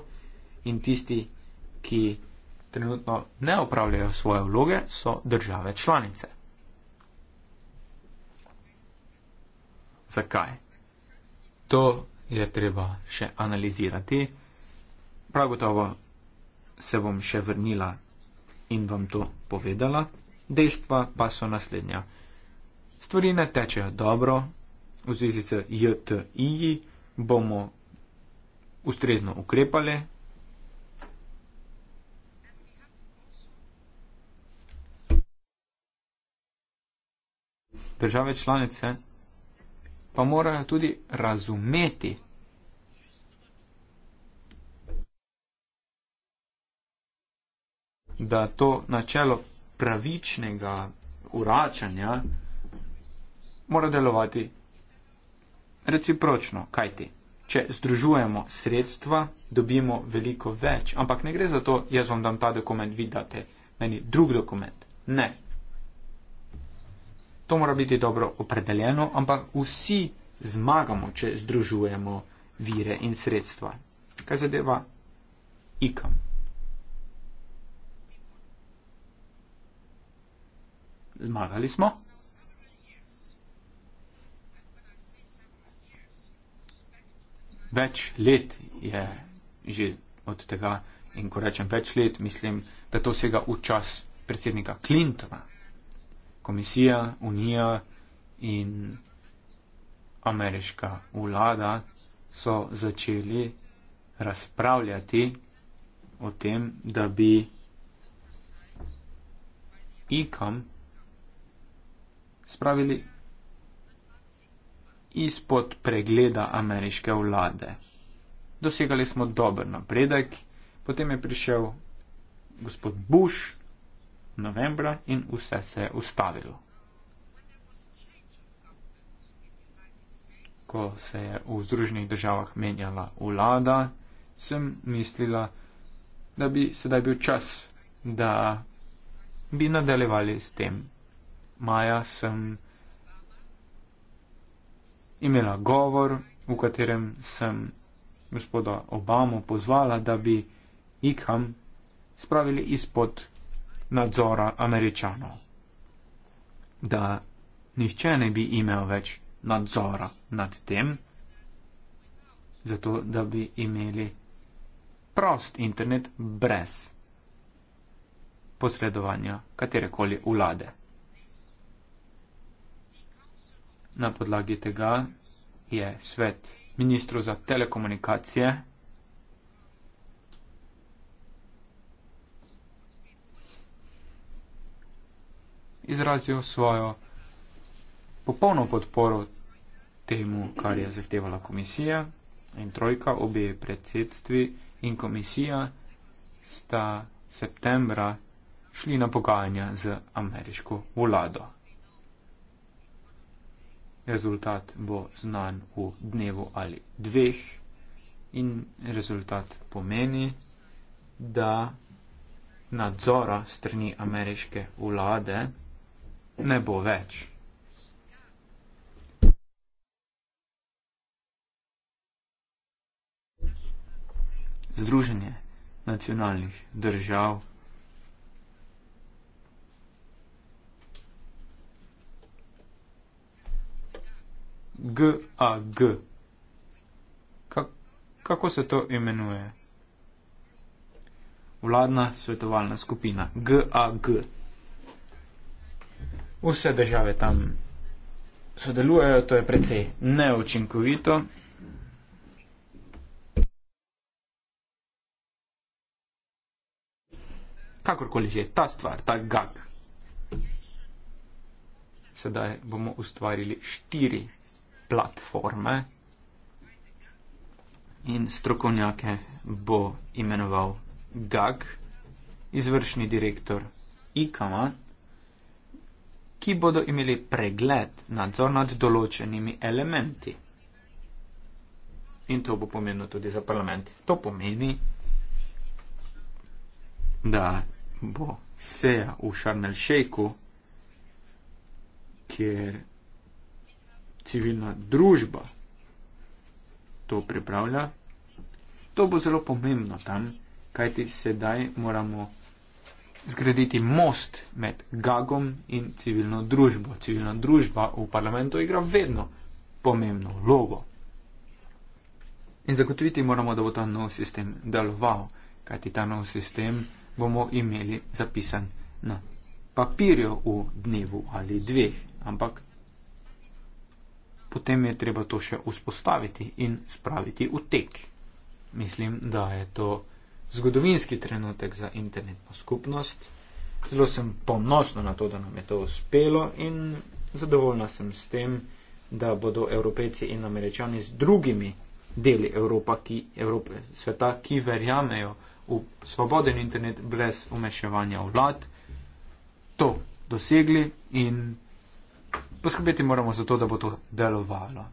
in tisti, ki trenutno ne upravljajo svoje vloge, so države članice. Zakaj? To je treba še analizirati. Prav gotovo se bom še vrnila in vam to povedala. Dejstva pa so naslednja. Stvari ne tečejo dobro, v zvezi z JTI bomo ustrezno ukrepali. Države članice pa morajo tudi razumeti. da to načelo pravičnega uračanja mora delovati recipročno. Kaj ti? Če združujemo sredstva, dobimo veliko več. Ampak ne gre za to, jaz vam dam ta dokument, vi date meni drug dokument. Ne, to mora biti dobro opredeljeno, ampak vsi zmagamo, če združujemo vire in sredstva. Kaj zadeva ikam? Zmagali smo. Več let je že od tega in ko rečem več let, mislim, da to sega v čas predsednika Clintona, komisija, unija in ameriška vlada so začeli razpravljati o tem, da bi ikam spravili izpod pregleda ameriške vlade. Dosegali smo dober napredek, potem je prišel gospod Bush, novembra in vse se je ustavilo. Ko se je v Združenih državah menjala vlada, sem mislila, da bi sedaj bil čas, da bi nadaljevali s tem. Maja sem imela govor, v katerem sem gospoda Obamo pozvala, da bi ikam spravili izpod nadzora američanov. Da nihče ne bi imel več nadzora nad tem, zato da bi imeli prost internet brez posredovanja katerekoli vlade. Na podlagi tega je svet ministru za telekomunikacije izrazil svojo popolno podporo temu, kar je zahtevala komisija in trojka, obe predsedstvi in komisija sta septembra šli na pogajanja z ameriško vlado. Rezultat bo znan v dnevu ali dveh in rezultat pomeni, da nadzora strani ameriške vlade ne bo več. Združenje nacionalnih držav GAG. Kako se to imenuje? Vladna svetovalna skupina GAG. -G vse države tam sodelujejo, to je precej neučinkovito. Kakorkoli že, ta stvar, ta gag. Sedaj bomo ustvarili štiri platforme in strokovnjake bo imenoval GAG, izvršni direktor IKAMA, ki bodo imeli pregled nadzor nad določenimi elementi. In to bo pomenilo tudi za parlament. To pomeni, da bo seja v Šarnel Šejku, kjer civilna družba to pripravlja, to bo zelo pomembno tam, kajti sedaj moramo zgraditi most med Gagom in civilno družbo. Civilna družba v parlamentu igra vedno pomembno vlogo. In zagotoviti moramo, da bo ta nov sistem deloval, kajti ta nov sistem bomo imeli zapisan na papirju v dnevu ali dveh, ampak potem je treba to še vzpostaviti in spraviti v tek. Mislim, da je to zgodovinski trenutek za internetno skupnost. Zelo sem ponosna na to, da nam je to uspelo in zadovoljna sem s tem, da bodo evropejci in američani z drugimi deli Evropa, ki, Evrope, sveta, ki verjamejo v svoboden internet brez umeševanja vlad, to dosegli in poskrbeti moramo za to, da bo to delovalo.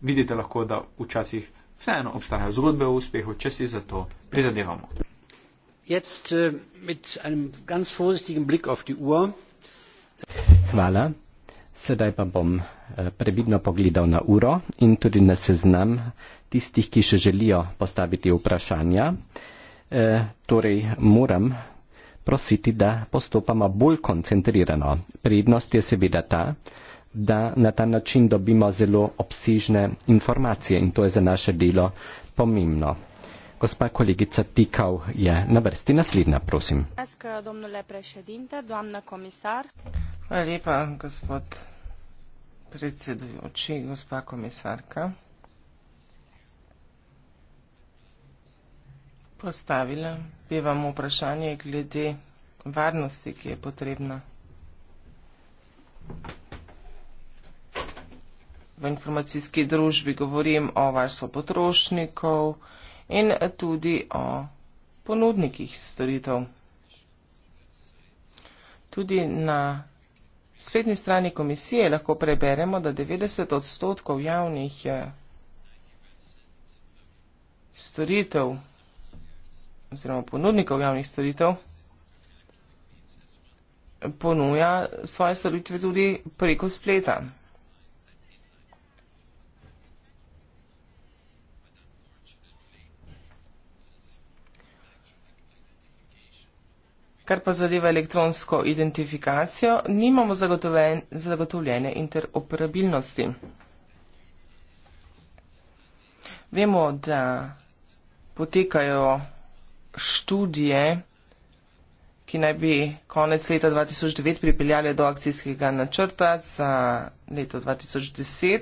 Vidite lahko, da včasih vseeno obstajajo zgodbe o uspehu, če si za to prizadevamo. Jetzt, äh, mit einem ganz blick auf die Uhr. Hvala. Sedaj pa bom äh, previdno pogledal na uro in tudi na seznam tistih, ki še želijo postaviti vprašanja. E, torej moram prositi, da postopamo bolj koncentrirano. Prednost je seveda ta, da na ta način dobimo zelo obsižne informacije in to je za naše delo pomembno. Gospa kolegica Tikav je na vrsti naslednja, prosim. Hvala lepa, gospod predsedujoči, gospa komisarka. Postavila bi vam vprašanje glede varnosti, ki je potrebna v informacijski družbi govorim o varstvu potrošnikov in tudi o ponudnikih storitev. Tudi na spletni strani komisije lahko preberemo, da 90 odstotkov javnih eh, storitev oziroma ponudnikov javnih storitev ponuja svoje storitve tudi preko spleta. Kar pa zadeva elektronsko identifikacijo, nimamo zagotoven, zagotovljene interoperabilnosti. Vemo, da potekajo študije, ki naj bi konec leta 2009 pripeljale do akcijskega načrta za leto 2010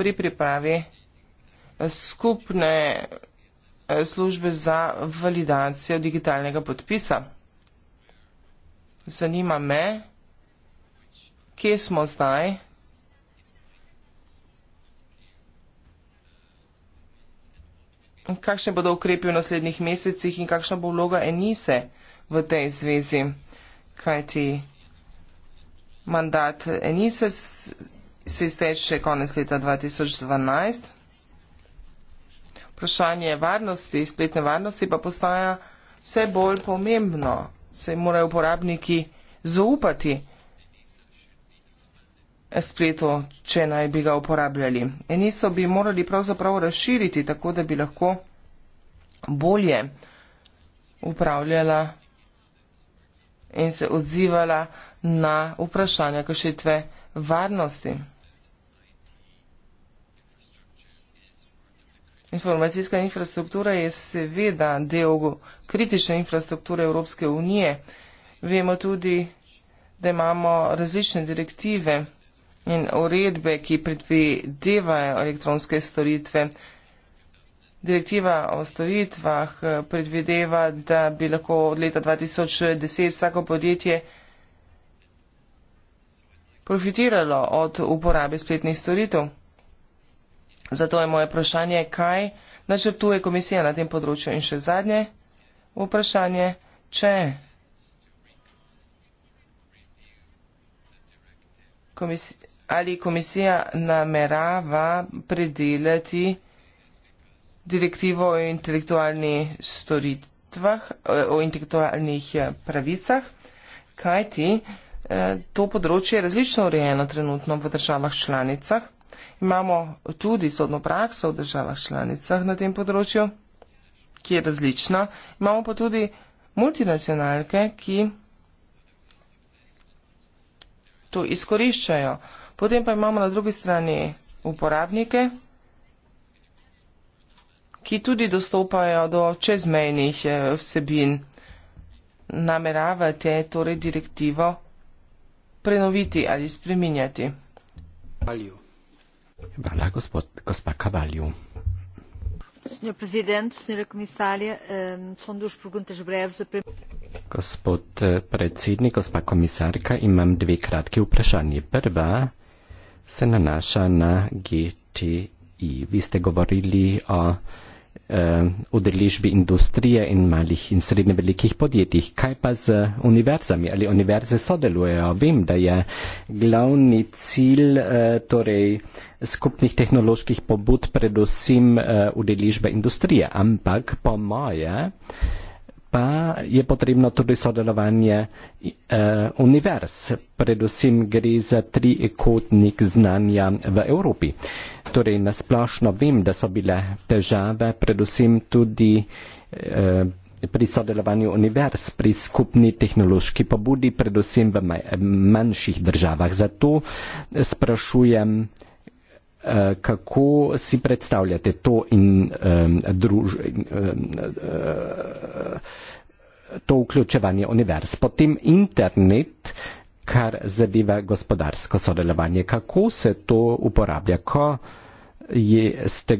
pri pripravi eh, skupne eh, službe za validacijo digitalnega podpisa. Zanima me, kje smo zdaj? Kakšne bodo ukrepi v naslednjih mesecih in kakšna bo vloga Enise v tej zvezi? Kajti mandat Enise se izteče konec leta 2012. Vprašanje varnosti, spletne varnosti pa postaja vse bolj pomembno se morajo uporabniki zaupati spletu, če naj bi ga uporabljali. Eni so bi morali pravzaprav razširiti, tako da bi lahko bolje upravljala in se odzivala na vprašanja kršitve varnosti. Informacijska infrastruktura je seveda del kritične infrastrukture Evropske unije. Vemo tudi, da imamo različne direktive in uredbe, ki predvidevajo elektronske storitve. Direktiva o storitvah eh, predvideva, da bi lahko od leta 2010 vsako podjetje profitiralo od uporabe spletnih storitev. Zato je moje vprašanje, kaj načrtuje komisija na tem področju. In še zadnje vprašanje, če komisija, ali komisija namerava predelati direktivo o intelektualnih storitvah, o intelektualnih eh, pravicah, kaj ti eh, to področje je različno urejeno trenutno v državah članicah. Imamo tudi sodno prakso v državah članicah na tem področju, ki je različna. Imamo pa tudi multinacionalke, ki to izkoriščajo. Potem pa imamo na drugi strani uporabnike, ki tudi dostopajo do čezmejnih eh, vsebin. Nameravate torej direktivo prenoviti ali spreminjati? Valjo. Hvala, gospod, gospa Kabalju. Ehm, gospod predsednik, eh, gospod komisarje, sem duš pregunte že brev za prej. Gospod predsednik, gospa komisarka, imam dve kratke vprašanje. Prva se nanaša na GTI. Vi ste govorili o Eh, udeležbi industrije in malih in srednje velikih podjetij. Kaj pa z univerzami? Ali univerze sodelujejo? Vem, da je glavni cilj eh, torej, skupnih tehnoloških pobud predvsem eh, udeležbe industrije, ampak po moje pa je potrebno tudi sodelovanje eh, univerz, predvsem gre za trikotnik znanja v Evropi. Torej, nasplošno vem, da so bile težave, predvsem tudi eh, pri sodelovanju univerz, pri skupni tehnološki pobudi, predvsem v manjših državah. Zato sprašujem, Eh, kako si predstavljate to in druž, eh, to vključevanje univerz. Potem internet, kar zadeva gospodarsko sodelovanje. Kako se to uporablja? Ko je, ste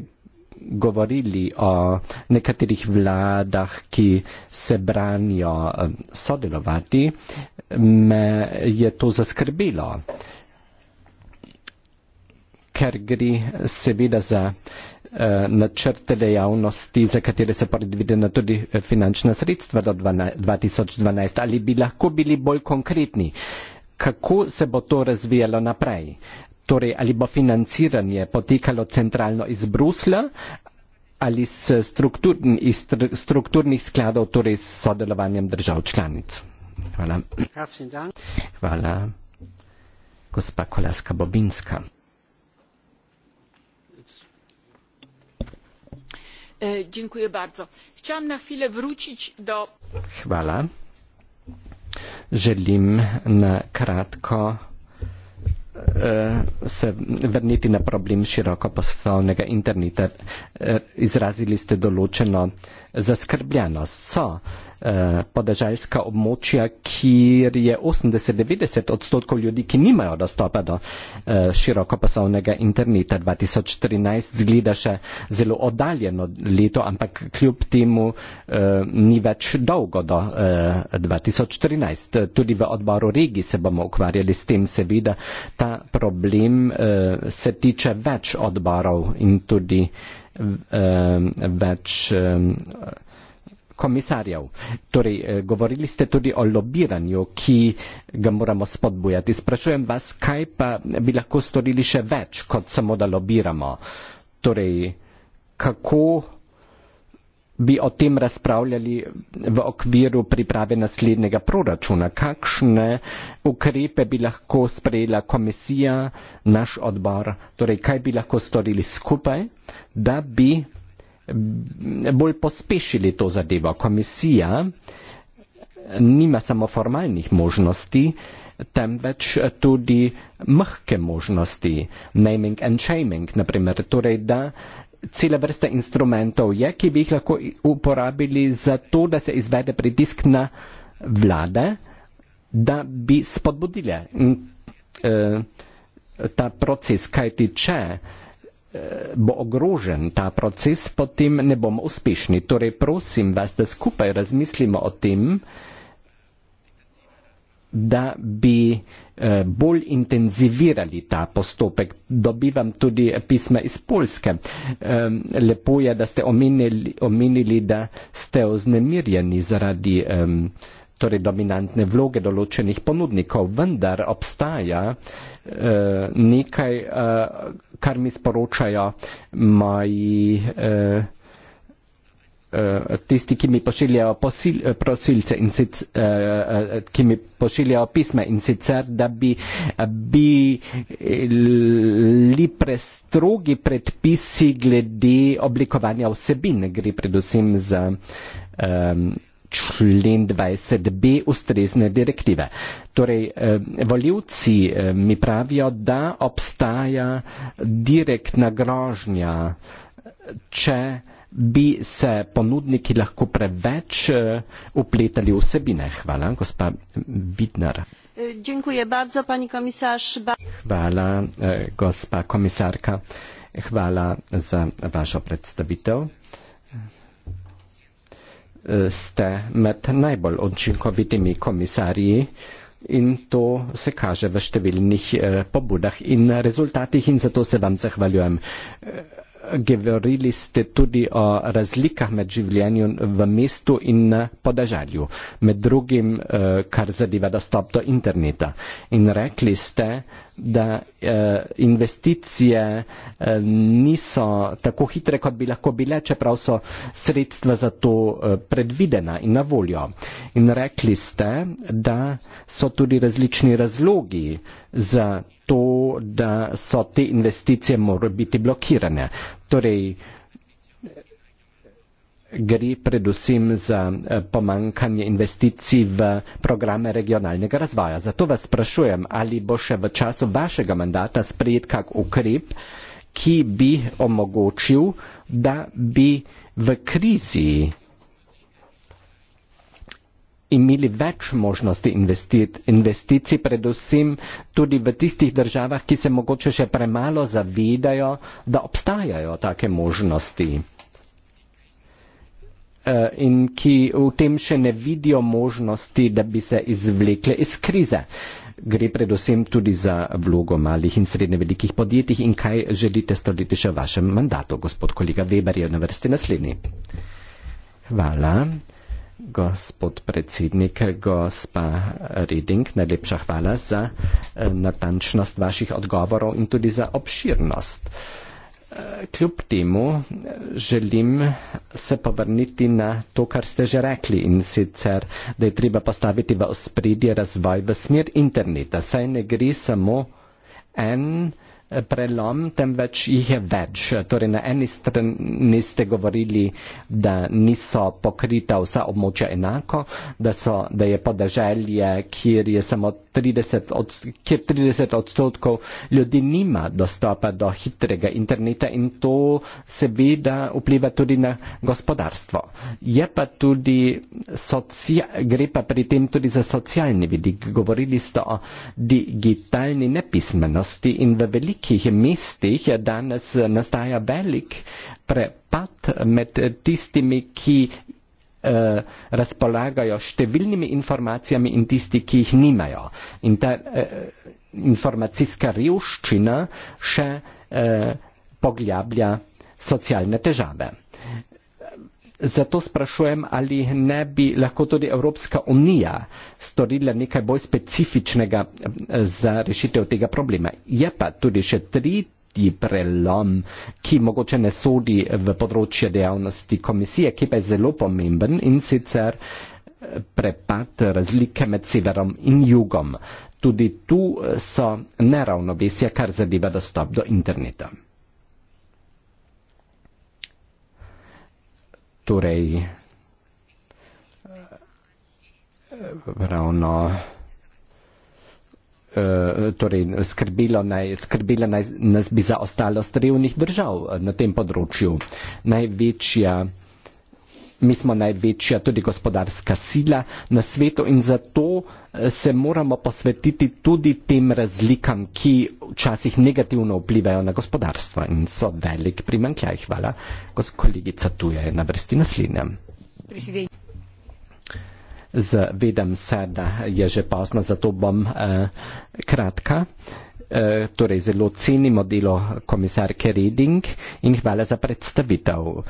govorili o nekaterih vladah, ki se branijo sodelovati, me je to zaskrbilo ker gre seveda za eh, načrte dejavnosti, za katere so predvidena tudi eh, finančna sredstva do 2012. Ali bi lahko bili bolj konkretni, kako se bo to razvijalo naprej? Torej, ali bo financiranje potekalo centralno iz Brusla ali s strukturn, iz strukturnih skladov, torej s sodelovanjem držav članic? Hvala. Hvala. Gospa Kolaska Bobinska. E, chciałam na chwilę wrócić do chwala želim na kratko e, se vrniti na problem širokoposlovnega interneta. E, izrazili ste določeno zaskrbljenost. So Eh, podeželska območja, kjer je 80-90 odstotkov ljudi, ki nimajo dostopa do eh, širokopasovnega interneta. 2013 zgleda še zelo oddaljeno leto, ampak kljub temu eh, ni več dolgo do 2013. Tudi v odboru regij se bomo ukvarjali s tem, seveda, ta problem se tiče več odborov in tudi več komisarjev. Torej, eh, govorili ste tudi o lobiranju, ki ga moramo spodbujati. Sprašujem vas, kaj pa bi lahko storili še več, kot samo da lobiramo. Torej, kako bi o tem razpravljali v okviru priprave naslednjega proračuna? Kakšne ukrepe bi lahko sprejela komisija, naš odbor? Torej, kaj bi lahko storili skupaj, da bi bolj pospešili to zadevo. Komisija nima samo formalnih možnosti, temveč tudi mehke možnosti, naming and shaming, naprimer, torej da cele vrste instrumentov je, ki bi jih lahko uporabili za to, da se izvede pritisk na vlade, da bi spodbudile eh, ta proces, kajti če uh, bo ogrožen ta proces, potem ne bomo uspešni. Torej prosim vas, da skupaj razmislimo o tem, da bi eh, bolj intenzivirali ta postopek. Dobivam tudi pisma iz Polske. Lepo je, da ste omenili, omenili da ste oznemirjeni zaradi um, torej dominantne vloge določenih ponudnikov, vendar obstaja eh, nekaj, eh, kar mi sporočajo moji, eh, eh, tisti, ki mi pošiljajo posil, prosilce, in sic, eh, eh ki mi pošiljajo pisme in sicer, da bi bili prestrogi predpisi glede oblikovanja vsebine, gre predvsem za. Eh, člen 20b ustrezne direktive. Torej, eh, voljivci eh, mi pravijo, da obstaja direktna grožnja, če bi se ponudniki lahko preveč upletali eh, vsebine. Hvala, gospa Vidnar. E, dziękuję bardzo, pani komisarz. Ba Hvala, e, gospa komisarka. Hvala za vašo predstavitev ste med najbolj učinkovitimi komisarji in to se kaže v številnih eh, pobudah in rezultatih in zato se vam zahvaljujem. Eh, govorili ste tudi o razlikah med življenjem v mestu in podažalju, med drugim, eh, kar zadeva dostop do interneta. In rekli ste, da eh, investicije eh, niso tako hitre, kot bi lahko bile, čeprav so sredstva za to eh, predvidena in na voljo. In rekli ste, da so tudi različni razlogi za to, da so te investicije morajo biti blokirane. Torej, eh, gre predvsem za eh, pomankanje investicij v programe regionalnega razvoja. Zato vas sprašujem, ali bo še v času vašega mandata sprejet kak ukrep, ki bi omogočil, da bi v krizi imeli več možnosti investicij, predvsem tudi v tistih državah, ki se mogoče še premalo zavedajo, da obstajajo take možnosti. Eh, in ki v tem še ne vidijo možnosti, da bi se izvlekle iz krize. Gre predvsem tudi za vlogo malih in srednje velikih podjetij in kaj želite storiti še v vašem mandatu. Gospod kolega Weber je na vrsti naslednji. Hvala. Gospod predsednik, gospa Reding, najlepša hvala za eh, natančnost vaših odgovorov in tudi za obširnost kljub temu eh, želim se povrniti na to, kar ste že rekli in sicer, da je treba postaviti v ospredje razvoj v smer interneta. Saj ne gre samo en Eh, prelom, temveč jih je več. Torej na eni strani ste govorili, da niso pokrita vsa območja enako, da, so, da je podeželje, kjer je samo 30, od, kjer 30 odstotkov ljudi nima dostopa do hitrega interneta in to seveda vpliva tudi na gospodarstvo. Pa tudi socia, gre pa pri tem tudi za socialni vidik. Govorili ste o digitalni nepismenosti in v veliki ki jih mestih danes eh, nastaja velik prepad med eh, tistimi, ki eh, razpolagajo številnimi informacijami in tisti, ki jih nimajo. In ta eh, informacijska revščina še eh, poglablja socialne težave. Zato sprašujem, ali ne bi lahko tudi Evropska unija storila nekaj bolj specifičnega eh, za rešitev tega problema. Je pa tudi še tretji prelom, ki mogoče ne sodi v področje dejavnosti komisije, ki pa je zelo pomemben in sicer eh, prepad razlike med severom in jugom. Tudi tu eh, so neravnovesja, kar zadeva dostop do interneta. torej ravno eh, torej skrbilo naj, skrbilo naj, nas bi za ostalost revnih držav na tem področju. Največja mi smo največja tudi gospodarska sila na svetu in zato eh, se moramo posvetiti tudi tem razlikam, ki včasih negativno vplivajo na gospodarstvo in so velik primankljaj. Hvala, gospod kolegica, tu je na vrsti naslednja. Zavedam se, da je že pozno, zato bom eh, kratka. Eh, torej, zelo cenimo delo komisarke Reding in hvala za predstavitev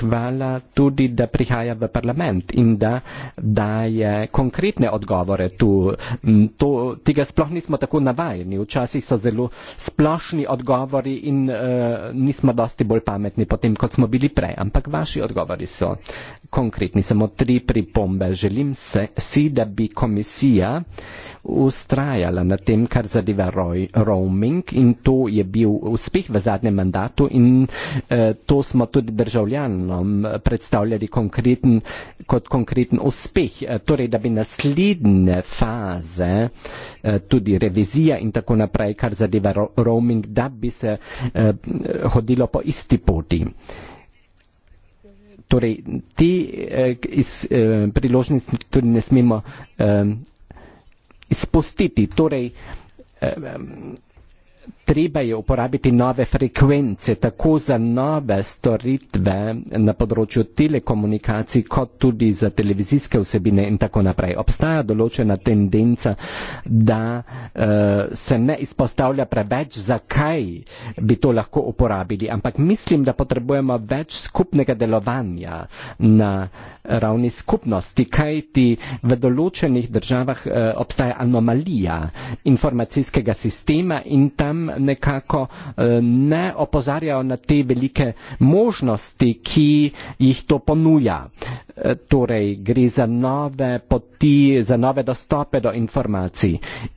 hvala tudi, da prihaja v parlament in da daje konkretne odgovore tu. Mm, to, tega sploh nismo tako navajeni. Včasih so zelo splošni odgovori in uh, nismo dosti bolj pametni potem, kot smo bili prej. Ampak vaši odgovori so konkretni, samo tri pripombe. Želim se, si, da bi komisija ustrajala na tem, kar zadeva roj, roaming in to je bil uspeh v zadnjem mandatu in eh, to smo tudi državljanom eh, predstavljali konkreten, kot konkreten uspeh. Eh, torej, da bi naslednje faze, eh, tudi revizija in tako naprej, kar zadeva ro, roaming, da bi se eh, hodilo po isti poti torej te eh, iz, eh, priložnosti tudi ne smemo eh, izpustiti. Torej, eh, treba je uporabiti nove frekvence, tako za nove storitve na področju telekomunikacij, kot tudi za televizijske vsebine in tako naprej. Obstaja določena tendenca, da uh, se ne izpostavlja preveč, zakaj bi to lahko uporabili, ampak mislim, da potrebujemo več skupnega delovanja na ravni skupnosti, kaj ti v določenih državah uh, obstaja anomalija informacijskega sistema in tam uh, nekako eh, ne opozarjajo na te velike možnosti, ki jih to ponuja. Eh, torej gre za nove poti, za nove dostope do informacij.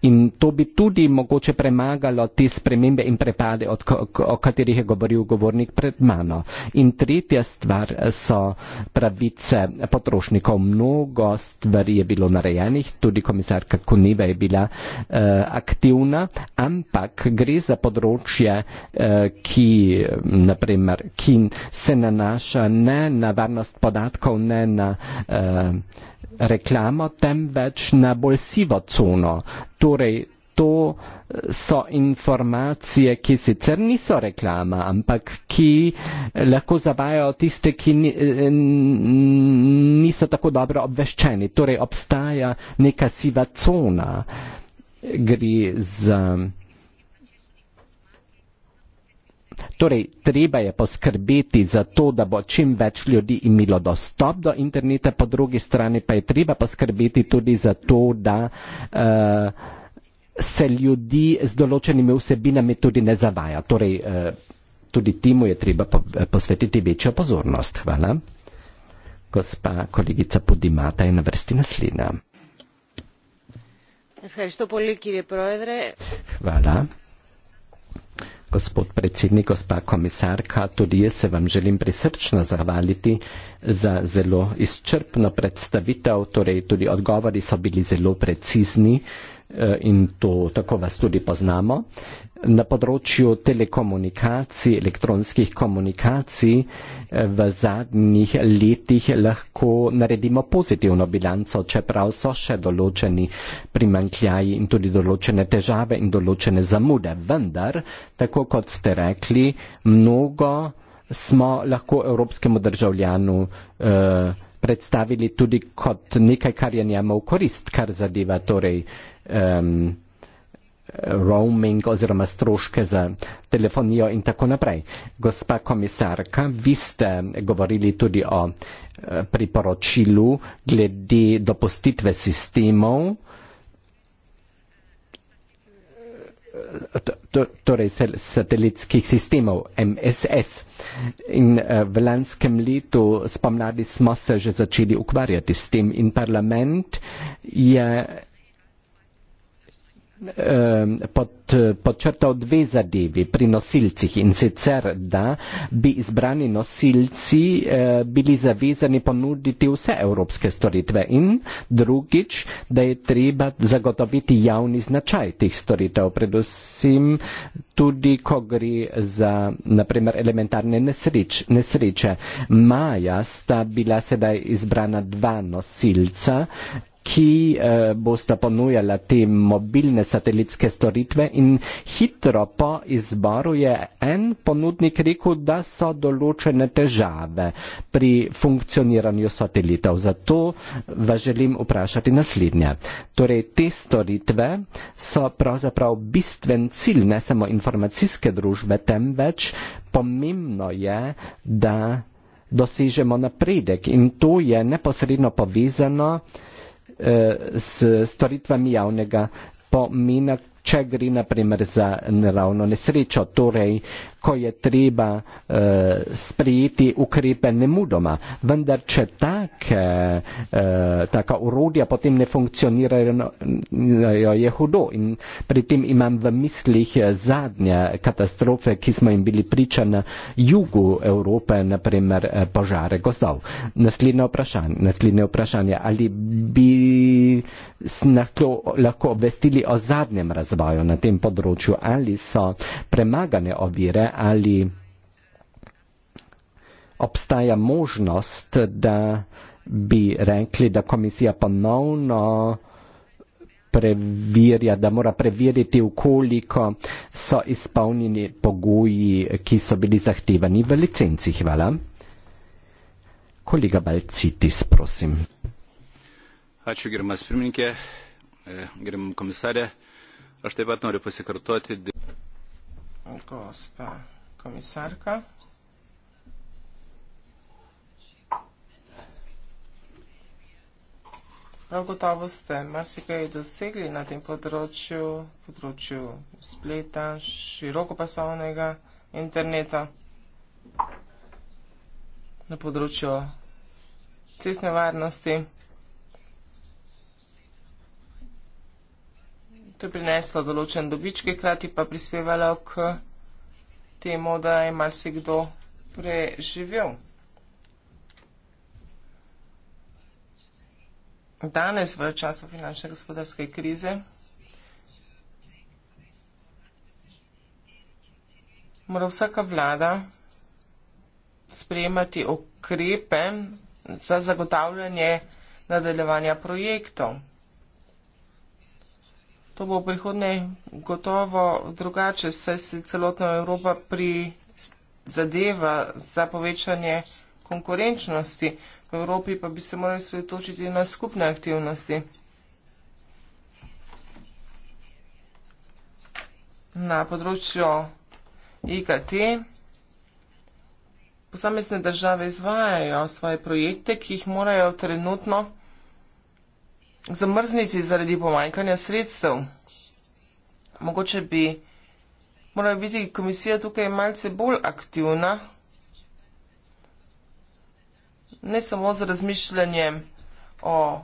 In to bi tudi mogoče premagalo te spremembe in prepade, od, o katerih je govoril govornik pred mano. In tretja stvar eh, so pravice potrošnikov. Mnogo stvari je bilo narejenih, tudi komisarka Kuneva je bila uh, aktivna, ampak gre za področje, uh, ki, naprimer, ki se nanaša ne na varnost podatkov, ne na eh, reklamo, temveč na bolj sivo cuno. Torej, to eh, so informacije, ki sicer niso reklama, ampak ki lahko zavajajo tiste, ki ni, eh, niso tako dobro obveščeni. Torej, obstaja neka siva cuna. Gre za. Eh, Torej, torej, treba je poskrbeti za to, da bo čim več ljudi imelo dostop do interneta, po drugi strani pa je treba poskrbeti tudi za to, da uh, se ljudi z določenimi vsebinami tudi ne zavaja. Torej, uh, tudi temu je treba eh, posvetiti večjo pozornost. Hvala. Gospa kolegica Podimata je na vrsti naslednja. Hvala. Gospod predsednik, gospa komisarka, tudi jaz se vam želim prisrčno zahvaliti za zelo izčrpno predstavitev, torej tudi odgovori so bili zelo precizni eh, in to tako vas tudi poznamo na področju telekomunikacij, elektronskih komunikacij eh, v zadnjih letih lahko naredimo pozitivno bilanco, čeprav so še določeni primankljaji in tudi določene težave in določene zamude. Vendar, tako kot ste rekli, mnogo smo lahko evropskemu državljanu eh, predstavili tudi kot nekaj, kar je njemu v korist, kar zadeva torej. Eh, roaming oziroma stroške za telefonijo in tako naprej. Gospa komisarka, vi ste govorili tudi o eh, priporočilu glede dopustitve sistemov, torej satelitskih sistemov MSS. In eh, v lanskem letu spomladi smo se že začeli ukvarjati s tem in parlament je Ehm, pod, podčrtal dve zadevi pri nosilcih in sicer, da bi izbrani nosilci eh, bili zavezani ponuditi vse evropske storitve in drugič, da je treba zagotoviti javni značaj teh storitev, predvsem tudi, ko gre za naprimer elementarne nesreč, nesreče. Maja sta bila sedaj izbrana dva nosilca ki eh, bosta ponujala te mobilne satelitske storitve in hitro po izboru je en ponudnik rekel, da so določene težave pri funkcioniranju satelitov. Zato vas želim vprašati naslednje. Torej, te storitve so pravzaprav bistven cilj ne samo informacijske družbe, temveč pomembno je, da dosežemo napredek in to je neposredno povezano Eh, s storitvami javnega pomena, če gre naprimer za naravno nesrečo. Torej, ko je treba eh, sprejeti ukrepe nemudoma. Vendar, če take, eh, taka urodja potem ne funkcionirajo, no, je hudo. In pri tem imam v mislih eh, zadnje katastrofe, ki smo jim bili priča na jugu Evrope, naprimer eh, požare gozdov. Naslednje vprašanje, naslednje vprašanje ali bi lahko, lahko obvestili o zadnjem razvoju na tem področju, ali so premagane ovire, ali obstaja možnost, da bi rekli, da komisija ponovno preverja, da mora preveriti, koliko so izpolnjeni pogoji, ki so bili zahtevani v licenci. Hvala. Kolega Balcitis, prosim. Ačiū gerbiamas pirmininkė, e, gerbiamas komisarė. Aš taip pat noriu pasikartoti. Dė gospa komisarka. Prav gotovo ste marsikaj dosegli na tem področju, področju spleta, širokopasovnega interneta, na področju cestne varnosti. To je prineslo določen dobički, krati pa prispevalo k temu, da je marsikdo preživel. Danes v času finančne gospodarske krize mora vsaka vlada sprejemati okrepe za zagotavljanje nadaljevanja projektov. To bo prihodnje gotovo drugače, saj se celotna Evropa pri zadeva za povečanje konkurenčnosti, v Evropi pa bi se morali sredotočiti na skupne aktivnosti. Na področju IKT posamezne države izvajajo svoje projekte, ki jih morajo trenutno zamrzniti zaradi pomanjkanja sredstev. Mogoče bi morala biti komisija tukaj malce bolj aktivna, ne samo z razmišljanjem o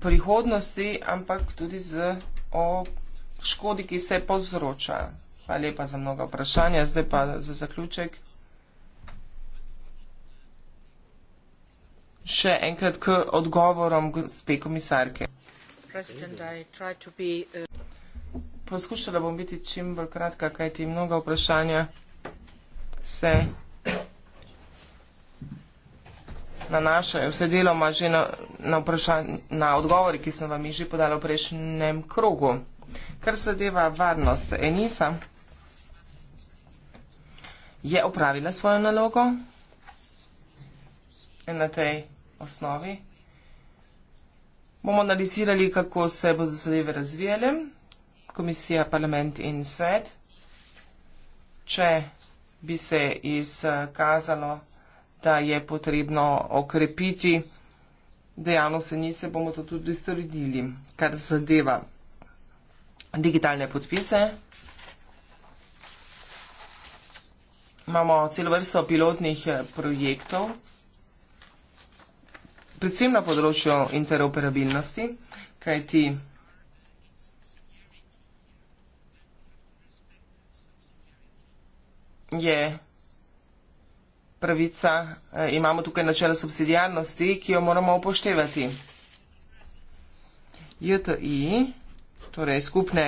prihodnosti, ampak tudi z o škodi, ki se povzroča. Hvala lepa za mnoga vprašanja, zdaj pa za zaključek. še enkrat k odgovorom gospe komisarke. Uh, Poskušala bom biti čim bolj kratka, kajti mnoga vprašanja se nanašajo vse deloma že na, na, na odgovori, ki sem vam jih že podala v prejšnjem krogu. Kar se deva varnost Enisa, je opravila svojo nalogo na tej osnovi. Bomo analizirali, kako se bodo zadeve razvijale, komisija, parlament in svet. Če bi se izkazalo, da je potrebno okrepiti dejavnost in se bomo to tudi storili, kar zadeva digitalne podpise. Imamo celo vrsto pilotnih projektov predvsem na področju interoperabilnosti, kajti je pravica, eh, imamo tukaj načelo subsidijarnosti, ki jo moramo upoštevati. JTI, torej skupne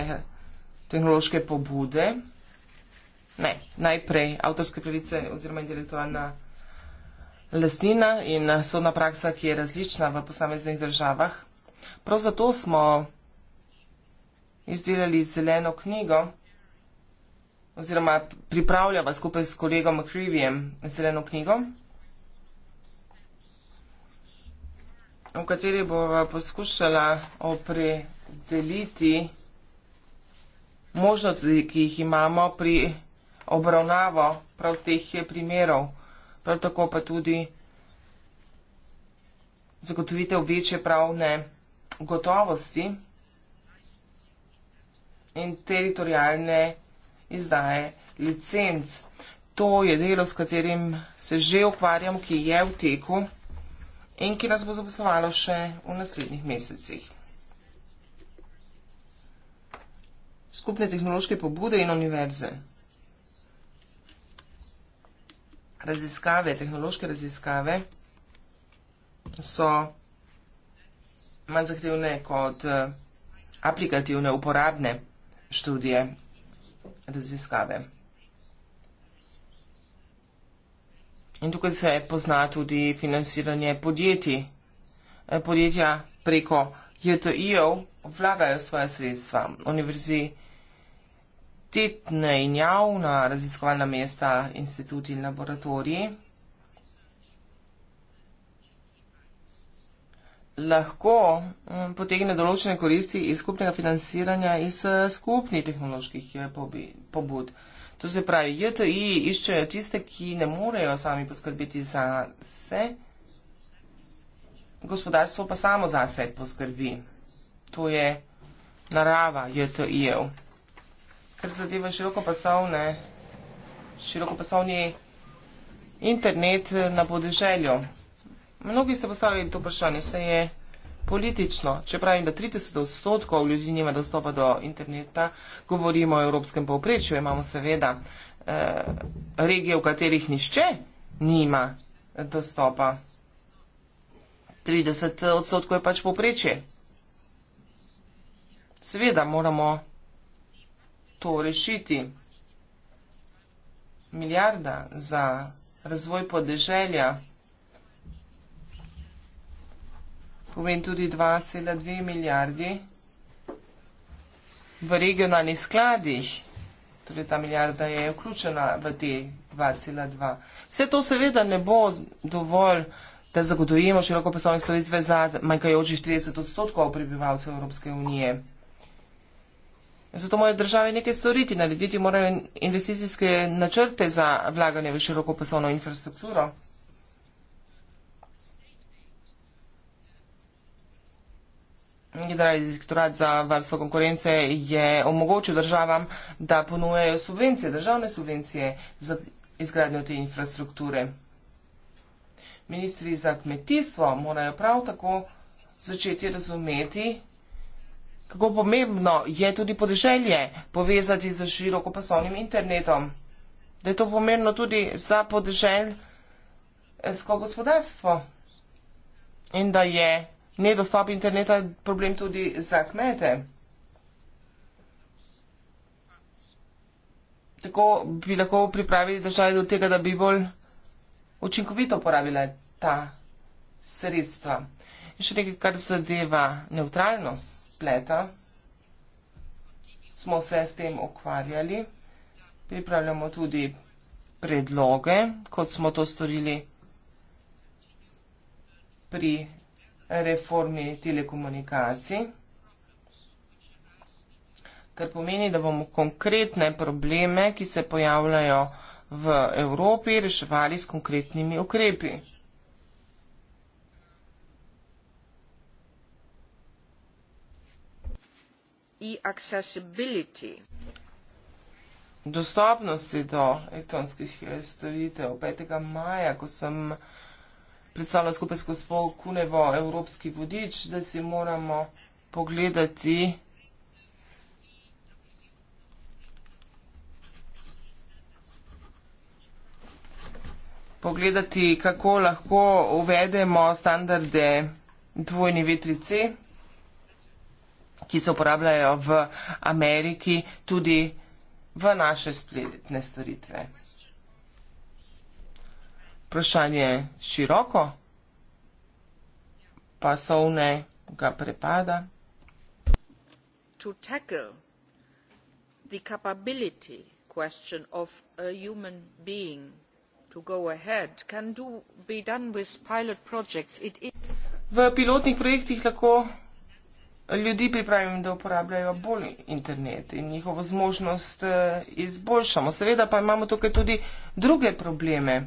tehnološke pobude, ne, najprej avtorske pravice oziroma intelektualna pravica, lastnina in sodna praksa, ki je različna v posameznih državah. Prav zato smo izdelali zeleno knjigo oziroma pripravljava skupaj s kolegom Krivijem zeleno knjigo, v kateri bova poskušala opredeliti možnosti, ki jih imamo pri obravnavo prav teh primerov prav tako pa tudi zagotovitev večje pravne gotovosti in teritorijalne izdaje licenc. To je delo, s katerim se že ukvarjam, ki je v teku in ki nas bo zaposlovalo še v naslednjih mesecih. Skupne tehnološke pobude in univerze. raziskave, tehnološke raziskave so manj zahtevne kot eh, aplikativne, uporabne študije raziskave. In tukaj se pozna tudi financiranje podjetij. Eh, podjetja preko JTI-jev vlagajo svoje sredstva. Univerzi univerzitetne in javna raziskovalna mesta, instituti in laboratoriji. lahko mm, potegne določene koristi iz skupnega financiranja iz eh, skupnih tehnoloških eh, pobud. To se pravi, JTI iščejo tiste, ki ne morejo sami poskrbeti za se, gospodarstvo pa samo za se poskrbi. To je narava JTI-ev kar zadeva širokopasovne, širokopasovni internet eh, na podeželju. Mnogi se postavili to vprašanje, se je politično, če pravim, da 30 odstotkov ljudi nima dostopa do interneta, govorimo o evropskem povprečju, imamo seveda eh, regije, v katerih nišče nima dostopa. 30 odstotkov je pač povprečje. Seveda moramo to rešiti. Milijarda za razvoj podeželja. Povem tudi 2,2 milijardi v regionalnih skladih. Torej ta milijarda je vključena v te 2,2. Vse to seveda ne bo dovolj, da zagotovimo široko poslovne storitve za manjkajočih 30 odstotkov prebivalcev Evropske unije. Zato morajo države nekaj storiti, narediti morajo investicijske načrte za vlaganje v široko poslovno infrastrukturo. Generalni direktorat za varstvo konkurence je omogočil državam, da ponujejo subvencije, državne subvencije za izgradnjo te infrastrukture. Ministri za kmetijstvo morajo prav tako začeti razumeti, kako pomembno je tudi podeželje povezati z širokopasovnim internetom, da je to pomembno tudi za podeželjsko gospodarstvo in da je nedostop interneta problem tudi za kmete. Tako bi lahko pripravili države do tega, da bi bolj učinkovito uporabile ta sredstva. In še nekaj, kar zadeva neutralnost spleta. Smo se s tem ukvarjali. Pripravljamo tudi predloge, kot smo to storili pri reformi telekomunikacij, kar pomeni, da bomo konkretne probleme, ki se pojavljajo v Evropi, reševali s konkretnimi ukrepi. dostopnosti do elektronskih eh, storitev. 5. maja, ko sem predstavljala skupaj s gospod Kunevo Evropski vodič, da si moramo pogledati pogledati, kako lahko uvedemo standarde dvojni V3C ki se uporabljajo v Ameriki, tudi v naše spletne storitve. Vprašanje široko, pasovne ga prepada. To tackle the capability question of a human being to go ahead can do, be done with pilot projects. V pilotnih projektih lahko ljudi pripravim, da uporabljajo bolj internet in njihovo zmožnost eh, izboljšamo. Seveda pa imamo tukaj tudi druge probleme.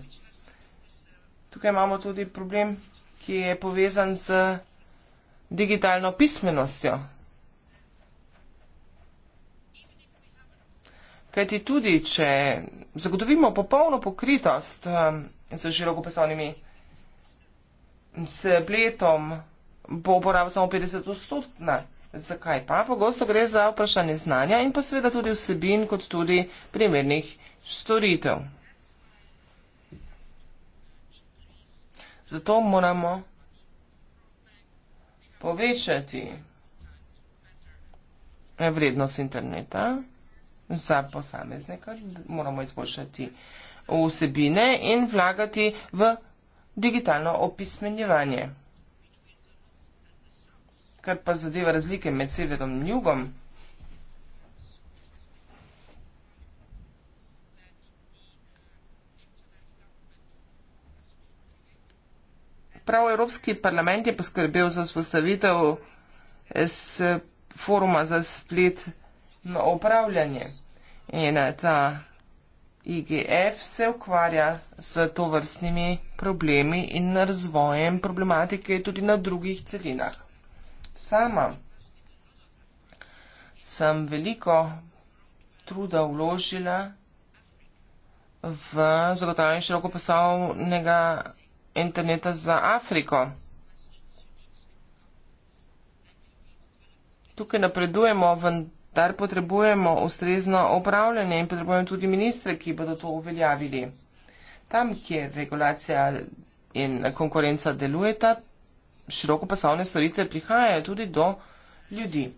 Tukaj imamo tudi problem, ki je povezan z digitalno pismenostjo. Kajti tudi, če zagotovimo popolno pokritost um, z širokopasovnimi spletom, bo uporabil samo 50 odstotna. Zakaj pa? Pogosto gre za vprašanje znanja in pa seveda tudi vsebin, kot tudi primernih storitev. Zato moramo povečati vrednost interneta za posamezne, kar moramo izboljšati vsebine in vlagati v digitalno opismenjevanje kar pa zadeva razlike med severom in jugom. Prav Evropski parlament je poskrbel za vzpostavitev foruma za splet na upravljanje. In ta IGF se ukvarja z to vrstnimi problemi in razvojem problematike tudi na drugih celinah. Sama sem veliko truda vložila v zagotavljanje širokopasovnega interneta za Afriko. Tukaj napredujemo, vendar potrebujemo ustrezno upravljanje in potrebujemo tudi ministre, ki bodo to uveljavili. Tam, kjer regulacija in konkurenca delujeta, široko pasovne storitve prihajajo tudi do ljudi.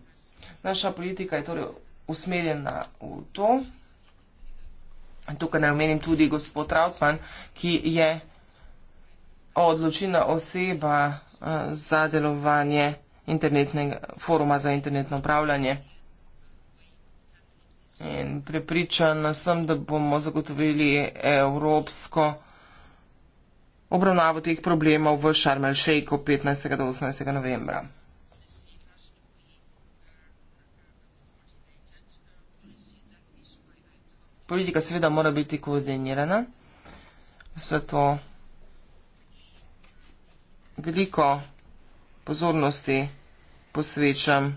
Naša politika je torej usmerjena v to. Tukaj naj omenim tudi gospod Trautmann, ki je odločila oseba eh, za delovanje internetnega foruma za internetno upravljanje. In prepričana sem, da bomo zagotovili evropsko obravnavo teh problemov v Sharm el-Sheikhu 15. do 18. novembra. Politika seveda mora biti koordinirana, zato veliko pozornosti posvečam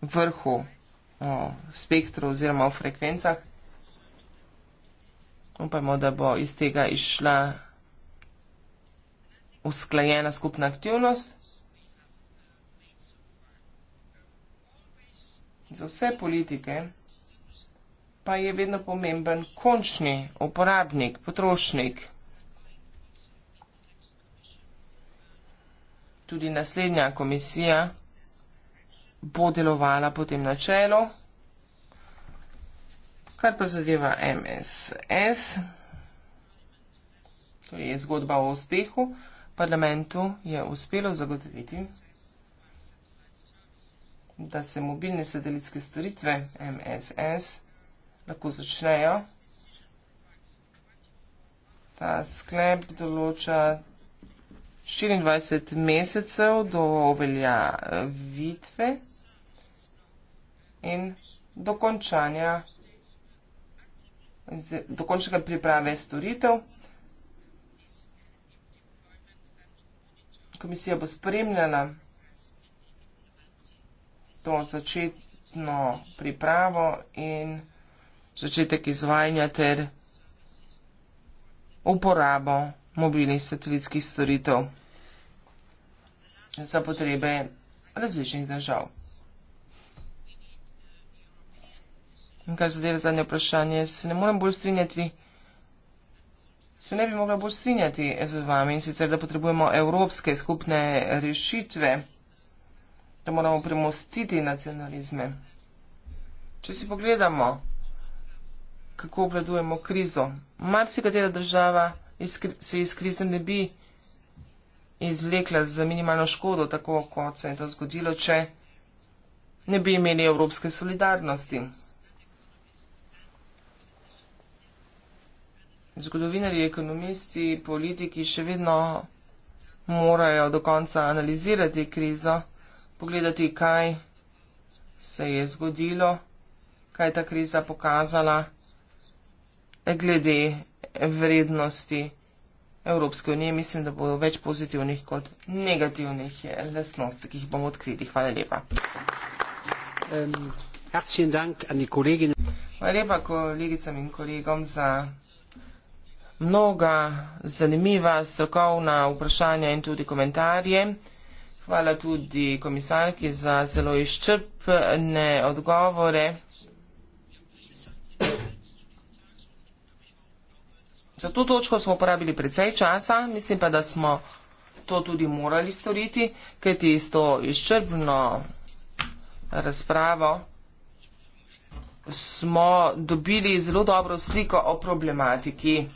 vrhu o spektru oziroma o frekvencah upajmo, da bo iz tega išla usklajena skupna aktivnost. Za vse politike pa je vedno pomemben končni uporabnik, potrošnik. Tudi naslednja komisija bo delovala po tem načelu. Kar pa zadeva MSS, to je zgodba o uspehu, parlamentu je uspelo zagotoviti, da se mobilne satelitske storitve MSS lahko začnejo. Ta sklep določa 24 mesecev do ovelja vitve in dokončanja vitve dokončnega priprave storitev. Komisija bo spremljala to začetno pripravo in začetek izvajanja ter uporabo mobilnih satelitskih storitev za potrebe različnih držav. In kar zadeva zadnje vprašanje, se ne morem bolj strinjati, se ne bi mogla bolj strinjati z vami in sicer, da potrebujemo evropske skupne rešitve, da moramo premostiti nacionalizme. Če si pogledamo, kako obvladujemo krizo, marsikatera država se iz krize ne bi izvlekla z minimalno škodo, tako kot se je to zgodilo, če ne bi imeli evropske solidarnosti. zgodovinari, ekonomisti, politiki še vedno morajo do konca analizirati krizo, pogledati, kaj se je zgodilo, kaj je ta kriza pokazala glede vrednosti Evropske unije. Mislim, da bo več pozitivnih kot negativnih lastnosti, ki jih bomo odkrili. Hvala lepa. Um, Hvala lepa kolegicam in kolegom za mnoga zanimiva strokovna vprašanja in tudi komentarje. Hvala tudi komisarki za zelo izčrpne odgovore. Za to točko smo uporabili precej časa, mislim pa, da smo to tudi morali storiti, kajti s to izčrpno razpravo smo dobili zelo dobro sliko o problematiki.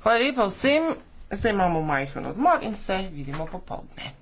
Hvala lepa vsem, zdaj imamo majhen odmor in se vidimo popoldne.